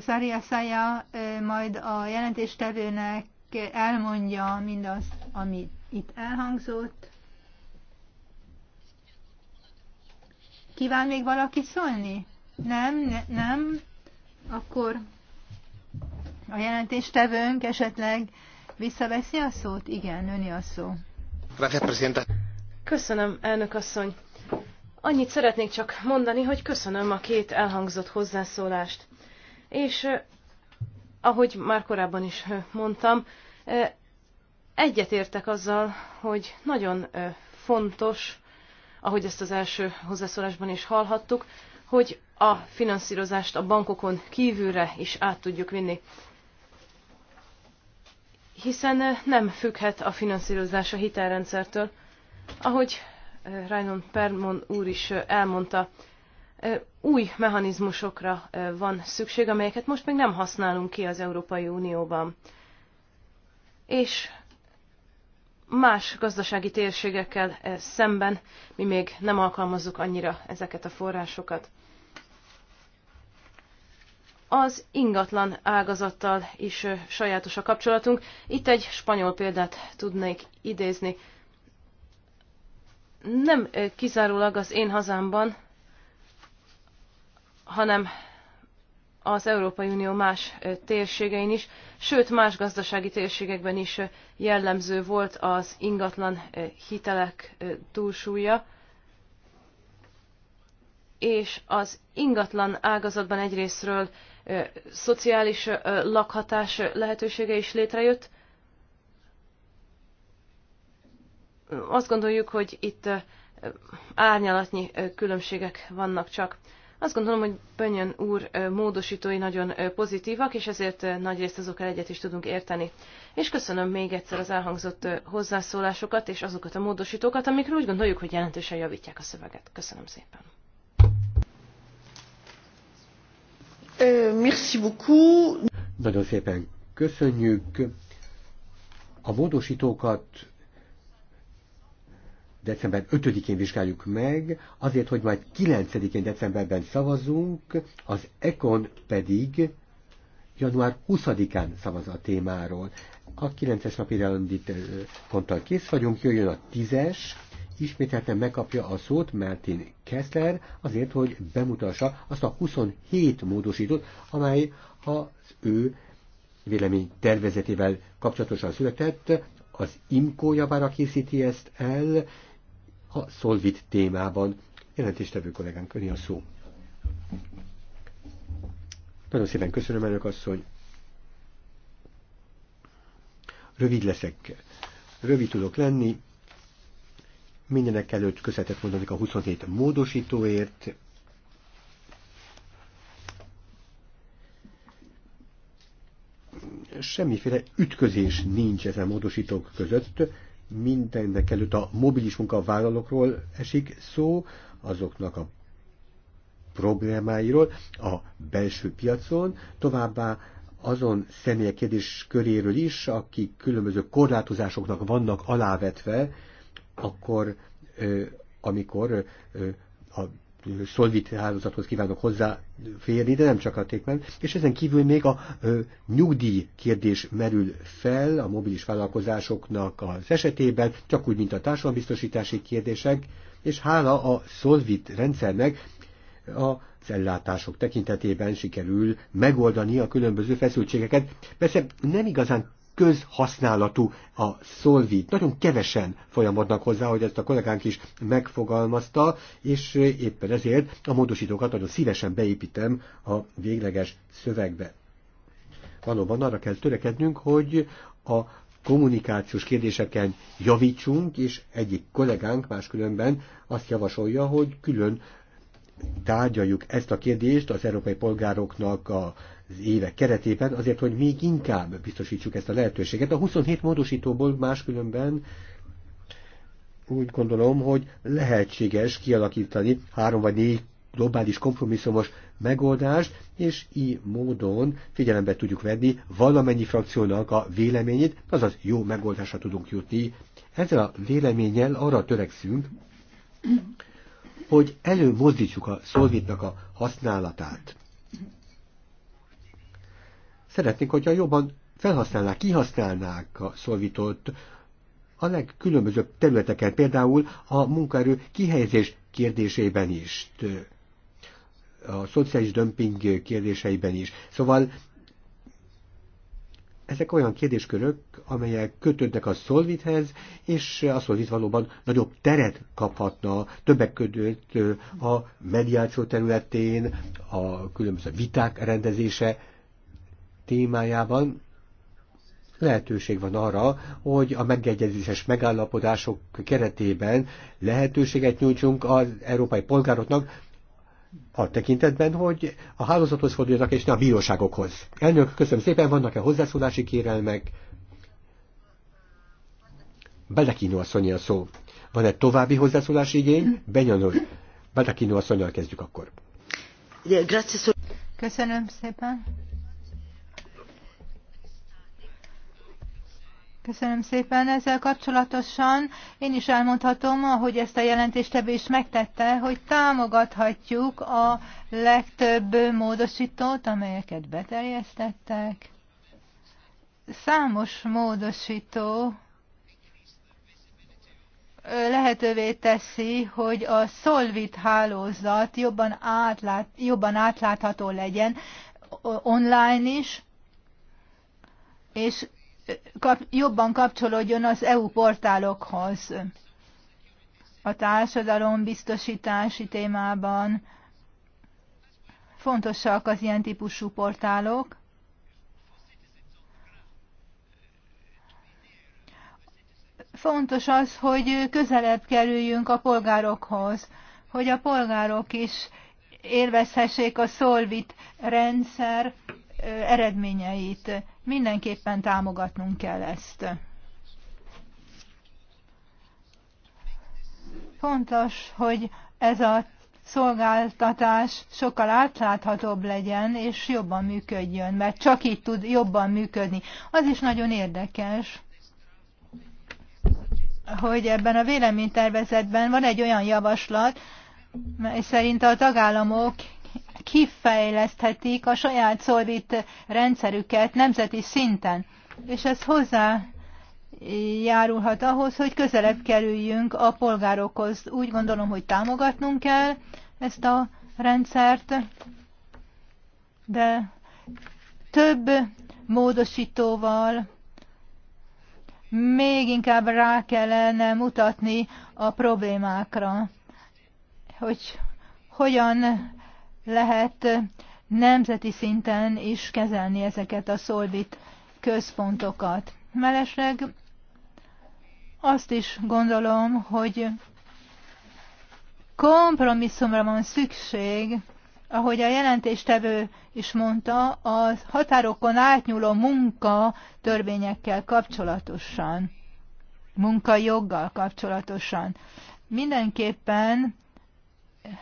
Szária Szája majd a jelentéstevőnek elmondja mindazt, ami itt elhangzott. Kíván még valaki szólni? Nem, ne, nem. Akkor a jelentéstevőnk esetleg visszaveszi a szót? Igen, öni a szó. Köszönöm, elnök asszony. Annyit szeretnék csak mondani, hogy köszönöm a két elhangzott hozzászólást. És eh, ahogy már korábban is eh, mondtam, eh, egyetértek azzal, hogy nagyon fontos, ahogy ezt az első hozzászólásban is hallhattuk, hogy a finanszírozást a bankokon kívülre is át tudjuk vinni hiszen nem függhet a finanszírozás a hitelrendszertől. Ahogy Rajnon Permon úr is elmondta, új mechanizmusokra van szükség, amelyeket most még nem használunk ki az Európai Unióban. És más gazdasági térségekkel szemben mi még nem alkalmazzuk annyira ezeket a forrásokat az ingatlan ágazattal is sajátos a kapcsolatunk. Itt egy spanyol példát tudnék idézni. Nem kizárólag az én hazámban, hanem az Európai Unió más térségein is, sőt más gazdasági térségekben is jellemző volt az ingatlan hitelek túlsúlya, és az ingatlan ágazatban egyrésztről szociális lakhatás lehetősége is létrejött. Azt gondoljuk, hogy itt árnyalatnyi különbségek vannak csak. Azt gondolom, hogy Benyon úr módosítói nagyon pozitívak, és ezért részt azokkal egyet is tudunk érteni. És köszönöm még egyszer az elhangzott hozzászólásokat és azokat a módosítókat, amikről úgy gondoljuk, hogy jelentősen javítják a szöveget. Köszönöm szépen. Merci beaucoup. Nagyon szépen köszönjük. A módosítókat december 5-én vizsgáljuk meg, azért, hogy majd 9-én decemberben szavazunk, az ECON pedig január 20-án szavaz a témáról. A 9-es napi rendi ponttal kész vagyunk, jöjjön a 10-es, ismételten megkapja a szót Martin Kessler azért, hogy bemutassa azt a 27 módosítót, amely az ő vélemény tervezetével kapcsolatosan született, az IMCO javára készíti ezt el a Solvit témában. Jelentéstevő kollégánk, öni a szó. Nagyon szépen köszönöm, elnök asszony. Rövid leszek. Rövid tudok lenni, Mindenek előtt köszönetet mondanék a 27 módosítóért. Semmiféle ütközés nincs ezen módosítók között. Mindenek előtt a mobilis munkavállalókról esik szó, azoknak a problémáiról a belső piacon, továbbá azon személyek kérdés köréről is, akik különböző korlátozásoknak vannak alávetve, akkor, amikor a szolvit hálózathoz kívánok hozzáférni, de nem csak a tékben. És ezen kívül még a nyugdíj kérdés merül fel a mobilis vállalkozásoknak az esetében, csak úgy, mint a társadalombiztosítási kérdések, és hála a szolvit rendszernek az ellátások tekintetében sikerül megoldani a különböző feszültségeket. Persze nem igazán közhasználatú a szolvid Nagyon kevesen folyamodnak hozzá, hogy ezt a kollégánk is megfogalmazta, és éppen ezért a módosítókat nagyon szívesen beépítem a végleges szövegbe. Valóban arra kell törekednünk, hogy a kommunikációs kérdéseken javítsunk, és egyik kollégánk máskülönben azt javasolja, hogy külön tárgyaljuk ezt a kérdést az európai polgároknak a évek keretében, azért, hogy még inkább biztosítsuk ezt a lehetőséget. A 27 módosítóból máskülönben úgy gondolom, hogy lehetséges kialakítani három vagy négy globális kompromisszumos megoldást, és így módon figyelembe tudjuk venni valamennyi frakciónak a véleményét, azaz jó megoldásra tudunk jutni. Ezzel a véleménnyel arra törekszünk, hogy előmozdítsuk a szolvitnak a használatát. Szeretnénk, hogyha jobban felhasználnák, kihasználnák a szolvitot a legkülönbözőbb területeken, például a munkaerő kihelyezés kérdésében is, a szociális dömping kérdéseiben is. Szóval ezek olyan kérdéskörök, amelyek kötődnek a szolvithez, és a szolvit valóban nagyobb teret kaphatna többek között a mediáció területén, a különböző viták rendezése témájában lehetőség van arra, hogy a megegyezéses megállapodások keretében lehetőséget nyújtsunk az európai polgároknak, a tekintetben, hogy a hálózathoz forduljanak, és ne a bíróságokhoz. Elnök, köszönöm szépen, vannak-e hozzászólási kérelmek? Belekínó asszonyi a szó. Van-e további hozzászólási igény? Benyanul. Belekínó asszonyjal kezdjük akkor. Köszönöm szépen. Köszönöm szépen. Ezzel kapcsolatosan én is elmondhatom, ahogy ezt a jelentéstevő is megtette, hogy támogathatjuk a legtöbb módosítót, amelyeket beterjesztettek. Számos módosító lehetővé teszi, hogy a Solvit hálózat jobban, átlát, jobban átlátható legyen online is, és kap, jobban kapcsolódjon az EU portálokhoz a biztosítási témában. Fontosak az ilyen típusú portálok. Fontos az, hogy közelebb kerüljünk a polgárokhoz, hogy a polgárok is élvezhessék a Solvit rendszer eredményeit. Mindenképpen támogatnunk kell ezt. Fontos, hogy ez a szolgáltatás sokkal átláthatóbb legyen, és jobban működjön, mert csak így tud jobban működni. Az is nagyon érdekes, hogy ebben a véleménytervezetben van egy olyan javaslat, mely szerint a tagállamok kifejleszthetik a saját szolvit rendszerüket nemzeti szinten. És ez hozzá járulhat ahhoz, hogy közelebb kerüljünk a polgárokhoz. Úgy gondolom, hogy támogatnunk kell ezt a rendszert, de több módosítóval még inkább rá kellene mutatni a problémákra, hogy hogyan lehet nemzeti szinten is kezelni ezeket a szolvit központokat. Mellesleg azt is gondolom, hogy kompromisszumra van szükség, ahogy a jelentéstevő is mondta, a határokon átnyúló munka törvényekkel kapcsolatosan, munkajoggal kapcsolatosan. Mindenképpen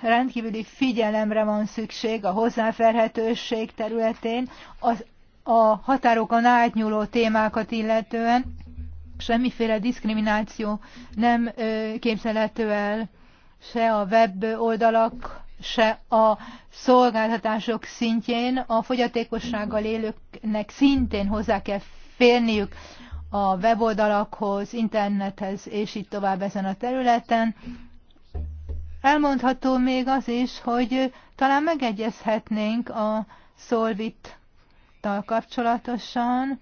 rendkívüli figyelemre van szükség a hozzáférhetőség területén, az, a határokon átnyúló témákat illetően semmiféle diszkrimináció nem képzelhető el se a web oldalak, se a szolgáltatások szintjén. A fogyatékossággal élőknek szintén hozzá kell férniük a weboldalakhoz, internethez és így tovább ezen a területen. Elmondható még az is, hogy talán megegyezhetnénk a szolvittal kapcsolatosan,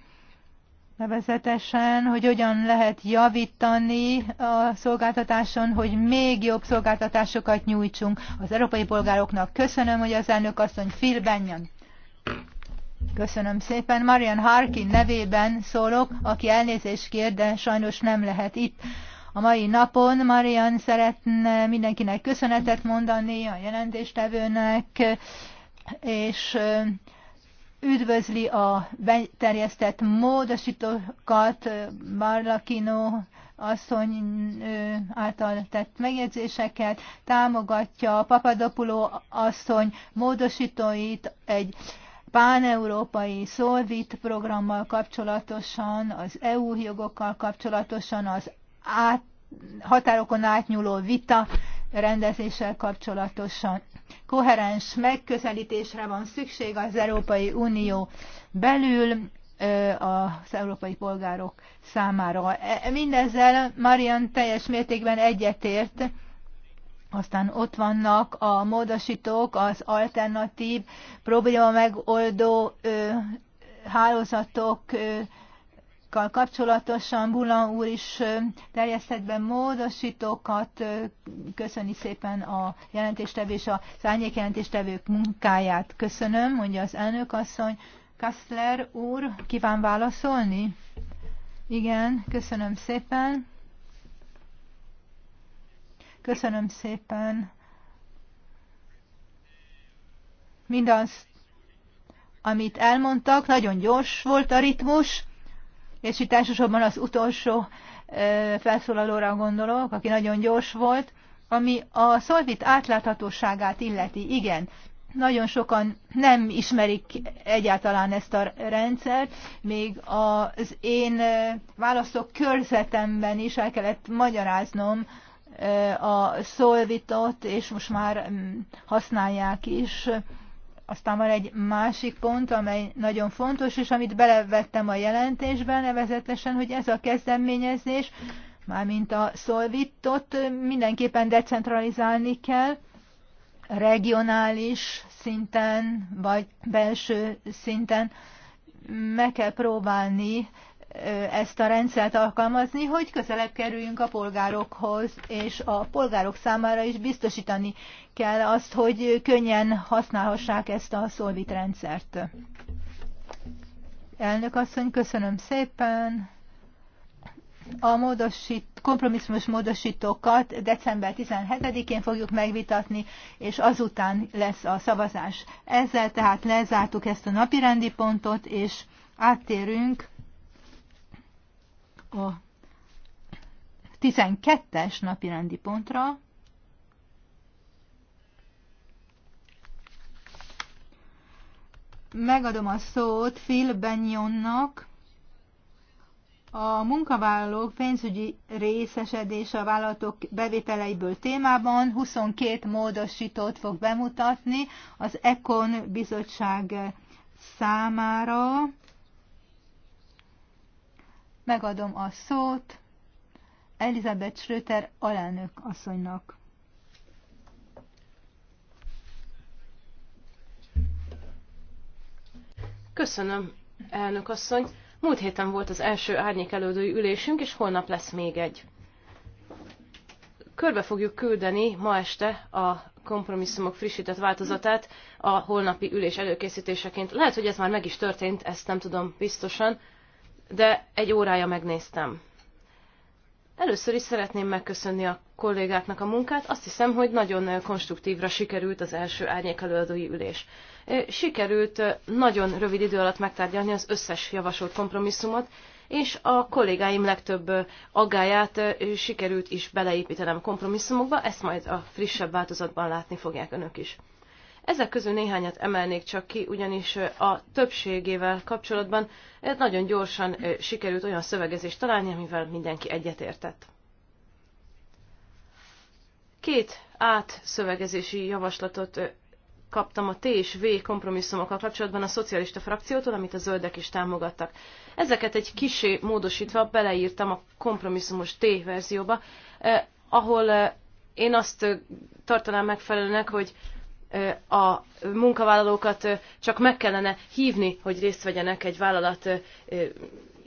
nevezetesen, hogy hogyan lehet javítani a szolgáltatáson, hogy még jobb szolgáltatásokat nyújtsunk az európai polgároknak. Köszönöm, hogy az elnök asszony Phil Benyon. Köszönöm szépen. Marian Harkin nevében szólok, aki elnézést kér, de sajnos nem lehet itt a mai napon. Marian szeretne mindenkinek köszönetet mondani, a jelentéstevőnek, és üdvözli a beterjesztett módosítókat, Barlakino asszony által tett megjegyzéseket, támogatja a Papadopulo asszony módosítóit egy páneurópai szolvit programmal kapcsolatosan, az EU jogokkal kapcsolatosan, az át, határokon átnyúló vita rendezéssel kapcsolatosan. Koherens megközelítésre van szükség az Európai Unió belül az európai polgárok számára. E, mindezzel Marian teljes mértékben egyetért, aztán ott vannak a módosítók, az alternatív probléma megoldó hálózatok kal kapcsolatosan Bulan úr is terjesztett be módosítókat. Köszöni szépen a jelentéstevő és a szárnyék jelentéstevők munkáját. Köszönöm, mondja az elnök asszony. Kassler úr, kíván válaszolni? Igen, köszönöm szépen. Köszönöm szépen. Mindazt, amit elmondtak, nagyon gyors volt a ritmus és itt elsősorban az utolsó felszólalóra gondolok, aki nagyon gyors volt, ami a szolvit átláthatóságát illeti. Igen, nagyon sokan nem ismerik egyáltalán ezt a rendszert, még az én válaszok körzetemben is el kellett magyaráznom a szolvitot, és most már mm, használják is aztán van egy másik pont, amely nagyon fontos, és amit belevettem a jelentésben, nevezetesen, hogy ez a kezdeményezés, mármint a szolvittot mindenképpen decentralizálni kell, regionális szinten, vagy belső szinten meg kell próbálni ezt a rendszert alkalmazni, hogy közelebb kerüljünk a polgárokhoz, és a polgárok számára is biztosítani kell azt, hogy könnyen használhassák ezt a szolvit rendszert. Elnök asszony, köszönöm szépen. A módosít, kompromisszumos módosítókat december 17-én fogjuk megvitatni, és azután lesz a szavazás. Ezzel tehát lezártuk ezt a napirendi pontot, és áttérünk a 12-es napirendi pontra, megadom a szót Phil Benyonnak, a munkavállalók pénzügyi részesedése a vállalatok bevételeiből témában 22 módosítót fog bemutatni az ECON bizottság számára. Megadom a szót Elizabeth Schröter alelnök asszonynak. Köszönöm, elnök asszony. Múlt héten volt az első árnyék elődői ülésünk, és holnap lesz még egy. Körbe fogjuk küldeni ma este a kompromisszumok frissített változatát a holnapi ülés előkészítéseként. Lehet, hogy ez már meg is történt, ezt nem tudom biztosan, de egy órája megnéztem. Először is szeretném megköszönni a kollégáknak a munkát. Azt hiszem, hogy nagyon konstruktívra sikerült az első előadói ülés. Sikerült nagyon rövid idő alatt megtárgyalni az összes javasolt kompromisszumot, és a kollégáim legtöbb aggáját sikerült is beleépítenem a kompromisszumokba, ezt majd a frissebb változatban látni fogják önök is. Ezek közül néhányat emelnék csak ki, ugyanis a többségével kapcsolatban nagyon gyorsan sikerült olyan szövegezést találni, amivel mindenki egyetértett. Két átszövegezési javaslatot kaptam a T és V kompromisszumokkal kapcsolatban a szocialista frakciótól, amit a zöldek is támogattak. Ezeket egy kisé módosítva beleírtam a kompromisszumos T verzióba, eh, ahol eh, én azt tartanám megfelelőnek, hogy a munkavállalókat csak meg kellene hívni, hogy részt vegyenek egy vállalat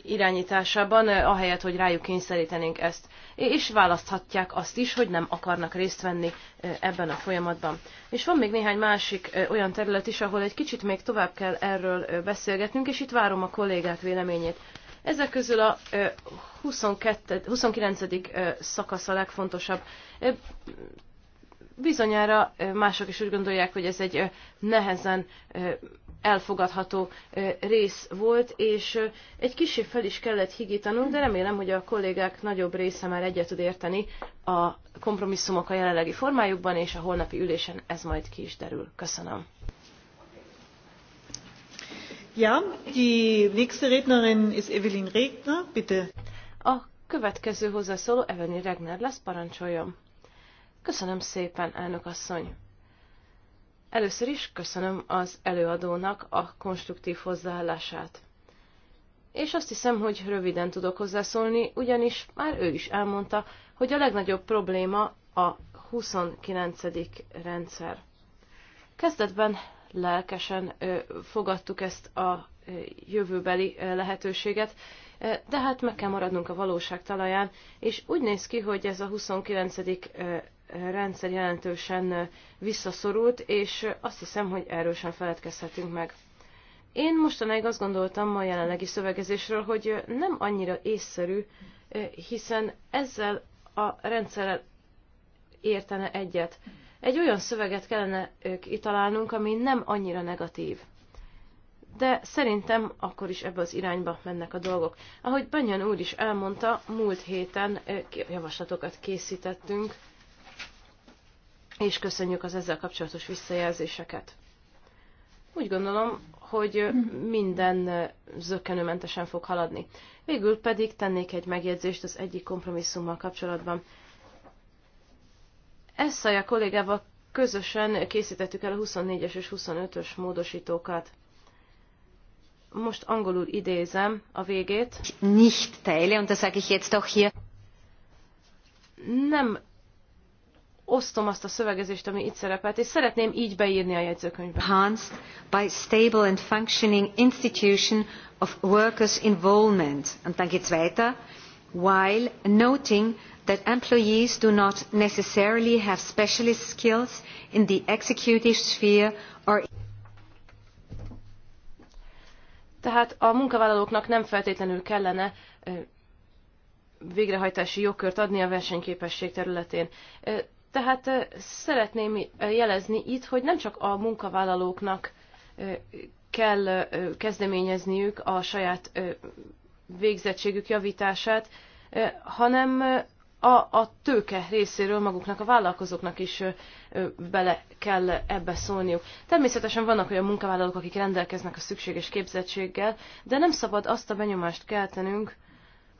irányításában, ahelyett, hogy rájuk kényszerítenénk ezt. És választhatják azt is, hogy nem akarnak részt venni ebben a folyamatban. És van még néhány másik olyan terület is, ahol egy kicsit még tovább kell erről beszélgetnünk, és itt várom a kollégák véleményét. Ezek közül a 22, 29. szakasz a legfontosabb. Bizonyára mások is úgy gondolják, hogy ez egy nehezen elfogadható rész volt, és egy kicsi fel is kellett higítanunk, de remélem, hogy a kollégák nagyobb része már egyet tud érteni a kompromisszumok a jelenlegi formájukban, és a holnapi ülésen ez majd ki is derül. Köszönöm. Ja, die nächste Rednerin ist Evelyn Regner, bitte. A következő hozzászóló Evelyn Regner lesz, parancsoljon. Köszönöm szépen, elnök asszony! Először is köszönöm az előadónak a konstruktív hozzáállását. És azt hiszem, hogy röviden tudok hozzászólni, ugyanis már ő is elmondta, hogy a legnagyobb probléma a 29. rendszer. Kezdetben lelkesen fogadtuk ezt a jövőbeli lehetőséget, de hát meg kell maradnunk a valóság talaján, és úgy néz ki, hogy ez a 29 rendszer jelentősen visszaszorult, és azt hiszem, hogy erről sem feledkezhetünk meg. Én mostanáig azt gondoltam a jelenlegi szövegezésről, hogy nem annyira észszerű, hiszen ezzel a rendszerrel értene egyet. Egy olyan szöveget kellene kitalálnunk, ami nem annyira negatív. De szerintem akkor is ebbe az irányba mennek a dolgok. Ahogy Benyan úr is elmondta, múlt héten javaslatokat készítettünk és köszönjük az ezzel kapcsolatos visszajelzéseket. Úgy gondolom, hogy minden zökkenőmentesen fog haladni. Végül pedig tennék egy megjegyzést az egyik kompromisszummal kapcsolatban. Eszaja kollégával közösen készítettük el a 24-es és 25-ös módosítókat. Most angolul idézem a végét. Nicht teile, und das sage ich jetzt auch hier. Nem osztom azt a szövegezést, ami itt szerepelt, és szeretném így beírni a jegyzőkönyvbe. Enhanced by stable and functioning institution of workers' involvement. Und dann geht's weiter. While noting that employees do not necessarily have specialist skills in the executive sphere or tehát a munkavállalóknak nem feltétlenül kellene végrehajtási jogkört adni a versenyképesség területén. Tehát szeretném jelezni itt, hogy nem csak a munkavállalóknak kell kezdeményezniük a saját végzettségük javítását, hanem a, a tőke részéről maguknak, a vállalkozóknak is bele kell ebbe szólniuk. Természetesen vannak olyan munkavállalók, akik rendelkeznek a szükséges képzettséggel, de nem szabad azt a benyomást keltenünk,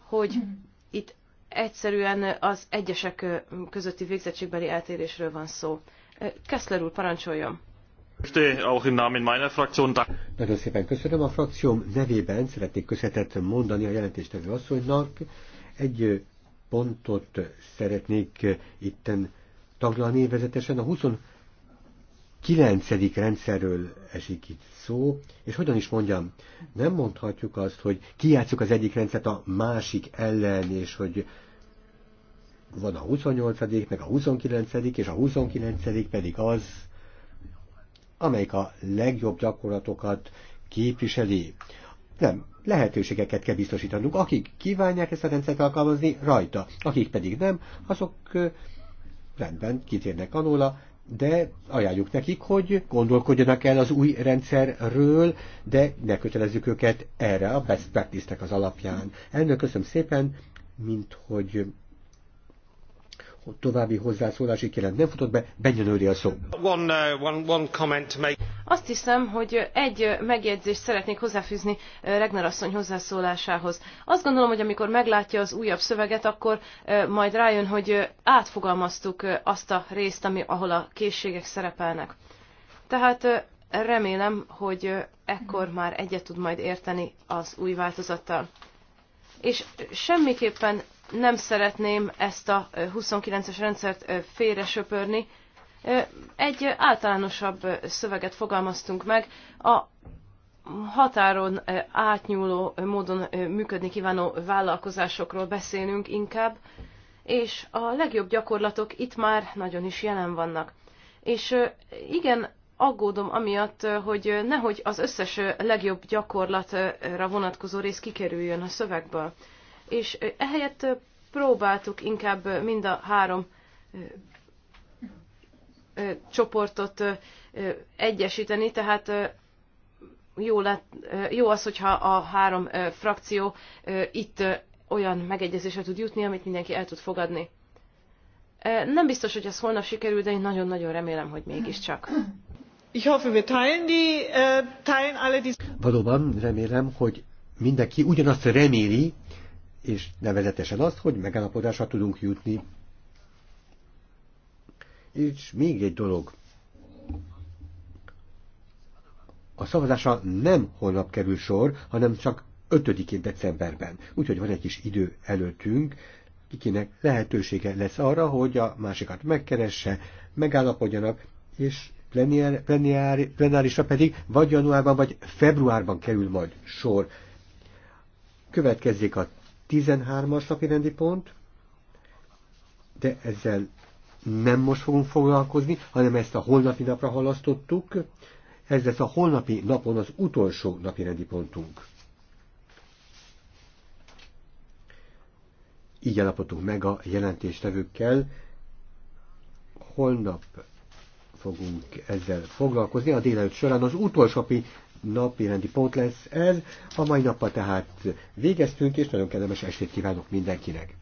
hogy mm-hmm. itt egyszerűen az egyesek közötti végzettségbeli eltérésről van szó. Kessler úr, parancsoljon! Nagyon szépen köszönöm a frakcióm nevében, szeretnék köszönetet mondani a jelentéstevő asszonynak. Egy pontot szeretnék itten taglalni, vezetesen a 20 kilencedik rendszerről esik itt szó, és hogyan is mondjam, nem mondhatjuk azt, hogy kijátszuk az egyik rendszert a másik ellen, és hogy van a 28 meg a 29 és a 29 pedig az, amelyik a legjobb gyakorlatokat képviseli. Nem, lehetőségeket kell biztosítanunk. Akik kívánják ezt a rendszert alkalmazni, rajta. Akik pedig nem, azok rendben kitérnek anóla, de ajánljuk nekik, hogy gondolkodjanak el az új rendszerről, de ne kötelezzük őket erre a best practice-nek az alapján. Elnök, köszönöm szépen, mint hogy további hozzászólási kérelem nem futott be, benyönőri a szó. One, uh, one, one comment to make. Azt hiszem, hogy egy megjegyzést szeretnék hozzáfűzni Regner asszony hozzászólásához. Azt gondolom, hogy amikor meglátja az újabb szöveget, akkor majd rájön, hogy átfogalmaztuk azt a részt, ami, ahol a készségek szerepelnek. Tehát remélem, hogy ekkor már egyet tud majd érteni az új változattal. És semmiképpen nem szeretném ezt a 29-es rendszert félre söpörni. Egy általánosabb szöveget fogalmaztunk meg, a határon átnyúló módon működni kívánó vállalkozásokról beszélünk inkább, és a legjobb gyakorlatok itt már nagyon is jelen vannak. És igen, aggódom amiatt, hogy nehogy az összes legjobb gyakorlatra vonatkozó rész kikerüljön a szövegből és ehelyett próbáltuk inkább mind a három csoportot egyesíteni, tehát jó, lett, jó az, hogyha a három frakció itt olyan megegyezésre tud jutni, amit mindenki el tud fogadni. Nem biztos, hogy ez holnap sikerül, de én nagyon-nagyon remélem, hogy mégiscsak. Ich hoffe, wir teilen die, äh, teilen alle die... Valóban remélem, hogy mindenki ugyanazt reméli, és nevezetesen azt, hogy megállapodásra tudunk jutni. És még egy dolog. A szavazásra nem holnap kerül sor, hanem csak 5-én decemberben. Úgyhogy van egy kis idő előttünk, kikinek lehetősége lesz arra, hogy a másikat megkeresse, megállapodjanak, és plenárisra pedig vagy januárban, vagy februárban kerül majd sor. Következzék a 13-as napirendi pont, de ezzel nem most fogunk foglalkozni, hanem ezt a holnapi napra halasztottuk. Ez lesz a holnapi napon az utolsó napirendi pontunk. Így állapodtunk meg a jelentéstevőkkel. Holnap fogunk ezzel foglalkozni a délelőtt során az utolsó napi rendi pont lesz ez. A mai nappal tehát végeztünk, és nagyon kellemes estét kívánok mindenkinek.